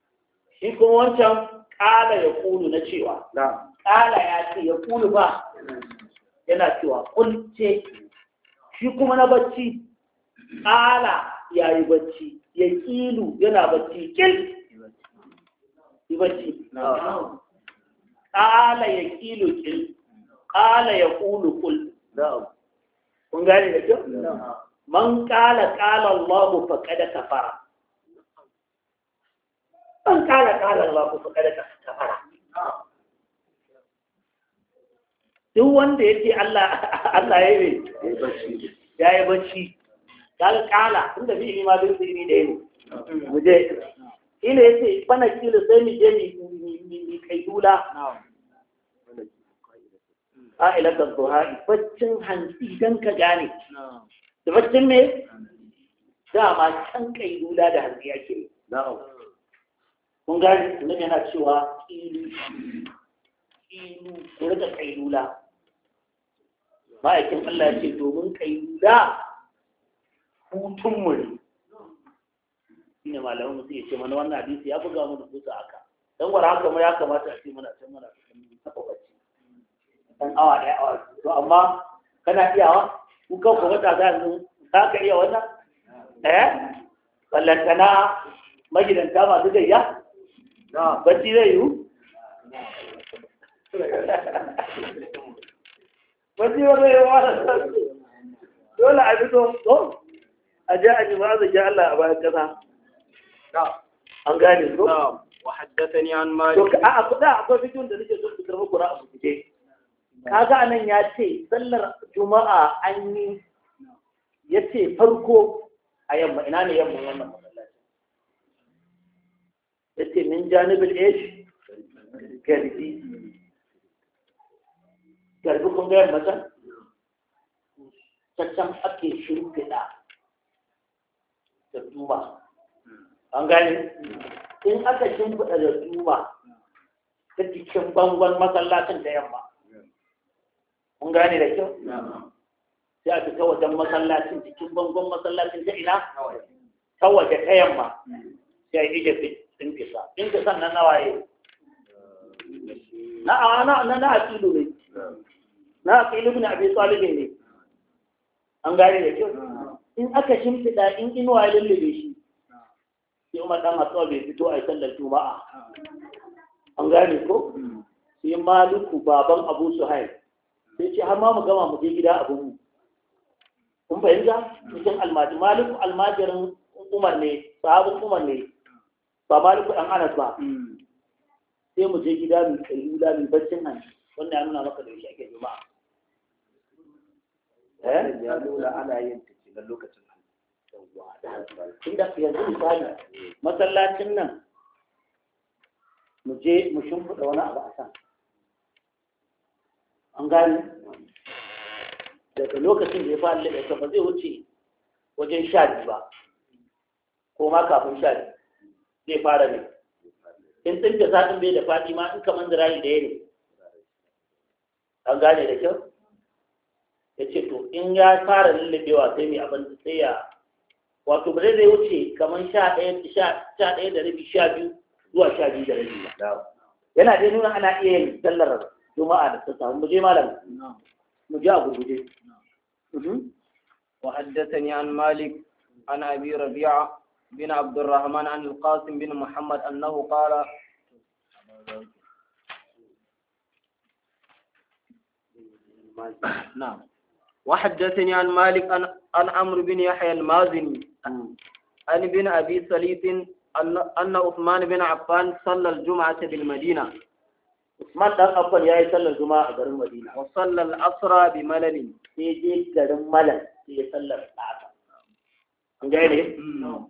shi kuma wancan ƙala ya kulu na cewa ƙala ya ce ya kulu ba yana cewa ƙulce shi kuma na bacci ƙala ya yi bacci ya ƙilu yana bacci ƙil yi bacci ƙala ya ƙilu ƙil ƙala ya kulu ƙul kun gane da kyau man ƙala kala Allah fa kada kafara kala ba ku kada ka kafara duk wanda yake Allah Allah ya yi ya yi bacci kal kala tunda bi ma duk ni da yi muje ina yace bana kila sai mu je mi mi kai dula a ila da duha baccin hanci dan ka gane da baccin me dama can kai dula da hanci yake na'am kun gani tunan yana cewa ilu ilu ku rika kailula ma'aikin Allah ce domin kailula hutun muri shi ne malamin mutu ya ce mana wannan hadisi ya buga mana kusa haka dan gwara haka ma ya kamata a ce mana can mana ta kwakwaci dan awa ɗaya awa to amma kana iyawa ku kan ku wata za a za ka iya wannan eh ballantana magidanta masu gayya bacci zai yiwu bacci ba zai yiwu dole a fito ko a je a ji ma'azin ya Allah a bayan kasa an gane ko وحدثني عن مالك دوك اه اكو دا اكو فيديون da nake so ku karbo ku ra'a ku je kaga nan ya ce sallar juma'a an yi yace farko a yamma ina ne yamma wannan من جانب الإيش كالبي كالبكم غير مثلا تتسم حكي شروع كده تتوبة an gane in aka shimfiɗa da duba ta cikin bangon masallacin da yamma kun gane da kyau sai a fita wajen masallacin cikin bangon masallacin da ina ta waje ta yamma sai a yi ije inkisa inkisan nan nawaye na na na na aqilu ne na aqilu ibn abi talib ne an gane da kyau in aka shimfida in waye ya lullube shi sai Umar dan Mas'ud bai fito a sallar Juma'a an gane ko sai Maliku baban Abu Suhail sai ce har ma mu gama mu je gida abun mu kun fahimta cikin almaji Maliku almajirin Umar ne sahabin Umar ne ba maliku ɗan anas ba sai mu je gida mu kai da mu baccin hannu. wannan ya nuna maka da yake ake juma'a eh ya nuna ana yin tafi na lokacin inda yanzu misali masallacin nan mu je mu shimfiɗa wani abu a san an gane daga lokacin da ya fara laɓe ba zai wuce wajen sha ba ko ma kafin sha biyu zai fara ne in da satin bai da faɗi ma in kamar rayu da ya ne an gane da kyau ya ce to in ya fara lullubewa sai mai abin sai ya wato ba zai wuce kamar sha ɗaya da rabi sha biyu zuwa sha biyu da rabi yana dai nuna ana iya yin sallar juma'a da sassa mu je malam mu je a gurguje وحدثني عن مالك عن أبي ربيعة بن عبد الرحمن عن القاسم بن محمد أنه قال نعم وحدثني عن مالك عن عن عمرو بن يحيى المازني عن بن أبي سليط أن عثمان بن عفان صلى الجمعة بالمدينة عثمان بن عفان يا إيه صلى الجمعة بالمدينة وصلى الأسرى بملل في جيل ملل في صلى العصر نعم.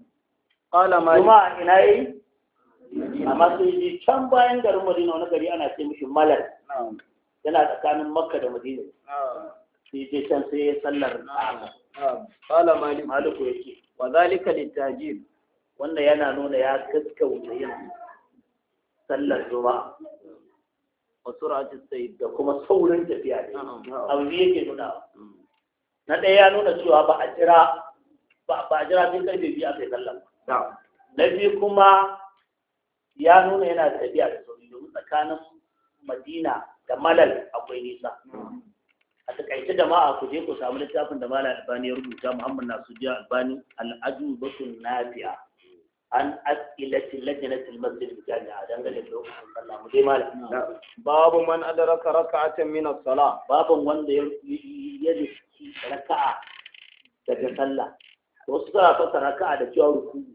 Kala Malik. Kuma ina yi? Amma sai can bayan garin Madina wani gari ana ce mishi Malal. Yana tsakanin Makka da Madina. Sai je can sai ya sallar Kala Malik. Maliku yake. Wa zalika littajir. Wannan yana nuna ya gaskauta yin sallar Juma'a. Wa sur'atis sayyid da kuma saurin tafiya ne. Abu yake nuna. Na ɗaya ya nuna cewa ba a jira ba a jira sai karfe biyu a kai sallar ba. na biyu kuma ya nuna yana da tafiya da sauri domin tsakanin madina da malal akwai nisa a takaice jama'a ku je ku samu littafin da malal albani ya rubuta muhammad na nasudiya albani al'adu su nafiya an as'ilati lajnatil masjid jami'a dangane da lokacin sallah mu dai malam babu man adraka raka'atan min as-salah babu wanda ya riski raka'a daga sallah wasu suna fasa raka'a da cewa rukuni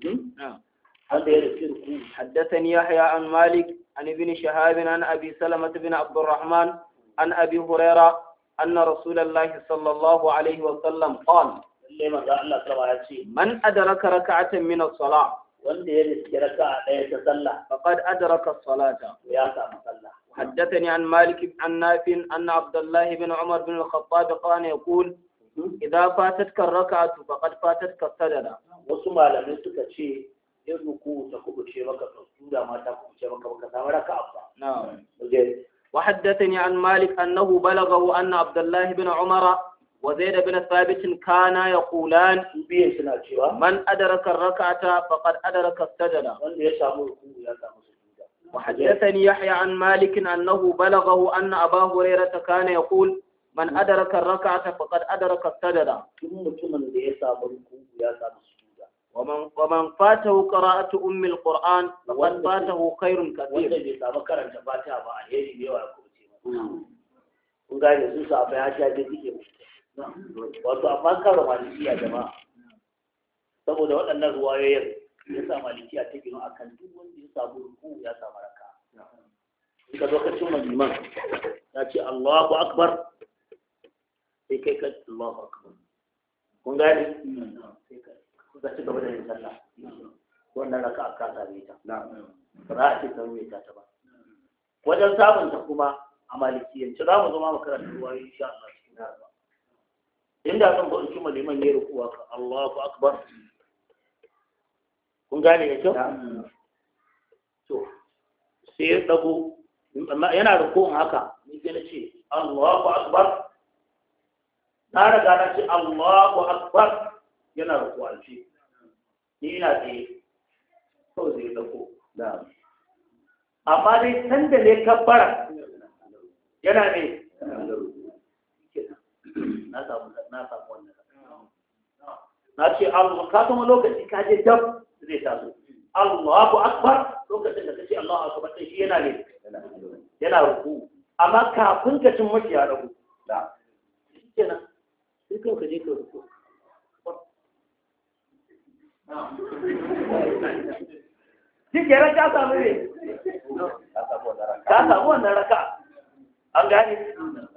حدثني يحيى عن مالك عن ابن شهاب عن أبي سلمة بن عبد الرحمن عن أبي هريرة أن رسول الله صلى الله عليه وسلم قال من أدرك ركعة من الصلاة wanda ya riski raka ɗaya ta sallah faqad adraka salata ya samu sallah حدثني عن مالك عن نافع أن عبد الله بن عمر بن الخطاب كان يقول إذا فاتتك الركعة فقد فاتتك السجدة wasu malamai suka ce in ruku ta kubuce maka sujjuda ma ta kubuce maka baka samu raka'a ba na'am وحدثني عن مالك أنه بلغه أن عبد الله بن عمر وزيد بن ثابت كان يقولان من أدرك الركعة فقد أدرك السجدة وحدثني يحيى عن مالك أنه بلغه أن أبا هريرة كان يقول من أدرك الركعة فقد أدرك السجدة ومن ومن فاته قراءة أم القرآن فقد فاته خير كثير wanda bai samu karanta fatiha ba alheri ne wa kuma kun gane su safai har sha biyu suke wato a fankar malikiya jama'a saboda waɗannan ruwayoyin ya sa malikiya ta gino akan duk wanda ya ya samu raka in ka lokacin ya ce Allahu akbar sai kai ka Allahu ka ci gaba da yin sallah wannan a ka same ta ba za a ce ka ruwaita ta ba wajen samun ta kuma a malikiyance za mu zama mu karanta ruwa insha Allah cikin harba inda zan ba cimma liman ya rukuwa ka Allahu akbar kun gane da kyau to sai ya dago yana rukun haka ni sai na ce Allahu akbar na riga na ce Allahu akbar yana rukuwa ce ni ina tsaye kawai zai da amma dai san da ne kabbara yana ne na samu wannan na ce Allah ka kuma lokaci ka je dab zai taso Allahu akbar lokacin da ka kace Allahu akbar sai shi yana ne yana ruku amma kafin ka cin mashi ya dago da kenan sai kan ka je ka ruku shi kenan ta samu ne ta samu wannan raka an gane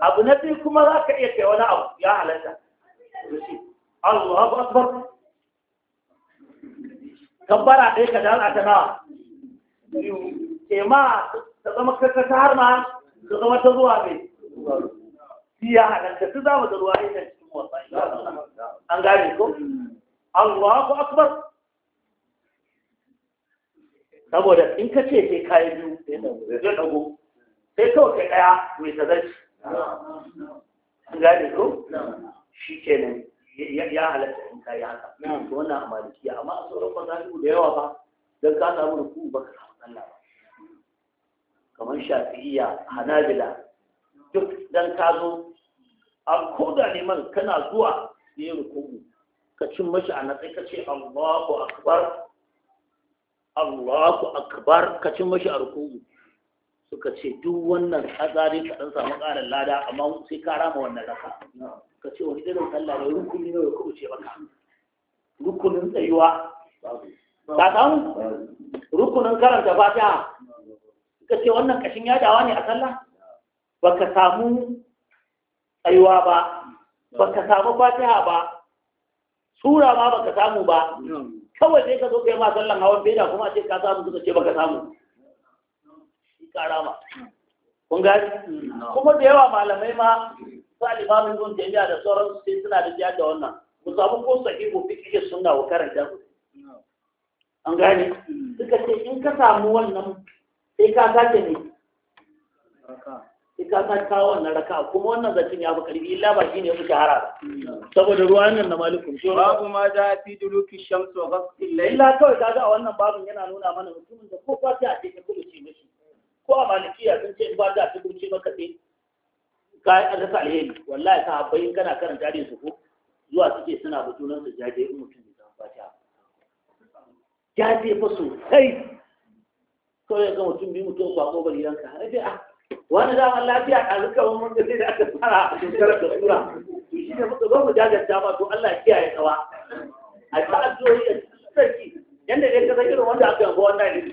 abu na biyu kuma za ka iya kai wani abu ya halatta Allahu akbar kabbara ɗaya ka dana ta nawa ke ma ta zama karkata har ma ta zama ta zuwa mai ya halatta su zama da ruwa ne cikin wasa an gane ko Allahu akbar saboda in ka ce sai kayi biyu zai dago sai kawai kai ɗaya mai tazarci an gane ko shi nan ya halatta in yi haka to wannan a malikiya amma a sauran mazahibu da yawa ba don ka samu ruku ba ka samu sallah ba kamar shafi'iyya hanabila duk dan ka zo a koda neman kana zuwa yi rukuku ka cin mashi a natsai ka ce Allahu akbar Allahu akbar ka cin mashi a ruku'u suka ce duk wannan azari ka dan samu karin lada amma sai ka rama wannan raka ka ce wani irin sallah ne rukuni ne ya ce baka. rukunin tsayuwa ka samu rukunin karanta fatiha suka ce wannan kashin dawa ne a sallah baka samu tsayuwa ba baka samu fatiha ba tura ma baka samu ba kawai sai ka zo kai ma sallan hawan beda kuma ce ka samu suka ce baka samu shi kara ma kun gani kuma da yawa malamai ma su alimamin zuwan jami'a da sauran su sai suna da jiya da wannan ku samu ko ko sahihu ke sunna wa karanta an gane mm. suka ce in ka samu wannan sai ka sake ne ita ta kawo wannan raka kuma wannan zancen ya fi karfi illa ba ne ya fi shahara hmm. saboda ruwan nan na malikun shi babu ma da fi duluki shamsu wa ghasqil illa kawai kaga a wannan babin yana nuna mana mutumin da ko ba ta a cikin kuluci mishi ko a malikiya sun ce ba ta a cikin kuluci maka sai ka yi rasa alheri wallahi ka habbayin kana karanta da su ko zuwa suke suna sunan su jaje in mutum ya ba fata jaje fa sosai kawai ga mutum bi mutum kwako bari yanka a wani zaman lafiya a zuka wani wanda sai da aka fara a shekarar da sura shi ne muka zo mu jajanta ba to Allah ya kiyaye tsawa a ta addu'o'i a cikin sarki yanda dai ka san irin wanda aka yanko wannan ne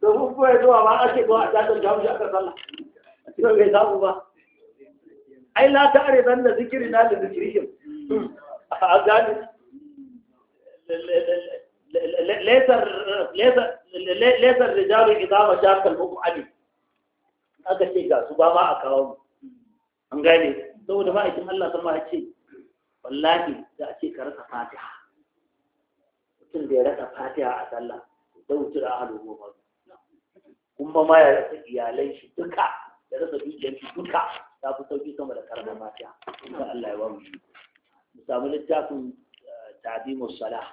to mun ya zuwa ba ce ko a jajanta mu shi aka tsalla a cikin bai samu ba ai la ta are da zikiri na da zikirihim a gani lesar rijalun idama mu muku abin aka ce ga su ba ma a kawo mu an gane saboda ma'aikin Allah sama ya ce wallahi da a ce ka rasa fatiha mutum da ya rasa fatiha a sallah da wuce a halin goma kuma ma ya rasa iyalai shi duka ya rasa dukiyar shi duka ta fi sauki sama da karamar fatiha inda Allah ya ba mu mu samu littafin eh, ta'dimus salah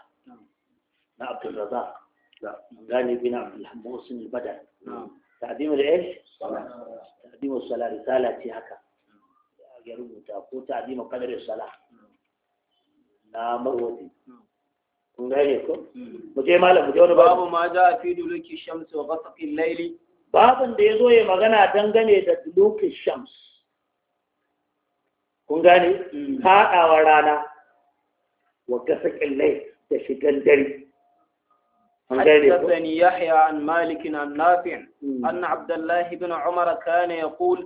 بن عبد الرزاق غني بن عبد المحسن البدر تعظيم الايش؟ تعظيم الصلاه رسالتي هكا ya rubuta ko ta'zima qadar salah na marwazi kun gane ko mu je malam mu je wani babu ma ja fi duluki shams wa ghasaqi layli babun da yazo ya magana dangane da duluki shams kun gane fadawa rana wa ghasaqi layl da shigan dare حدثني يحيى عن مالك عن نافع أن عبد الله بن عمر كان يقول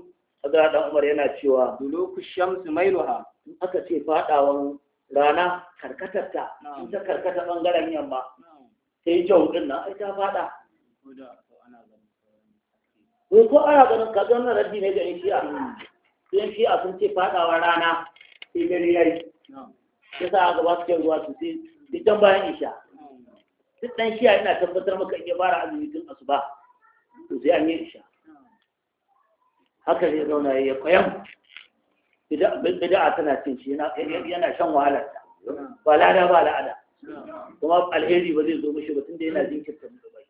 هذا عمر yana cewa duluku الشمس ميلها aka ce faɗawan rana karkatarta, in ta karkata bangaren yamma sai jau din nan ai ta faɗa. ko ko ana ganin ka ga wannan raddi ne ga shi'a hmm. sai shi'a sun ce faɗawan rana sai dare yayi yasa aka ruwa su sai bayan isha duk ɗan shiya ina tabbatar maka in ya fara azumi tun asuba to sai an yi isha haka zai zauna ya kwayan bida'a tana cin shi yana shan wahalar ba lada ba la'ada kuma alheri ba zai zo mishi ba tun da yana jinkirta mu bai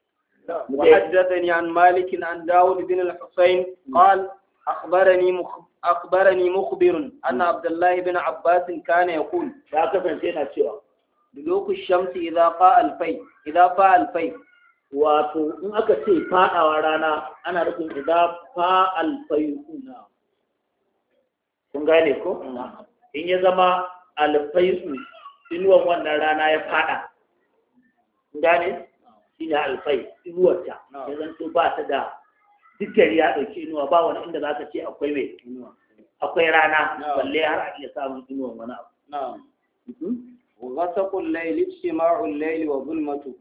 وحدثني عن مالك عن داود بن الحسين قال أخبرني أخبرني مخبر أن عبد الله بن عباس كان يقول kasance تفهم cewa. duluku shamsi idan fa alfai idza fa alfai wato in aka ce fadawa rana ana nufin idan fa alfai kuna kun gane ko in ya zama alfaisu inuwan wannan rana ya fada kun gane shine alfai inuwarta ya so ba ta da dukkan ya ɗauki inuwa ba wani inda za ka ce akwai mai akwai rana balle har a iya samun inuwan wani abu Gasakun laili shima'un laili wa zulmatu.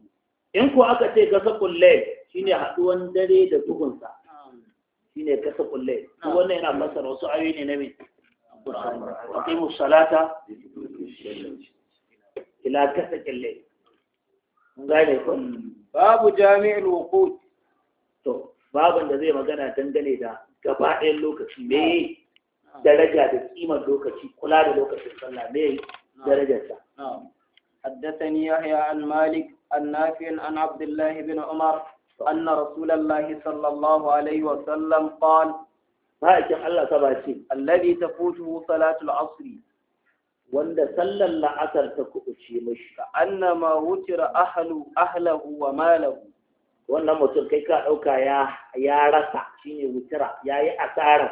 In ko aka ce gasakun laili shine haɗuwan dare da duhunsa. Shine gasakun laili. Wannan yana fasara wasu ayoyi ne na me. Aqimu salata ila gasakun laili. Mun ko? Babu jami'in wuqut. To, babin da zai magana dangane da gaba ɗayan lokaci me daraja da kimar lokaci kula da lokacin sallah me darajarsa حدثني يحيى عن مالك النافع عن عبد الله بن عمر أن رسول الله صلى الله عليه وسلم قال هاكي الله سباسي الذي تفوته صلاة العصر وند صلى العصر تكوشي مش كأنما وتر أهله أهله وماله wannan mutum kai ka ɗauka ya ya rasa shine wutura ya yi asara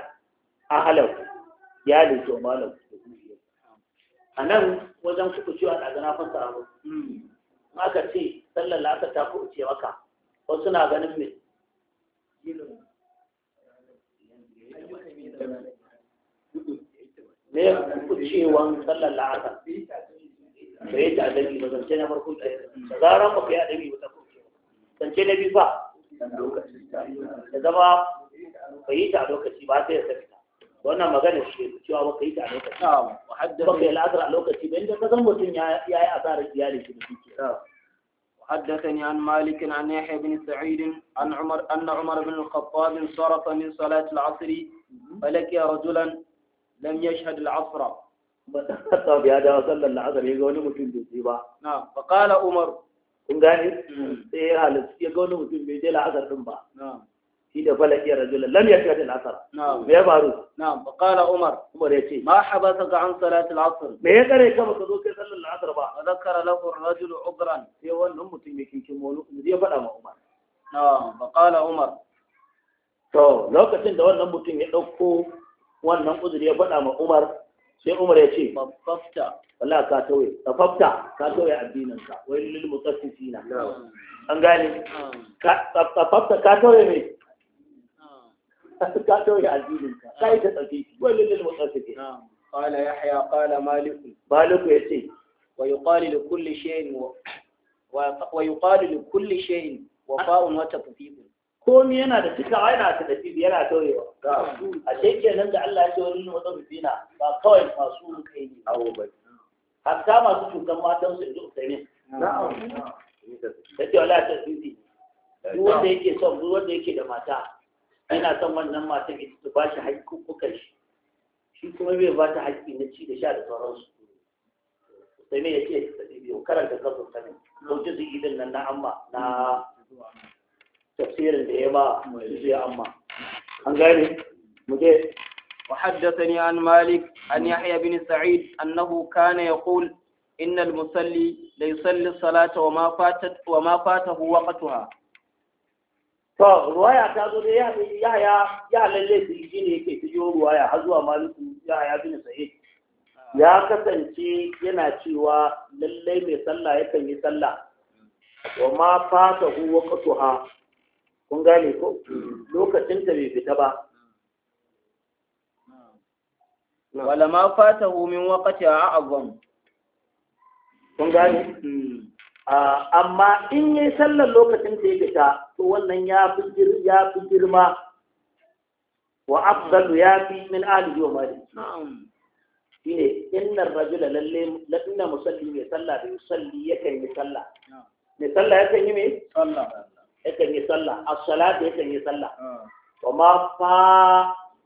ahalau ya lito malam a nan wajen kuku ciwa da na fasa abu aka ce sallar lasa ta kuku ce maka wasu na ganin me ne kuku cewan sallar lasa da yi ta adabi ba zance na farko da da zaran ba ka yi adabi ba ta cewa zance na biyu ba da zama ka yi ta lokaci ba sai ya sake wannan magana ce cewa ba ka yi ta lokaci wahadda ba ka yi la'adar lokaci ba inda ka zan mutum ya yi asarar iyali shi da suke حدثني عن مالك عن يحيى بن سعيد عن عمر أن عمر بن الخطاب انصرف من صلاة العصر فلقي رجلا لم يشهد العصر. طب يا جماعة صلى العصر يقول لهم شو بدي با. نعم فقال عمر. كم قال؟ إيه هذا يقول لهم شو بدي العصر نعم. ida da bala iya rajula lam ya shaɗin asar me ya faru na'am fa qala umar umar yace ma habasa ka an salatul asr me ya kare ka baka zo kai sallar asr ba fa zakara lahu ar-rajulu ugran sai wannan mutum ya kinkin wani ya faɗa ma umar na'am fa qala umar to lokacin da wannan mutum ya ɗauko wannan uzuri ya faɗa ma umar sai umar ya ce fafta wala ka tawe. ka fafta ka tawe addinin ka wai lil mutaffifina an gane ka fafta ka tawe me ka tauye addininka ka yi ta tsafi wani lil mutasafi qala yahya qala malik malik yace wa yuqalu li kulli shay'in wa wa yuqalu li kulli shay'in wafa'un wa tatfiqun komi yana da cika yana da tafi yana tauyewa a ce kenan da Allah ya ce wani mutasafi na ba kawai masu kai ne awo masu cutan matan su yanzu usaimin na'am duk wanda yake son duk wanda yake da mata yana son wannan matan ita ta ba shi haƙƙuƙukan shi shi kuma bai ba ta haƙƙi na ci da sha da sauransu sai mai ya ce ta biyu karanta kasu ta ne lokacin su idan nan na amma na tafsirin da ya ba su ya amma an gane mu je وحدثني عن مالك عن يحيى بن سعيد أنه كان يقول إن المصلي ليصلي الصلاة وما, فاتت وما فاته وقتها to ruwaya ta zo da ya ya ya lalle su yi ne ta tijo ruwaya har zuwa maliku ya ya bin sa'id ya kasance yana cewa lallai mai sallah yakan yi sallah wa ma fata hu waqtuha kun gane ko lokacin ta bai fita ba wala ma fata hu min waqtiha a'zam kun gane hmm. Ah, amma in yi sallar lokacin da ya fita to wannan ya fi ya fi girma wa afdalu ya fi min ali wa mari shine innar rajula lalle inna musalli ya sallah da yusalli yakan yi sallah mai sallah yakan yi me sallah yakan yi sallah as-salatu yakan yi sallah ah. wa ma fa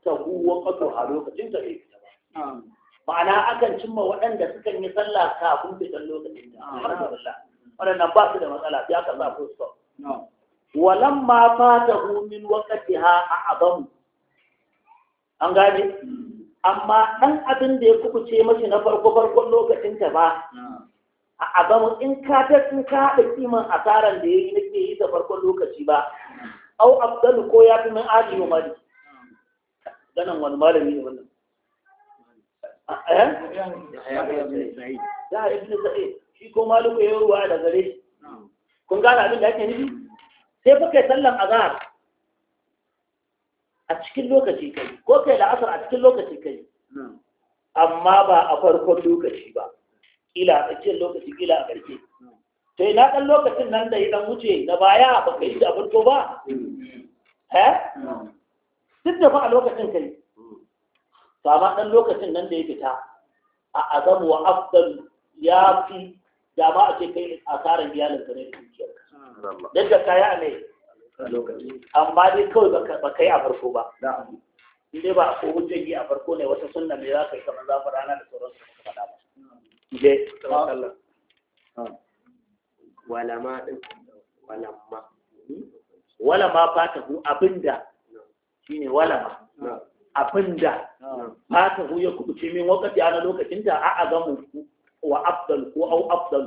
tahu qatu a lokacin da ya fita ba ma'ana akan cimma waɗanda suka yi sallah kafin fitan lokacin da ah. alhamdulillah waɗannan ba su da matsala ya ka sa su stop walan ma fa ta wakati min a abamu. an gane amma ɗan abin da ya kubuce mashi na farko farkon lokacin ta ba a abamu in ka ta sun ka haɗa kiman asaran da ya yi nake yi da farkon lokaci ba au abdalu ko ya fi min wa umari ganin wani malami ne wannan eh ya ibn sa'id shi ko maliku ya ruwa da gare shi kun gane abin da ake nufi sai fa kai sallan azhar a cikin lokaci kai ko kai la'asar a cikin lokaci kai amma ba a farkon lokaci ba kila a cikin lokaci kila a ƙarshe sai na ɗan lokacin nan da idan wuce na baya ba ka yi da abin ba eh duk da ba a lokacin kai ba ma ɗan lokacin nan da ya fita a azamu wa afdal ya fi da ba a ce kai tsarin iyalin ne da dukiyar ka dan da kaya ne amma dai kawai ba kai a farko ba in dai ba ko yi a farko ne wata sunna mai za ka yi kamar zafin rana da sauran su kuma da ba je walama din walama, hmm? walama hu abinda shine walama abinda fatahu ya kubuce min wakati ana lokacin da a'a a mu wa afdal ko au afdal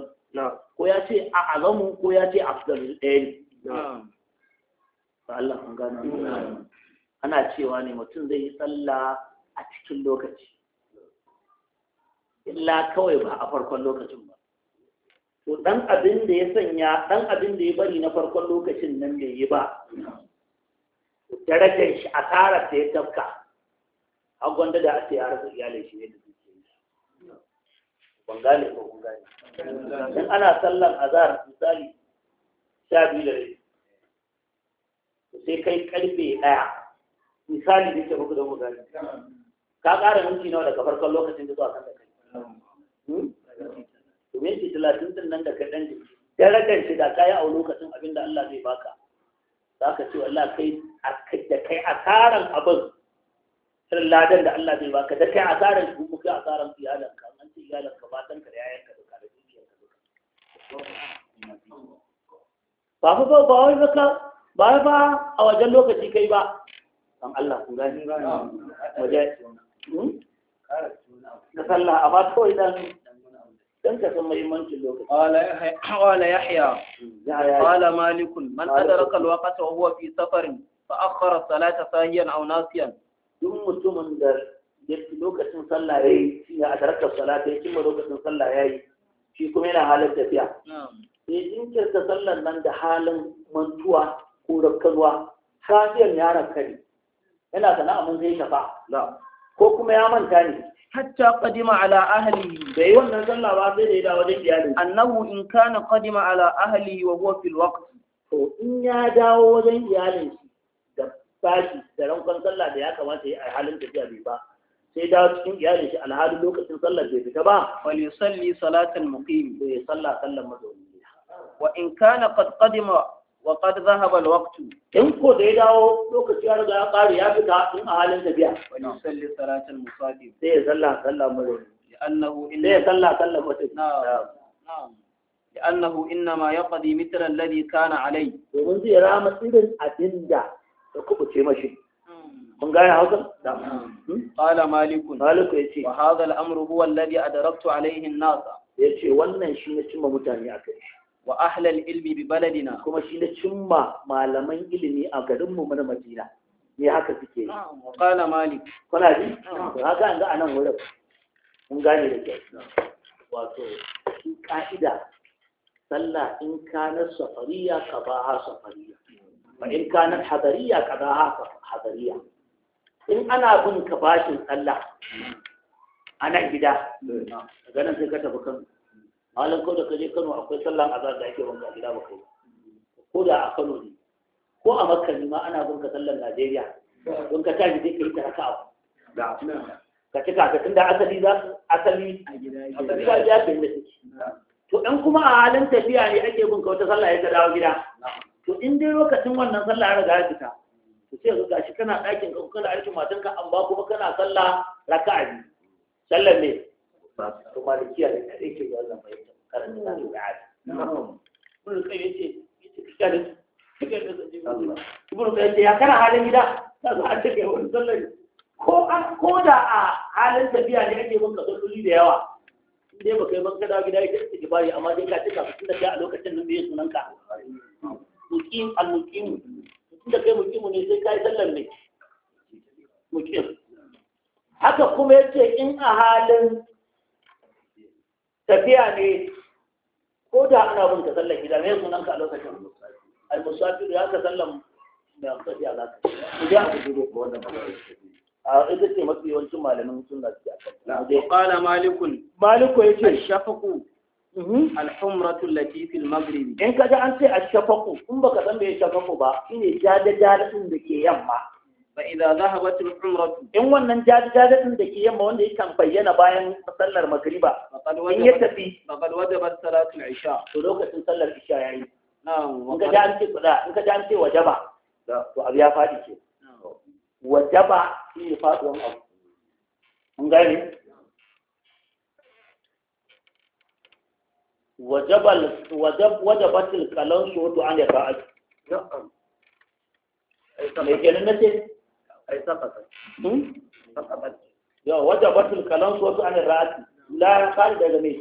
ko ya ce a azamu ko ya ce afdal ɗaya ba Allah an gano ana cewa ne mutum zai yi sallah a cikin lokaci illa kawai ba a farkon lokacin ba to dan abin da ya sanya dan abin da ya bari na farkon lokacin nan bai yi ba darajar shi asarar ta ya tafka A gwanda da ya rasa iyalai shi ne da ban gane ko kun gane in ana sallan azhar misali sha biyu da rai sai kai karfe daya misali da ke muku da mu gane ka ƙara minti nawa daga farkon lokacin da zuwa kan da kai hmm? to minti talatin din nan da ka dan jiki dan shi da kai a lokacin abin da Allah zai baka zaka ce wallahi kai da kai asaran abin irin ladan da Allah zai baka da kai asaran ku kuma kai asaran iyalanka iyalanka matanka da yayanka duka da dukiyarka duka ba fa ba wai baka ba fa a wajen lokaci kai ba dan Allah ku gani waje da sallah amma kawai dan dan ka san muhimmancin lokaci qala yahya qala yahya qala malik man adraka alwaqta wa huwa fi safarin fa akhara salata sahiyan aw nasiyan duk mutumin da lokacin sallah ya yi shi ne a tarakar salata ya cimma lokacin sallah ya yi shi kuma yana halin tafiya ya jinkirta sallar nan da halin mantuwa ko rakkarwa safiyar ya rakkari yana sana'a mun zai shafa ko kuma ya manta ne hatta qadima ala ahlihi yi wannan sallah ba sai da ya dawo wajen iyalin annahu in kana qadima ala ahlihi wa huwa fil waqt to in ya dawo wajen iyalin shi da bashi da rankon sallah da ya kamata ya yi a halin tafiya bai ba sai dawo cikin iyalin shi alhali lokacin sallar bai fita ba Wani salli salatal muqim bai eh, salla sallar mazauni wa in kana qad qadima wa qad dhahaba al waqt in ko da ya dawo lokaci ya riga ya kare ya fita in a halin tafiya wa yusalli salatal musafir sai ya salla sallar mazauni li'annahu Sai ya salla sallar mutum na'am na'am, لأنه إنما يقضي مثل الذي كان عليه ومن ذي رامة إذن أدندا تكبو تيمشي Kun gane hausa hmm? qala malikun maliku yace wa hadha al-amru huwa alladhi adraktu alayhi nasa. Ya ce wannan shi ne cimma mutane a kai. wa ahlal al-ilmi bi baladina kuma shi ne cimma malaman ilimi a garinmu mana Madina ne haka suke yi wa qala malik Kuna ji to haka an ga anan wurin mun gane da kyau wato shi ka'ida sallah in kana safariya ka ba ha safariya fa in kana hadariya ka ba ha hadariya in ana bin ka bashin sallah a nan gida a ganin sai ka tafi kan malam ko da ka je kano akwai sallan azhar da ake wanka gida ba kai ko da a kano ne ko a makka ma ana bin ka sallan najeriya don ka tashi zai kai ta haka abu ka cika ka tun da asali za asali a gida ya fi da to in kuma a halin tafiya ne ake bin ka wata sallah ya ta dawo gida to in dai lokacin wannan sallah ya riga ya fita to sai ga shi kana ɗakin ka kana aikin matan ka amma kuma kana sallah raka'a biyu sallar ne to malikiya da kare ke wannan bayyana karanta da ru'ayat mun kai yace yace kika da kika da ibnu kai yace ya kana halin gida ka zo ta take wannan sallar ko an ko da a halin tafiya ne ake maka salloli da yawa dai baka yi banka dawo gida yake ba bari amma dai ka tuka tun da a lokacin nan bai ka muqim al-muqim da kai mukimu ne sai kai sallar ne haka kuma yace in a halin tafiya ne ko da ana bin ta sallar gida me sunan ka a lokacin al-musafir ya ka sallar da tafiya za ka ya ku duro ko wannan a ita ce mafi yawancin malamin sunna su ya kan qala malikun maliku yace shafaku Mhm. alhumratu allati magribi. maghribi in kaga an ce shafaku, in ka san me shafaku ba shine jada jada din da ke yamma a idza dhahabat umratu in wannan jada jada da ke yamma wanda kan bayyana bayan sallar magriba in ya tafi faqad wajabat salatu al-isha to lokacin sallar isha yayi yi. in kaga an ce kuda in an ce wajaba to abu ya faɗi ce. wajaba shi faɗuwan abu Mun gane wajabat kalan su wato an hmm? ya ba a mai kenan na ce? yawa wajabat kalan su wato an ya ba a la kari daga mai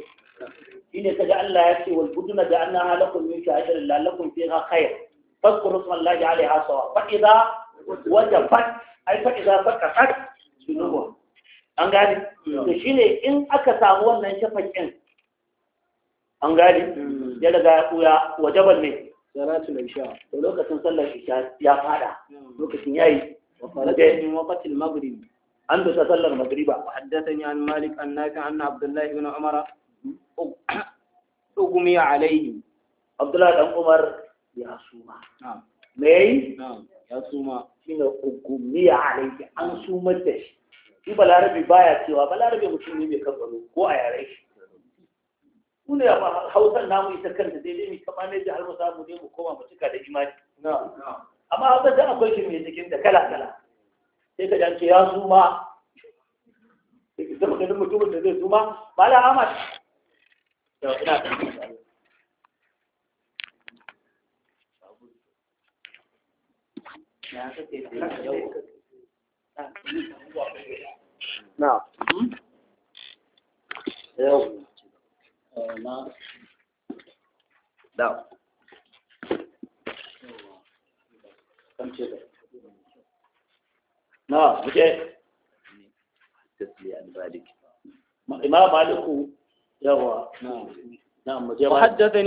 shi ne ta ga Allah ya ce wal buduna da an na halakun min shahidarin lalakun fi ha khair فاذكروا اسم الله عليها سواء فإذا وجبت أي فإذا فكست ذنوبها an gane to shine in aka samu wannan shafakin an gani hmm. ya daga ya tsuya wajaban ne salatul isha to lokacin sallar isha ya fada hmm. lokacin yayi wa faraja min waqtil maghrib an da sallar maghriba wa haddathani an malik an nafi anna abdullah ibn umar hmm. ugmi alayhi Abdullahi dan umar ya suma me yayi ya suma shine ugmi alayhi an sumar da shi shi balarabi baya cewa balarabi mutum ne mai kabaro ko a yare shi kuna ne ba namu ita da daidai mu kama ne jihar mu samu ne mu koma mu cika da imani amma hausa ta akwai shi mai cikin da kala kala sai ka jance ya suma zama ganin mutumin da zai suma ba la amad da ina na da na buke imam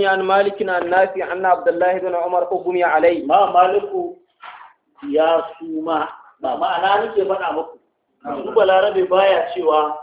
maliku an malik an nafi anna abdullah ibn umar ugmi alai ma maliku ya suma ba ma'ana nake faɗa muku duk balarabe baya cewa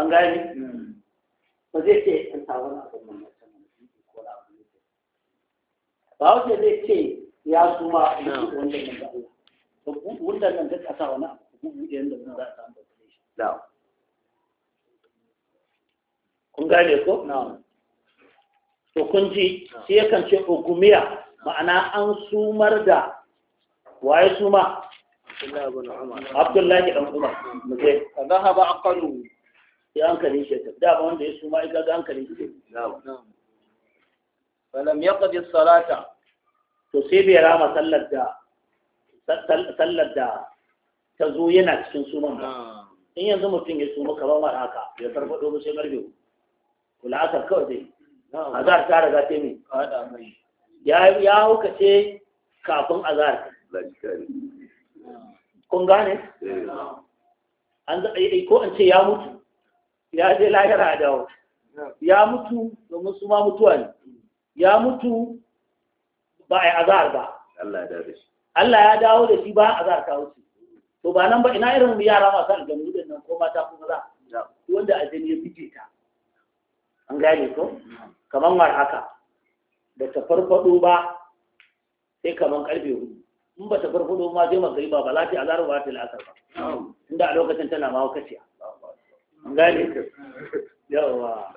an gane hmm. ba zai ce in ta wani abin nan ko na abin ba wace zai ce ya suma wanda nan da Allah wanda nan da kasa wani abu da nan za a samu da shi kun gane ko to kun ji sai yakan ce ogumiya, ma'ana an sumar da waye suma Abdullahi dan Umar mu hmm. je ka zahaba aqalu sai hankalin shi ta da ba wanda ya suma ya ga hankalin shi ya yaqdi salata to sai bai rama sallar da sallar da ta zo yana cikin suman ba in yanzu mutum ya suma kamar mara haka ya farfado ba sai marbe kula asar kawai dai azar ta riga ta mai ya hauka ce kafin azar kun gane eh. an eh, eh, ko an ce ya mutu ya je lahira dawo ya mutu domin su ma mutuwa ne ya mutu ba a yi azar ba Allah ya dawo da shi ba azar ta wuce to ba nan ba ina irin yara masu aljanu da nan ko mata kuma za wanda aljani ya fice ta an gane ko kamar mara haka da ta farfado ba sai kamar karfe hudu in ba ta farfado ma zai magariba ba za ta azar ba ta la'asar ba inda a lokacin tana ma wakaciya ذلك yawa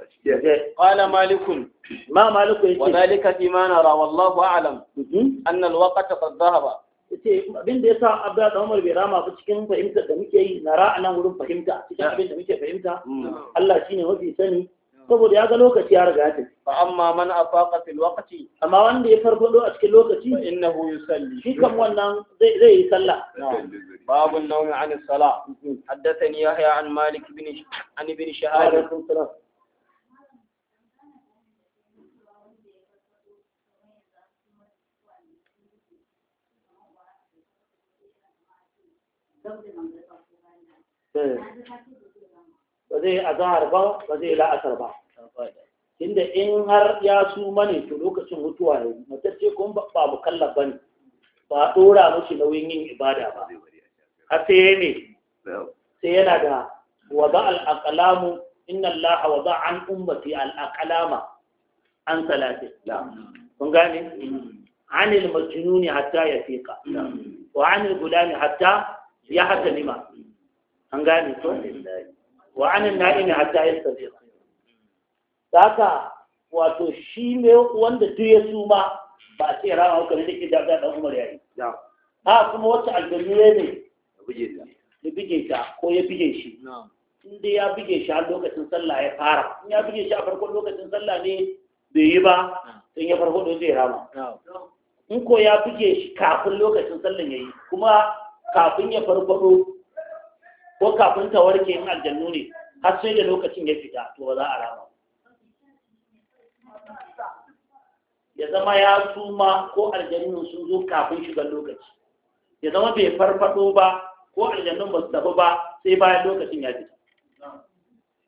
qala malikun ma maliku yake wadalika fi ma wallahu a'lam mhm. anna alwaqt qad dhahaba yace abin da sa abda da umar bai rama ba cikin fahimtar da muke yi nara anan wurin fahimta cikin abin da muke fahimta mm. Allah shine mafi sani saboda ya ga lokaci ya riga ta fa amma man afaqa fil waqti amma wanda ya farfado a cikin lokaci innahu yusalli shi kam wannan zai zai yi sallah babu nawmi an salah haddathani yahya an malik bin an ibn shahab you. zai azahar ba ba zai la'asar ba inda in har ya su mani to lokacin mutuwa ne matacce kun ba mu ba ne, ba dora mushi nauyin yin ibada ba har sai ya ne sai yana da wada al al'aqlamu inna allaha wada an ummati al-aqlama an salati kun gane عن المجنون حتى يفيق وعن الغلام حتى يحتلم an gane to na wa anin na'imi hatta yastazi haka wato shi ne wanda duk ya suma ba a ce rama hukar da ke daga dan umar yayi a kuma wacce aljanni ne ne ya bige ta ko ya bige shi inda ya bige shi a lokacin sallah ya fara in ya bige shi a farkon lokacin sallah ne bai yi ba in ya farko da zai rama in ko ya bige shi kafin lokacin sallah ya yi kuma kafin ya farfado ko kafin ta warke in aljannu ne har sai da lokacin ya fita to ba za a rama ya zama ya suma ko aljannun sun zo kafin shigar lokaci ya zama bai farfado ba ko aljannun ba su tafi ba sai bayan lokacin ya fita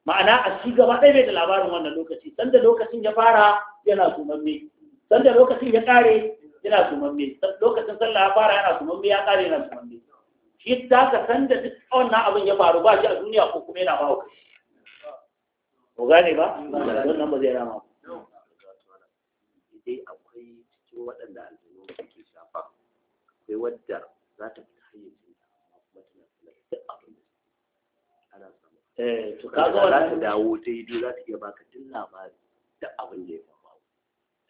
ma'ana a shi gaba ɗaya bai da labarin wannan lokaci sanda lokacin ya fara yana sumamme sanda lokacin ya ƙare yana sumamme lokacin sallah ya fara yana sumamme ya ƙare yana sumamme Yadda ka san da duk wannan abin ya faru ba shi a duniya ko kuma yana ba wa ko gane ba wannan ba zai rama dai akwai cikin waɗanda aljanu ke shafa akwai wadda za ta fita hayyacin ta amma kuma tana kula da abin da ana samu eh to kaga wannan za ta dawo ta yi za ta iya baka duk labari duk abin da ya faru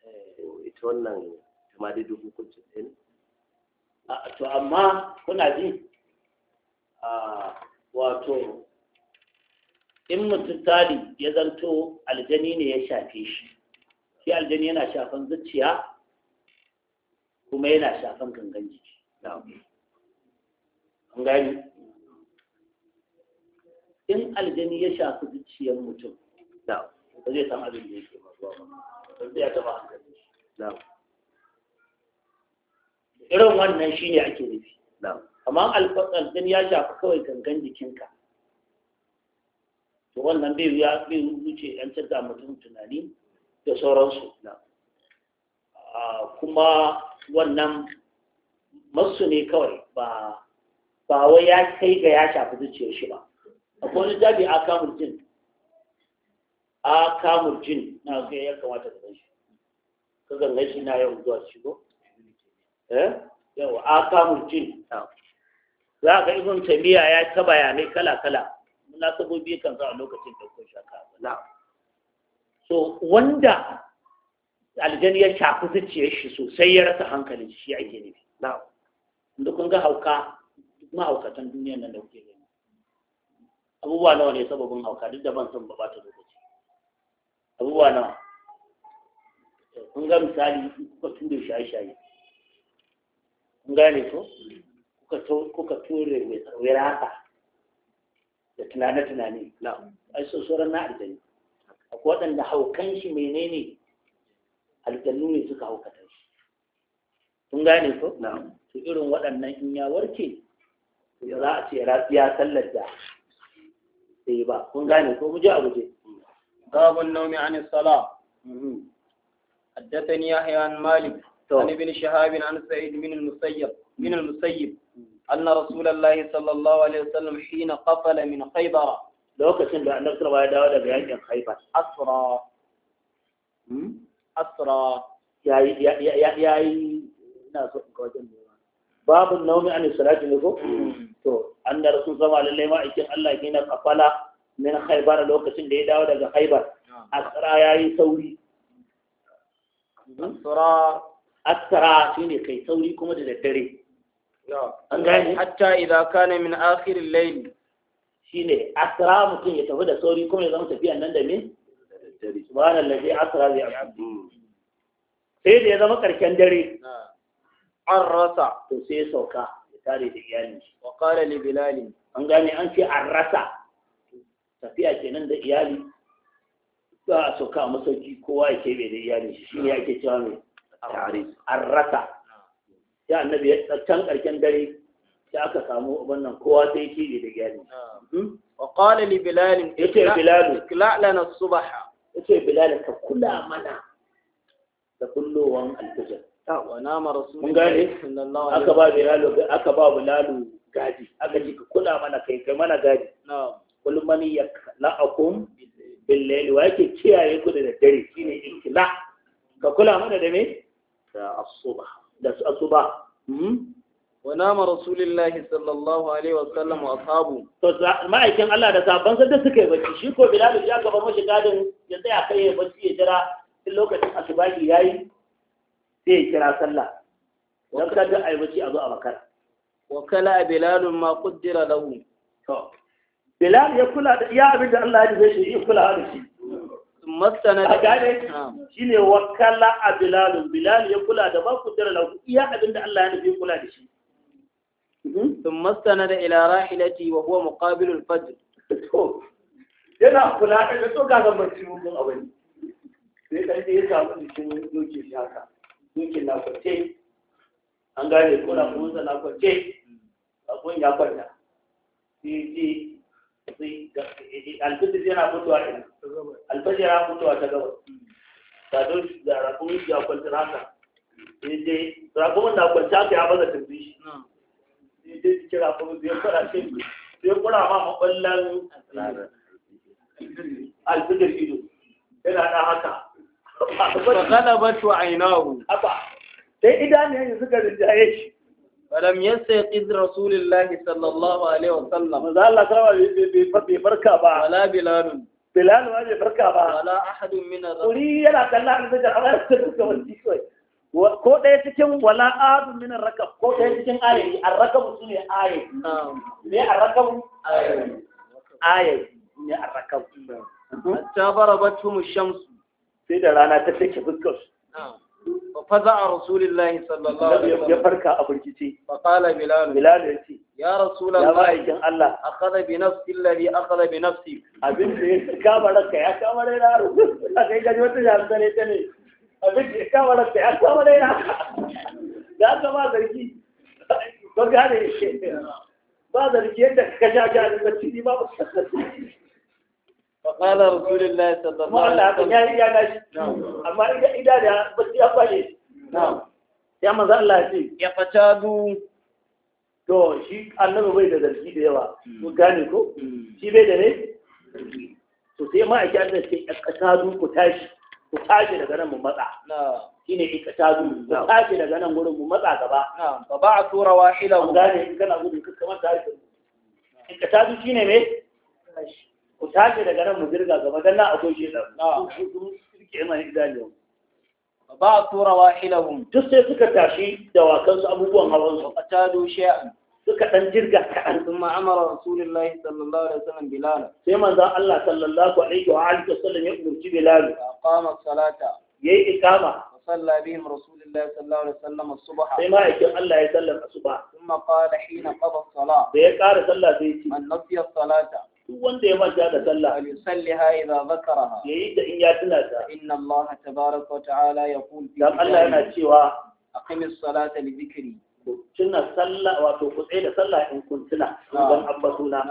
eh ita wannan ta ma dai duk hukuncin to amma kuna ji wato in mutum tali ya zanto aljani ne ya shafe shi shi aljani yana shafan zuciya kuma yana shafan gangan jiki an gani in aljani ya shafi zuciyar mutum ba zai san abin da yake ba zai ya taba hankali irin wannan shine ake nufi amma alfatsal din ya shafi kawai gangan jikinka to wannan bai ya bai wuce yan canza mutum tunani da sauransu na ah, kuma wannan masu ne kawai ba ba wai ya kai ga ya shafi zuciyar shi ba akwai wani jabi a kamun jin a kamun jin na ga ya kamata ka shi ka gangan shi na yau zuwa shigo eh yau a kamun jin za ka ibn tamiya ya ta bayanai kala kala na munasabobi kan sa a lokacin da kun shaka na so wanda aljani ya shafi zuciyar shi sosai ya rasa hankalin shi a gini. na inda kun ga hauka mahaukatan na nan da kuke gani abubuwa nawa ne sababin hauka duk da ban san ba ta lokaci abubuwa nawa kun ga misali kuka tura shaye-shaye kun gane ko kuka ture mai wirasa da tunane-tunane ai so sauran na aljani akwai waɗanda haukan shi menene aljannu ne suka haukata shi kun gane ko to irin waɗannan in ya warke ya za a ce ya sallar da sai ba kun gane ko mu je a guje babun naumi an sala حدثني يحيى عن مالك عن ابن شهاب عن سعيد من المسيب من المسيب أن رسول الله صلى الله عليه وسلم حين قفل من خيبر لو كسن ده أنك ترى داود بيان خيبر أسرى أسرى يا يا يا يا يا ناس باب النوم عن يعني الصلاة نكو تو أن رسول الله عليه وسلم الله حين قفل من خيبر لو كسن ده داود خيبر نعم. أسرى يا سوري أسرى أسرى شنو كي سوري كم تدري an gani hatta idza kana min akhir al Shi ne. Asira mutum ya tafi da sauri kuma ya zama tafiya nan da me subhanallazi asira zai abdi hmm. sai da ya zama karshen dare an rasa to sai sauka ya tare da iyali wa qala li bilal an gane an ce an rasa tafiya ke nan da iyali za a sauka a masauki kowa ya kebe da iyali shi ne ke cewa mai an rasa ya annabi ya can karken dare sai aka samu wannan kowa sai kiri da gyari hmm? wa qala li bilal yace bilal la lana subah yace bilal ka kula mana da kullowan alfajr wa nama rasulullahi sallallahu alaihi aka ba bilal aka ba bilal gadi aka ji ka kula mana kai kai mana gadi na'am kullu man yakla'akum bil layli wa yake kiyaye ku da dare shine ikla ka kula mana da me da asuba da su asuba ونام رسول الله sallallahu alaihi wasallam wa واصحابه to ma'aikin Allah da sabon da suka yi bacci shi ko Bilal ya gaba mashi gadin ya tsaya kai ya bacci ya jira in lokacin asubahi yayi sai ya kira sallah dan ga ai bacci a zo a bakar. wa kala Bilal ma qaddara lahu to Bilal ya kula da iya abin da Allah ya dace shi ya kula da shi mastana da gane ne wakala a bilalun bilalun ya kula da ba ku dara lahu iya abin da Allah ya nufi kula da shi sun mastana da ila rahilati wa huwa muqabilul fajr yana kula da to ga zan barci mun abin sai kai sai ya samu jikin doke shi haka doke na kwace an gane ko na kuma na kwace abun ya kwanta Eh, eh, alfitir yana mutuwa ɗin alfajir yana mutuwa ta gabas zo da rakumin da kwanci haka daidai rakumin na kwanci haka ya baza tambi shi daidai hmm. cikin rakumin zai fara shi sai kura ma maɓallan alfitir ido yana da haka ba kana a tuwa ainihu haka sai idanun yanzu suka rinjaye shi falam yastayqiz rasulullah sallallahu alaihi wasallam manzo Allah sallama bai farka ba wala bilal bilal bai farka ba wala ahadun min ar kuri yana kallon da jama'a da suka wanci kai ko cikin wala adu min rakab ko ɗaya cikin ayi arrakabu sune ayi ne arrakabu ayi ayi ne arrakabu hatta barabatum shams sai da rana ta take ففزع رسول الله صلى الله عليه وسلم يفرك أبرجتي فقال بلال بلال يتي يا رسول الله يا الله أخذ بنفسي الذي أخذ بنفسي أبن كابرك يا كابر يا رب أكيد جوت جالس نيتني أبن كابرك يا كابر يا رب لا كما درجي بقى هذا الشيء ما درجي عندك كجاجة المسجد ما بس فقال رسول الله صلى الله عليه وسلم إذا إذا بس نعم يا الله شيء يا فتادو bai da zargi da hmm. hmm. shine tashi daga nan hmm. gurin mu matsa gaba fa ba a tura wahila mu gane in kana kamar shine me ku tashi daga nan mu zirga gaba dan na akwai shi da suke yana idaliyo ba tura wahilahum duk sai suka tashi dawakan su abubuwan hawan su atadu shay'an suka dan jirga kaɗan sun ma'amara rasulullahi sallallahu alaihi wasallam bilal sai manzon Allah sallallahu alaihi wa alihi wasallam ya umurci bilal aqama salata yayi ikama صلى بهم رسول الله صلى الله عليه وسلم الصبح بما يجب الله يسلم الصبح ثم قال حين قضى الصلاة بيقار صلى بيتي من نسي الصلاة duk wanda ya manta da sallah yusalliha idza zakaraha yayi da in ya tuna ta inna Allah tabaaraka wa ta'ala yaqul dan Allah yana cewa aqimis salata li dhikri tuna sallah wato ku tsaye da sallah in kun tuna ban ambatuna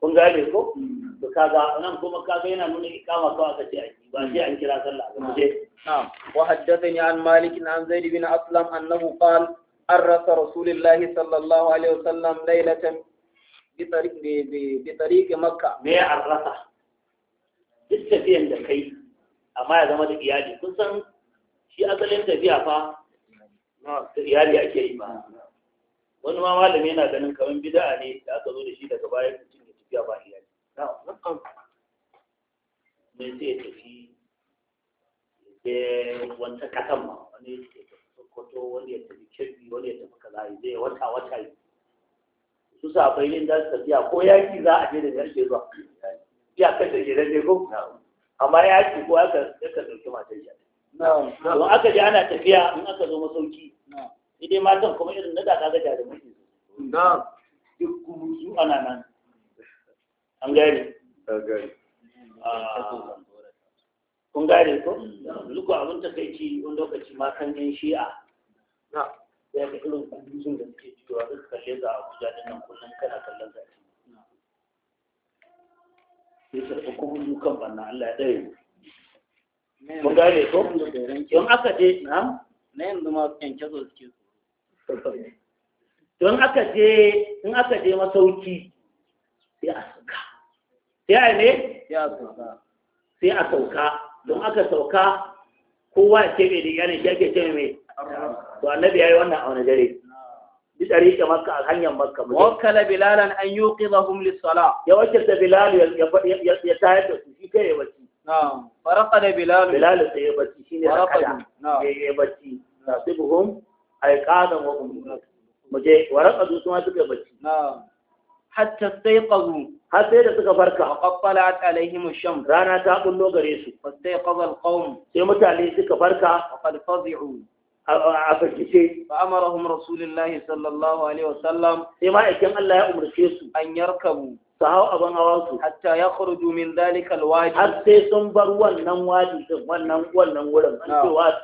kun gane ko mm. to kaga nan kuma kaga yana nuna ikama ko aka ce ba sai an kira sallah ba je na'am wa haddathani an malik an zaid bin aslam annahu qala arsa rasulullahi sallallahu alaihi wasallam laylatan bi tariki makka me ya arrasa duk tafiyan da kai amma ya zama da iyali kun san shi asalin tafiya fa da iyali ake yi ba wani ma malami yana ganin kamar bid'a ne da aka zo da shi daga baya mutum ya tafiya ba iyali ne sai ya tafi ya wanta kasan ma wani ya tafi sokoto wani ya tafi kirbi wani ya tafi kaza zai wata wata su sa ne da su tafiya ko yaki za a je da yarke zuwa ya kashe gidan ne ko amma yaki ko aka aka dauki matan shi to aka je ana tafiya in aka zo masauki idai matan kuma irin na da kaga jarumai ne duk kuma su ana nan an gari gari ah. kun gane ko duk abin takaici wani lokaci matan yan shi'a ya ga irin kudin da suke cewa duk kalle ga abuja da nan kullum kana kallon zaki sai sarfa kudu kan banna allah ɗaya mun gane ko don aka je na na yanzu ma kyankyaso suke don aka je in aka je masauki sai a sauka sai a ne sai a sauka don aka sauka kowa ya ce mai da yanayi ya ke ce mai to annabi yayi wannan a wani dare bi tsarike makka a hanyar makka mu wakkala bilalan an yuqidhahum lis-salah ya wakilta bilal ya tayar da su shi kai ya bacci na'am faraqa da bilal bilal sai ya bacci shine rakada ya ya bacci nasibuhum aiqadan wa hum muje waraka su ma suka bacci na'am hatta sayqazu har sai da suka farka a kwakwala a alaihim sham rana ta kullo gare su fastai qazal qawm sai mutane suka farka a kalfazi'u a firgice fa amarahum rasulullahi sallallahu alaihi wasallam sai ma ikin Allah ya umarce su an yarkabu su hau abin hawa su hatta ya kharuju min dalika alwadi har sai sun bar wannan wadi din wannan wannan wurin an ce wadi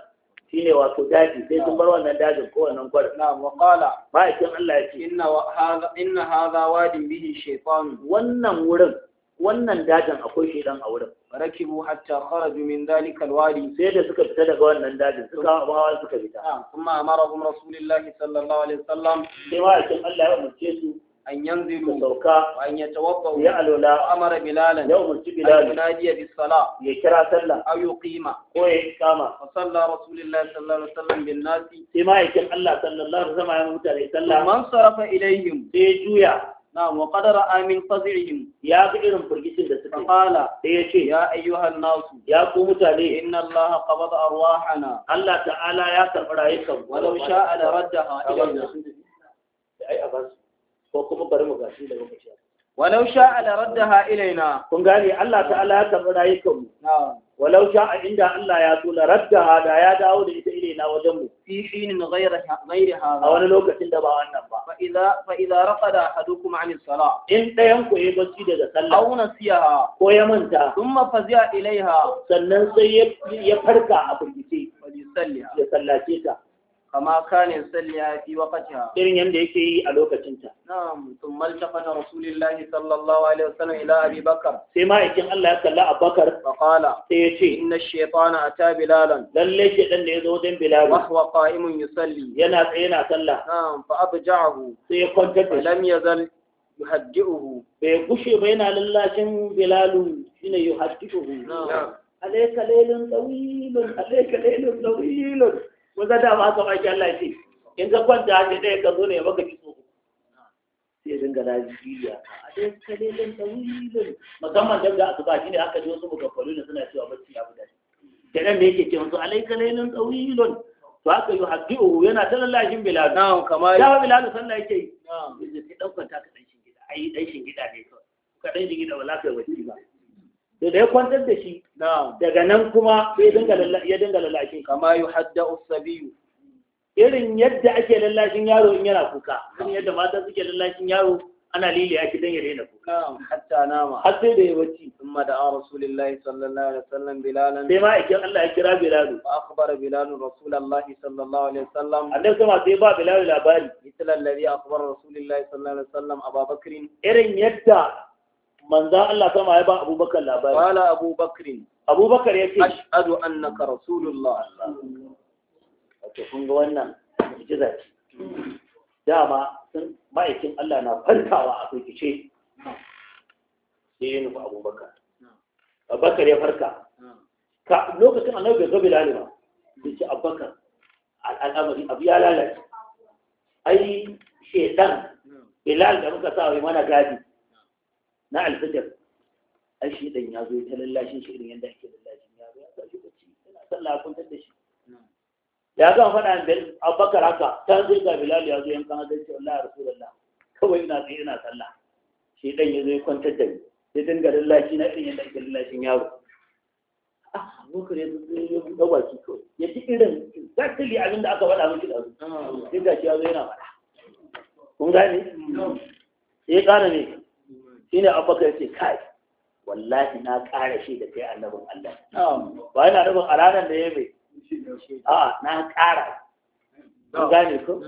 shine wato daji sai sun bar wannan dajin ko wannan gwarin na'am wa qala ma Allah ya ce inna hadha inna hadha wadi bihi shaytan wannan wurin wannan dajin akwai shaidan a wurin rakibu hatta kharaju min dalika alwadi sai da suka fita daga wannan dajin suka hawa suka fita kuma ah, amarahum rasulullahi sallallahu alaihi wasallam sai ma yakin Allah ya umarce su an yanzilu sauka an yatawadda ya alula amara bilalan ya umarci bilal yunadiya bis sala ya kira sallah aw yuqima ko ya kama fa salla rasulullahi sallallahu alaihi wasallam bin nasi sai ma yakin Allah sallallahu alaihi wasallam ya mutare sallah man sarafa ilaihim sai juya نعم وقد Amin Fasirin ya fi irin فرجسن da suka fala da yace ya ayyuhan nas ya ku mutane inna Allah da arwahana Allah ta'ala ya karbi rayukan walau sha'a da raddaha ilayna ai abas ko kuma bari mu gashi da lokaci Walausha a ala raddaha ilaina kun gane Allah ta'ala ya karɓi rayukan mu walau sha a inda Allah ya so la raddaha da ya dawo da ita ilaina wajen mu fi hinin ghairi ghairi hada lokacin da ba wannan ba fa idza fa idza raqada ahadukum an in dayan ku yayi bacci daga sallah aw nasiha ko ya manta thumma fazi'a ilaiha sannan sai ya farka a burgice ya sallace ta kama kane salli salliya fi waqtiha irin yanda yake yi a lokacin ta na'am thumma altafana rasulullahi sallallahu alaihi wasallam ila abi bakar sai ma yakin Allah ya kalla abubakar fa qala sai ya ce inna shaytana ata bilalan lalle ke dan ne yazo dan bilal wa huwa qa'imun yusalli yana tsaye yana sallah na'am fa abja'ahu sai ya kwantar da lam yazal yuhaddihu bai gushe ba yana lallashin bilalu shine yuhaddihu na'am alayka laylun tawilun alayka laylun tawilun kun da ba aka maki Allah ya ce in ka kwanta hajji ɗaya ka zo ne maka ki kitso sai dinga jiya. a dai kale dan wilin musamman dan ga asuba shine aka ji wasu mugaffalu ne suna cewa bacci abu da da nan ne yake ce musu alaika lailun tawilun to haka yu haddi'u yana ta lallashin bilal na'am kamar ya bilal sallah yake yi na'am sai dan ta ka dan shingida ai dan shingida ne kawai ka dan shingida wala kai wacce ba to da ya kwantar da shi daga nan kuma ya dinga lallashin kama yi hadda usabiyu irin yadda ake lallashin yaro in yana kuka irin yadda mata suke lallashin yaro ana lili ake kidan ya daina kuka hatta nama har sai da ya bacci amma da an rasulullahi sallallahu alaihi wasallam bilalan sai ma ikin Allah ya kira bilal fa akhbara bilal rasulullahi sallallahu alaihi wasallam annabi kuma sai ba bilal labari misal alladhi akhbara rasulullahi sallallahu alaihi wasallam abubakar irin yadda manzan Allah sama ya ba abubakar labari wala abubakar abubakar ya ce ashhadu annaka rasulullah wato kun ga wannan mu'jiza ce dama sun ma'aikin Allah na farkawa a firgice sai ya nufi abubakar abubakar ya farka ka lokacin annabi bai gabe lalima bai ce abubakar al'amari abu ya lalace ai shedan bilal da muka sa wa mana gadi na alfitar ai shi dan ya zo ta lallashin shi irin yadda ake lallashin ya zo ya tashi bacci yana sallah da shi ya zan faɗa abubakar haka ta zai ga bilal ya zo yankan hadin rasulullah kawai ina ina sallah shi dan ya zo ya kwantar da ni ya dinga lallashi na irin ake lallashin yaro ah, abubakar ya zo ya baki kawai ya ji irin exactly abin da aka faɗa miki da su sai ga shi ya zo yana faɗa kun gane sai ƙara ne shine abubakar ce kai wallahi na ƙara shi da kai annabin Allah ba yana nufin a ranar da ya mai a'a na ƙara kun gane ko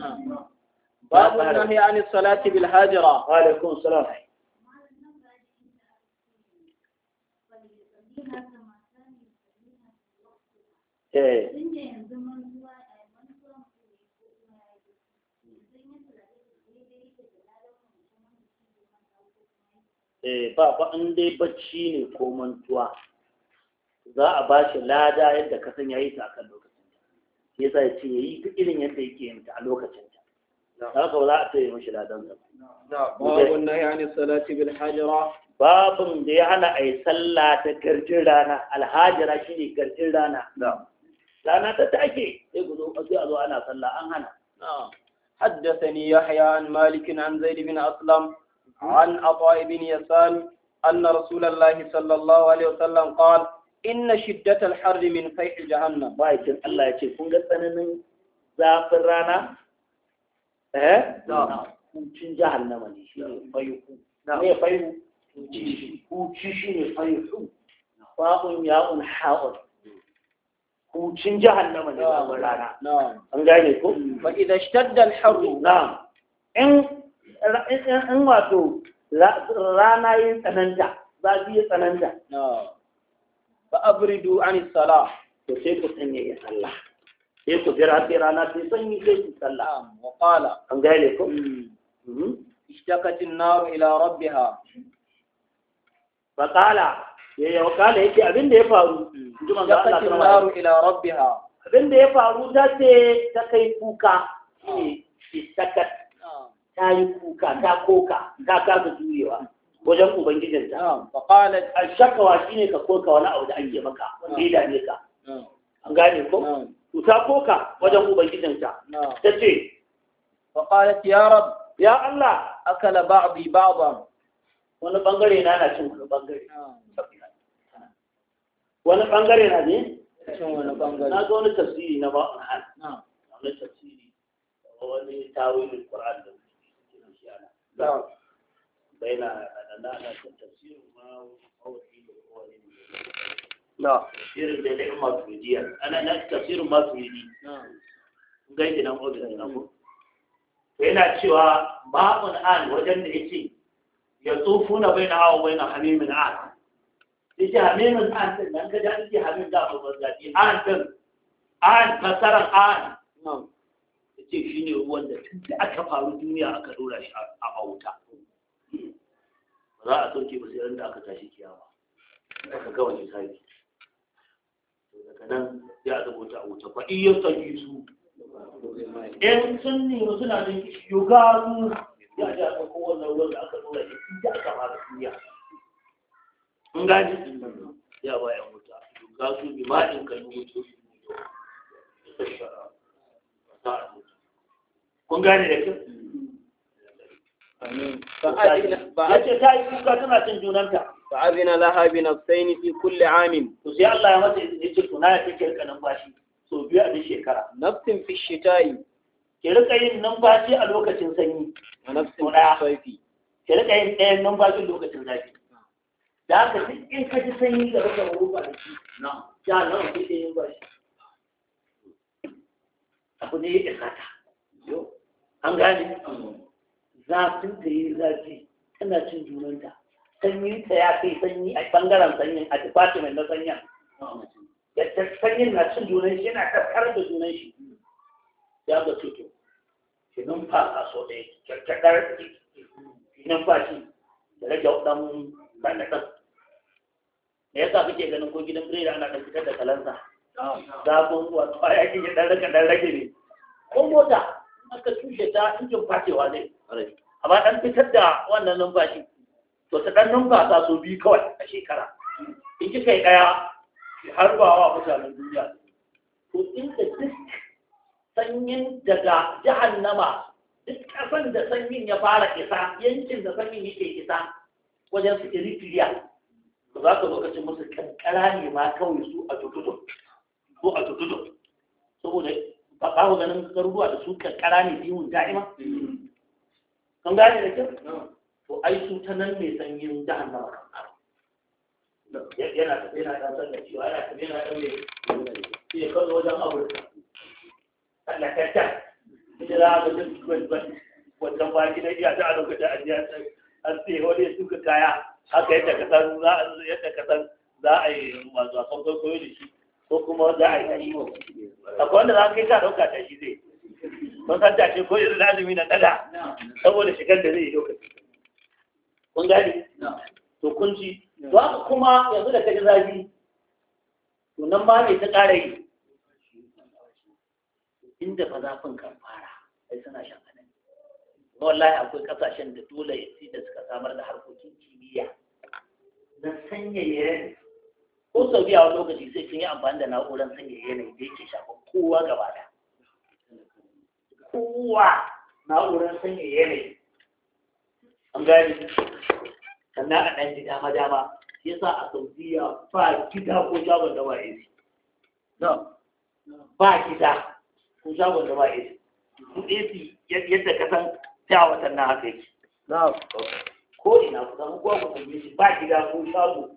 babu nahi an salati bil hajira wa alaikum salam eh, eh. Eh, ba ba an dai bacci ne ko mantuwa za a ba shi lada yadda ka san yayi ta a kan lokacin ta yasa ya ce yayi irin yadda yake yin ta a lokacin ta haka ba za a tsaye mashi ladan ta. babun na yani salati bil hajara babun da ya hana ayi salla ta garjin rana shi shine garjin rana rana ta take sai ku zo a zo ana sallah an hana حدثني يحيى عن مالك عن زيد بن أسلم عن عطاء بن يسار أن رسول الله صلى الله عليه وسلم قال إن شدة الحر من فيح جهنم بايت الله يكي كون قصنا من زافر رانا ها نعم, نعم. جهنم من نعم فيح كون فيح كون ياء حاول كون جهنم من نعم نعم فإذا اشتد الحر نعم إن in wato rana yin tsananta zafi ya tsananta ba abridu an sala to sai ku sanya ya sallah sai ku jira sai rana sai sanyi sai ku sallah wa qala an gane ko hmm. mm-hmm. ishtaqat an-nar ila ha. fa qala ya ya qala yake abin da ya faru kuma hmm. ga Allah ta nar ila rabbiha abin da ya faru ta ce ta kai kuka shine hmm. ishtaqat ta yi kuka ta koka ta kasa jurewa wajen ubangijinta faqalat ashakawa shine ka koka wani abu da an yi maka wanda ya dame ka an gane ko Ku ta koka wajen ubangijinta ta ce faqalat ya rab ya Allah akala ba'di ba'dan wani bangare na na cin wani bangare wani bangare na ne na ga wani tafsiri na ba'an wani tafsiri wani tawilin qur'an بين أننا تفسير ما أنا لا تفسير نعم نعم cewa babun an da yake ya tsofuna bai na hawa bai na hamimin an yake hamimin an din nan ga da yake hamin da abubuwan zafi an din an ce shine ruwan da tun da aka faru duniya aka dora shi a bauta za a sauke ba sai da aka tashi kiyama aka daga nan ya rubuta a wuta ba iya sauki su sun ne wasu na da ya ji a kowanne ruwan da aka dora shi tun da kun gane da ce ta yi kuka tana cin junanta فأذن لها بنفسين في كل ya وسي الله يا متى يجي كنا يفيك رك نمباشي ta yi. ki rika yin numfashi a lokacin sanyi nafsin saifi ki rika yin ɗayan numfashi lokacin zafi da haka duk in ka ji sanyi rika da shi ya nan numfashi abu kata an gane zafin ta yi zafi tana cin junanta sanyi ta ya kai sanyi a bangaren sanyin a mai na sanyin yadda sanyin na cin junan shi yana kaskar da junan shi ya ga cuto ki numfasa so ɗaya kyakkyakar ki numfashi da rage ɗan ɗanɗan me ya sa kake ganin ko gidan biredi ana ɗan fitar da kalansa zafin ruwa to ya ke ɗan rage dan rage ne ko mota aka tushe ta injin fatewa zai amma dan fitar da wannan numfashi to ta dan numfasa so biyu kawai a shekara in kika yi daya ki harbawa mutanen duniya to inda disk sanyin daga jahannama duk kasan da sanyin ya fara isa yankin da sanyin yake isa wajen su eritrea ba za ka lokacin musu kankara ne ma kawai su a tututu ko a tututu saboda ba ku ganin garuruwa da su karkara ne biyun da'ima kan gane da kyau to ai su ta nan mai sanyin jahannama kan karo yana tafiya yana da cewa yana tafiya ɗaure ya kawo wajen amurka Allah ta ta ita za a ga duk gwazgwaz ba iya ta a lokacin ajiya an sai wani suka kaya haka yadda ka san za a yi wasu wasan kwaikwayo da shi ko kuma za a yi tashi akwai wanda za ka yi ka ɗauka shi zai kun san tashi ko irin azumi na ɗaga saboda shigar da zai yi lokaci kun gani to kun ci to haka kuma yanzu da kaji zafi to nan ma ne ta ƙara yi inda fa zafin kan fara ai suna shan anan wallahi akwai kasashen da dole ya da suka samar da harkokin kimiyya na sanyaya ko sau biya wani lokaci sai sun yi amfani da na'urar sanya yanayi da yake shafa kowa gaba da kowa na'urar sanya yanayi an gani sannan a ɗan gida ma dama ya sa a saudiya ba gida ko shagon da ba AC ba gida ko shagon da ba AC su AC yadda ka san ta watan na haka yake ko ina kusan kuwa kusan ba gida ko shago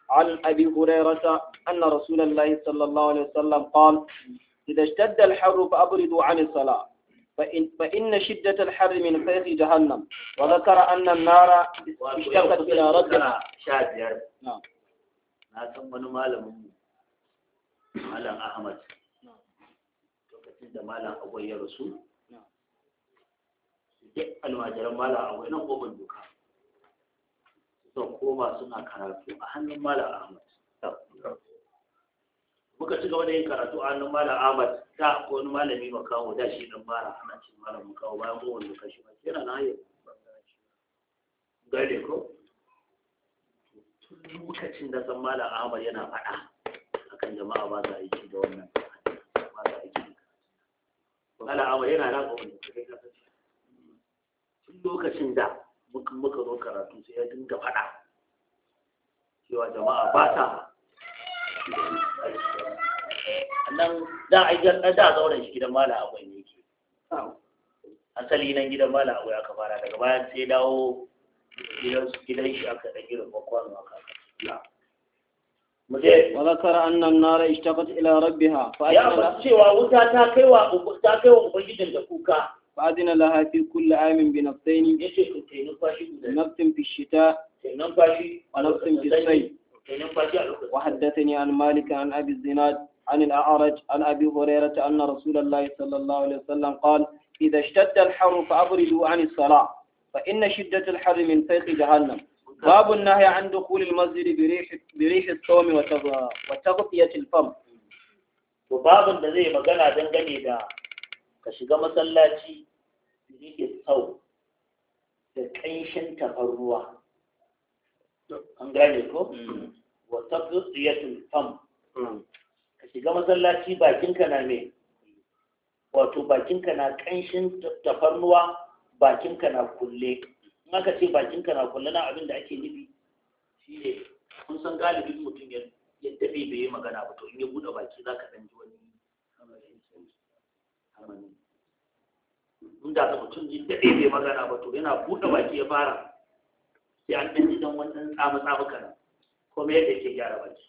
عن أبي هريرة أن رسول الله صلى الله عليه وسلم قال إذا اشتد الحر فأبردوا عن الصلاة فإن, فإن شدة الحر من فيخ جهنم وذكر أن النار اشتقت إلى ردها شاذ نعم na نعم wani malamin مالهم مالهم احمد da أبو agwai ya rasu duk almajiran malam agwai nan gobin suka koma suna karatu a hannun Malam Ahmad. Muka ci gaba da yin karatu a hannun Malam Ahmad ta ko wani malami kawo da shi dan bara ana cin malam kawo bayan mu wanda kashi ba yana na yi gane ko tun lokacin da san Malam Ahmad yana faɗa akan jama'a ba za a yi da wannan ba za a yi Malam Ahmad yana rafa wani kai ka tun lokacin da muka zo karatu sai ya dinga faɗa cewa jama'a ba ta nan da a yi da zauren shi gidan mala akwai ne ke asali nan gidan mala akwai aka fara daga bayan sai dawo gidan shi aka ɗan gidan bakwan aka annan nara ishtaqat ila rabbiha fa Ya ba cewa wuta ta kaiwa ubangijin da kuka فأذن لها في كل عام بنبتين نبت في الشتاء ونبت في الصيف وحدثني عن مالك عن أبي الزناد عن الأعرج عن أبي هريرة أن رسول الله صلى الله عليه وسلم قال إذا اشتد الحر فأبردوا عن الصلاة فإن شدة الحر من فيق جهنم باب النهي عن دخول المسجد بريح الصوم وتغطية الفم وباب النهي مجانا دنجني ده ka shiga masallaci rike sau da ƙanshin tafarruwa an gane ko mm. wata tsiyatul fam mm. ka shiga masallaci bakinka na me wato bakinka na ƙanshin tafarnuwa bakinka na kulle in aka ce bakinka na kulle na abin da ake nufi shi ne kun san galibin mutum ya dafe bai yi magana ba to in ya buɗe baki za ka ɗan ji wani amani inda da mutum ji daɗe bai magana ba to yana buɗe baki ya fara sai an ɗan idan wannan tsamu tsamu kana kuma yadda yake gyara baki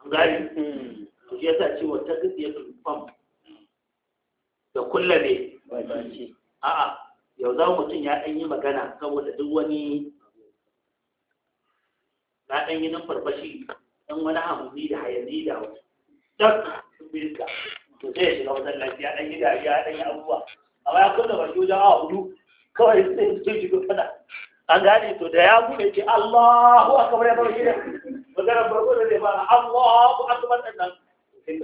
an gari hmm. to shi yasa cewa ta gaske ya tulfam da kulla ne a'a yau za mutum ya ɗan yi magana saboda duk wani na ɗan yi nan farfashi ɗan wani hamuni da hayanni da duk sun bi to sai ya shiga wajen lafiya yi dariya yi abubuwa amma ya kulla baki wajen awa hudu kawai sai su shiga fada an gane to da ya buɗe ce Allahu akbar ya bar magana farko da zai fara Allahu nan sai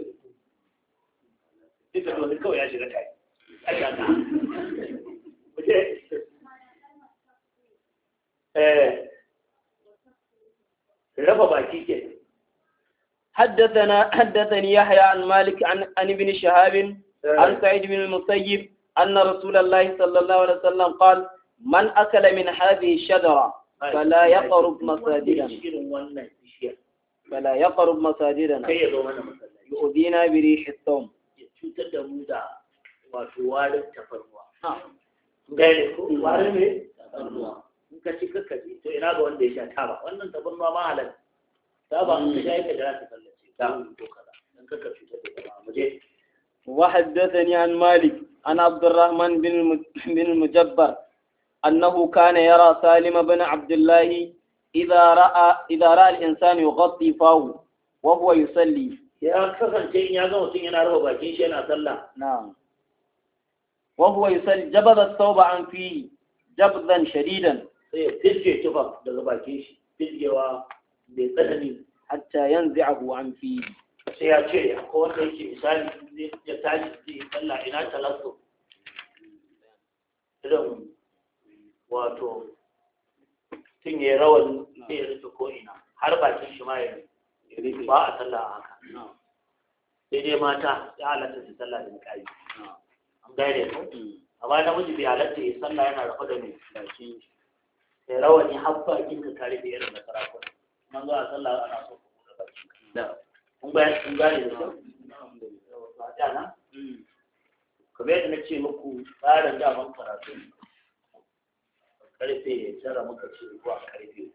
ka kawai ya shiga eh. raba baki حدثنا حدثني يحيى عن مالك عن, عن ابن شهاب آه. عن سعيد بن المسيب أن رسول الله صلى الله عليه وسلم قال من أكل من هذه الشجرة آه. فلا يقرب مساجدنا فلا يقرب مساجدنا يؤذينا بريح الثوم ka ci kakka to ina ga wanda ya sha taba wannan tabarnuwa ma halal taba ka sha yake da za kalle وحدثني عن مالك عن عبد الرحمن بن المجبر أنه كان يرى سالم بن عبد الله إذا رأى إذا رأى الإنسان يغطي فاه وهو يصلي. يا أكثر شيء يا زوج شيء أنا شيء أنا نعم. وهو يصلي جبض الثوب عن فيه جبضا شديدا. طيب، تلجي تفا دغبا شيء تلقي و hatta abu an fi sai ya ce ko wanda yake misali ya tashi zai kalla ina talasso irin wato tun yi rawar zai yi rufe ko ina har cin shi ma ya rufe ba a a haka sai dai mata ya halatta su talla da niƙari an gane ko amma namiji bai halatta ya sallah yana rafa da mai rawar sai rawani har bakin ka kare da irin na sarakuna nan zuwa sallah ana so ku buɗe da da mm. na ce muku tsarin daman karatu karfe tara muka ce zuwa karfe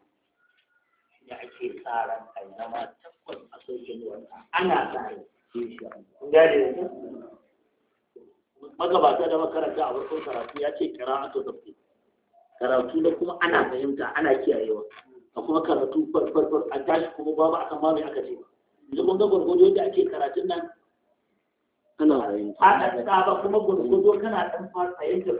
Ya ake tsara a takwas a sokin wata ana tsari kun gane da magabata da makaranta a farkon karatu ya ce karatu da kuma ana fahimta ana kiyayewa a kuma karatu farfarfar a tashi kuma ba ba kan mamaye aka ce ba yanzu kun ga gwargwado yadda ake karatun nan kana a ɗan kuma gwargwado kana ɗan fasa fahimtar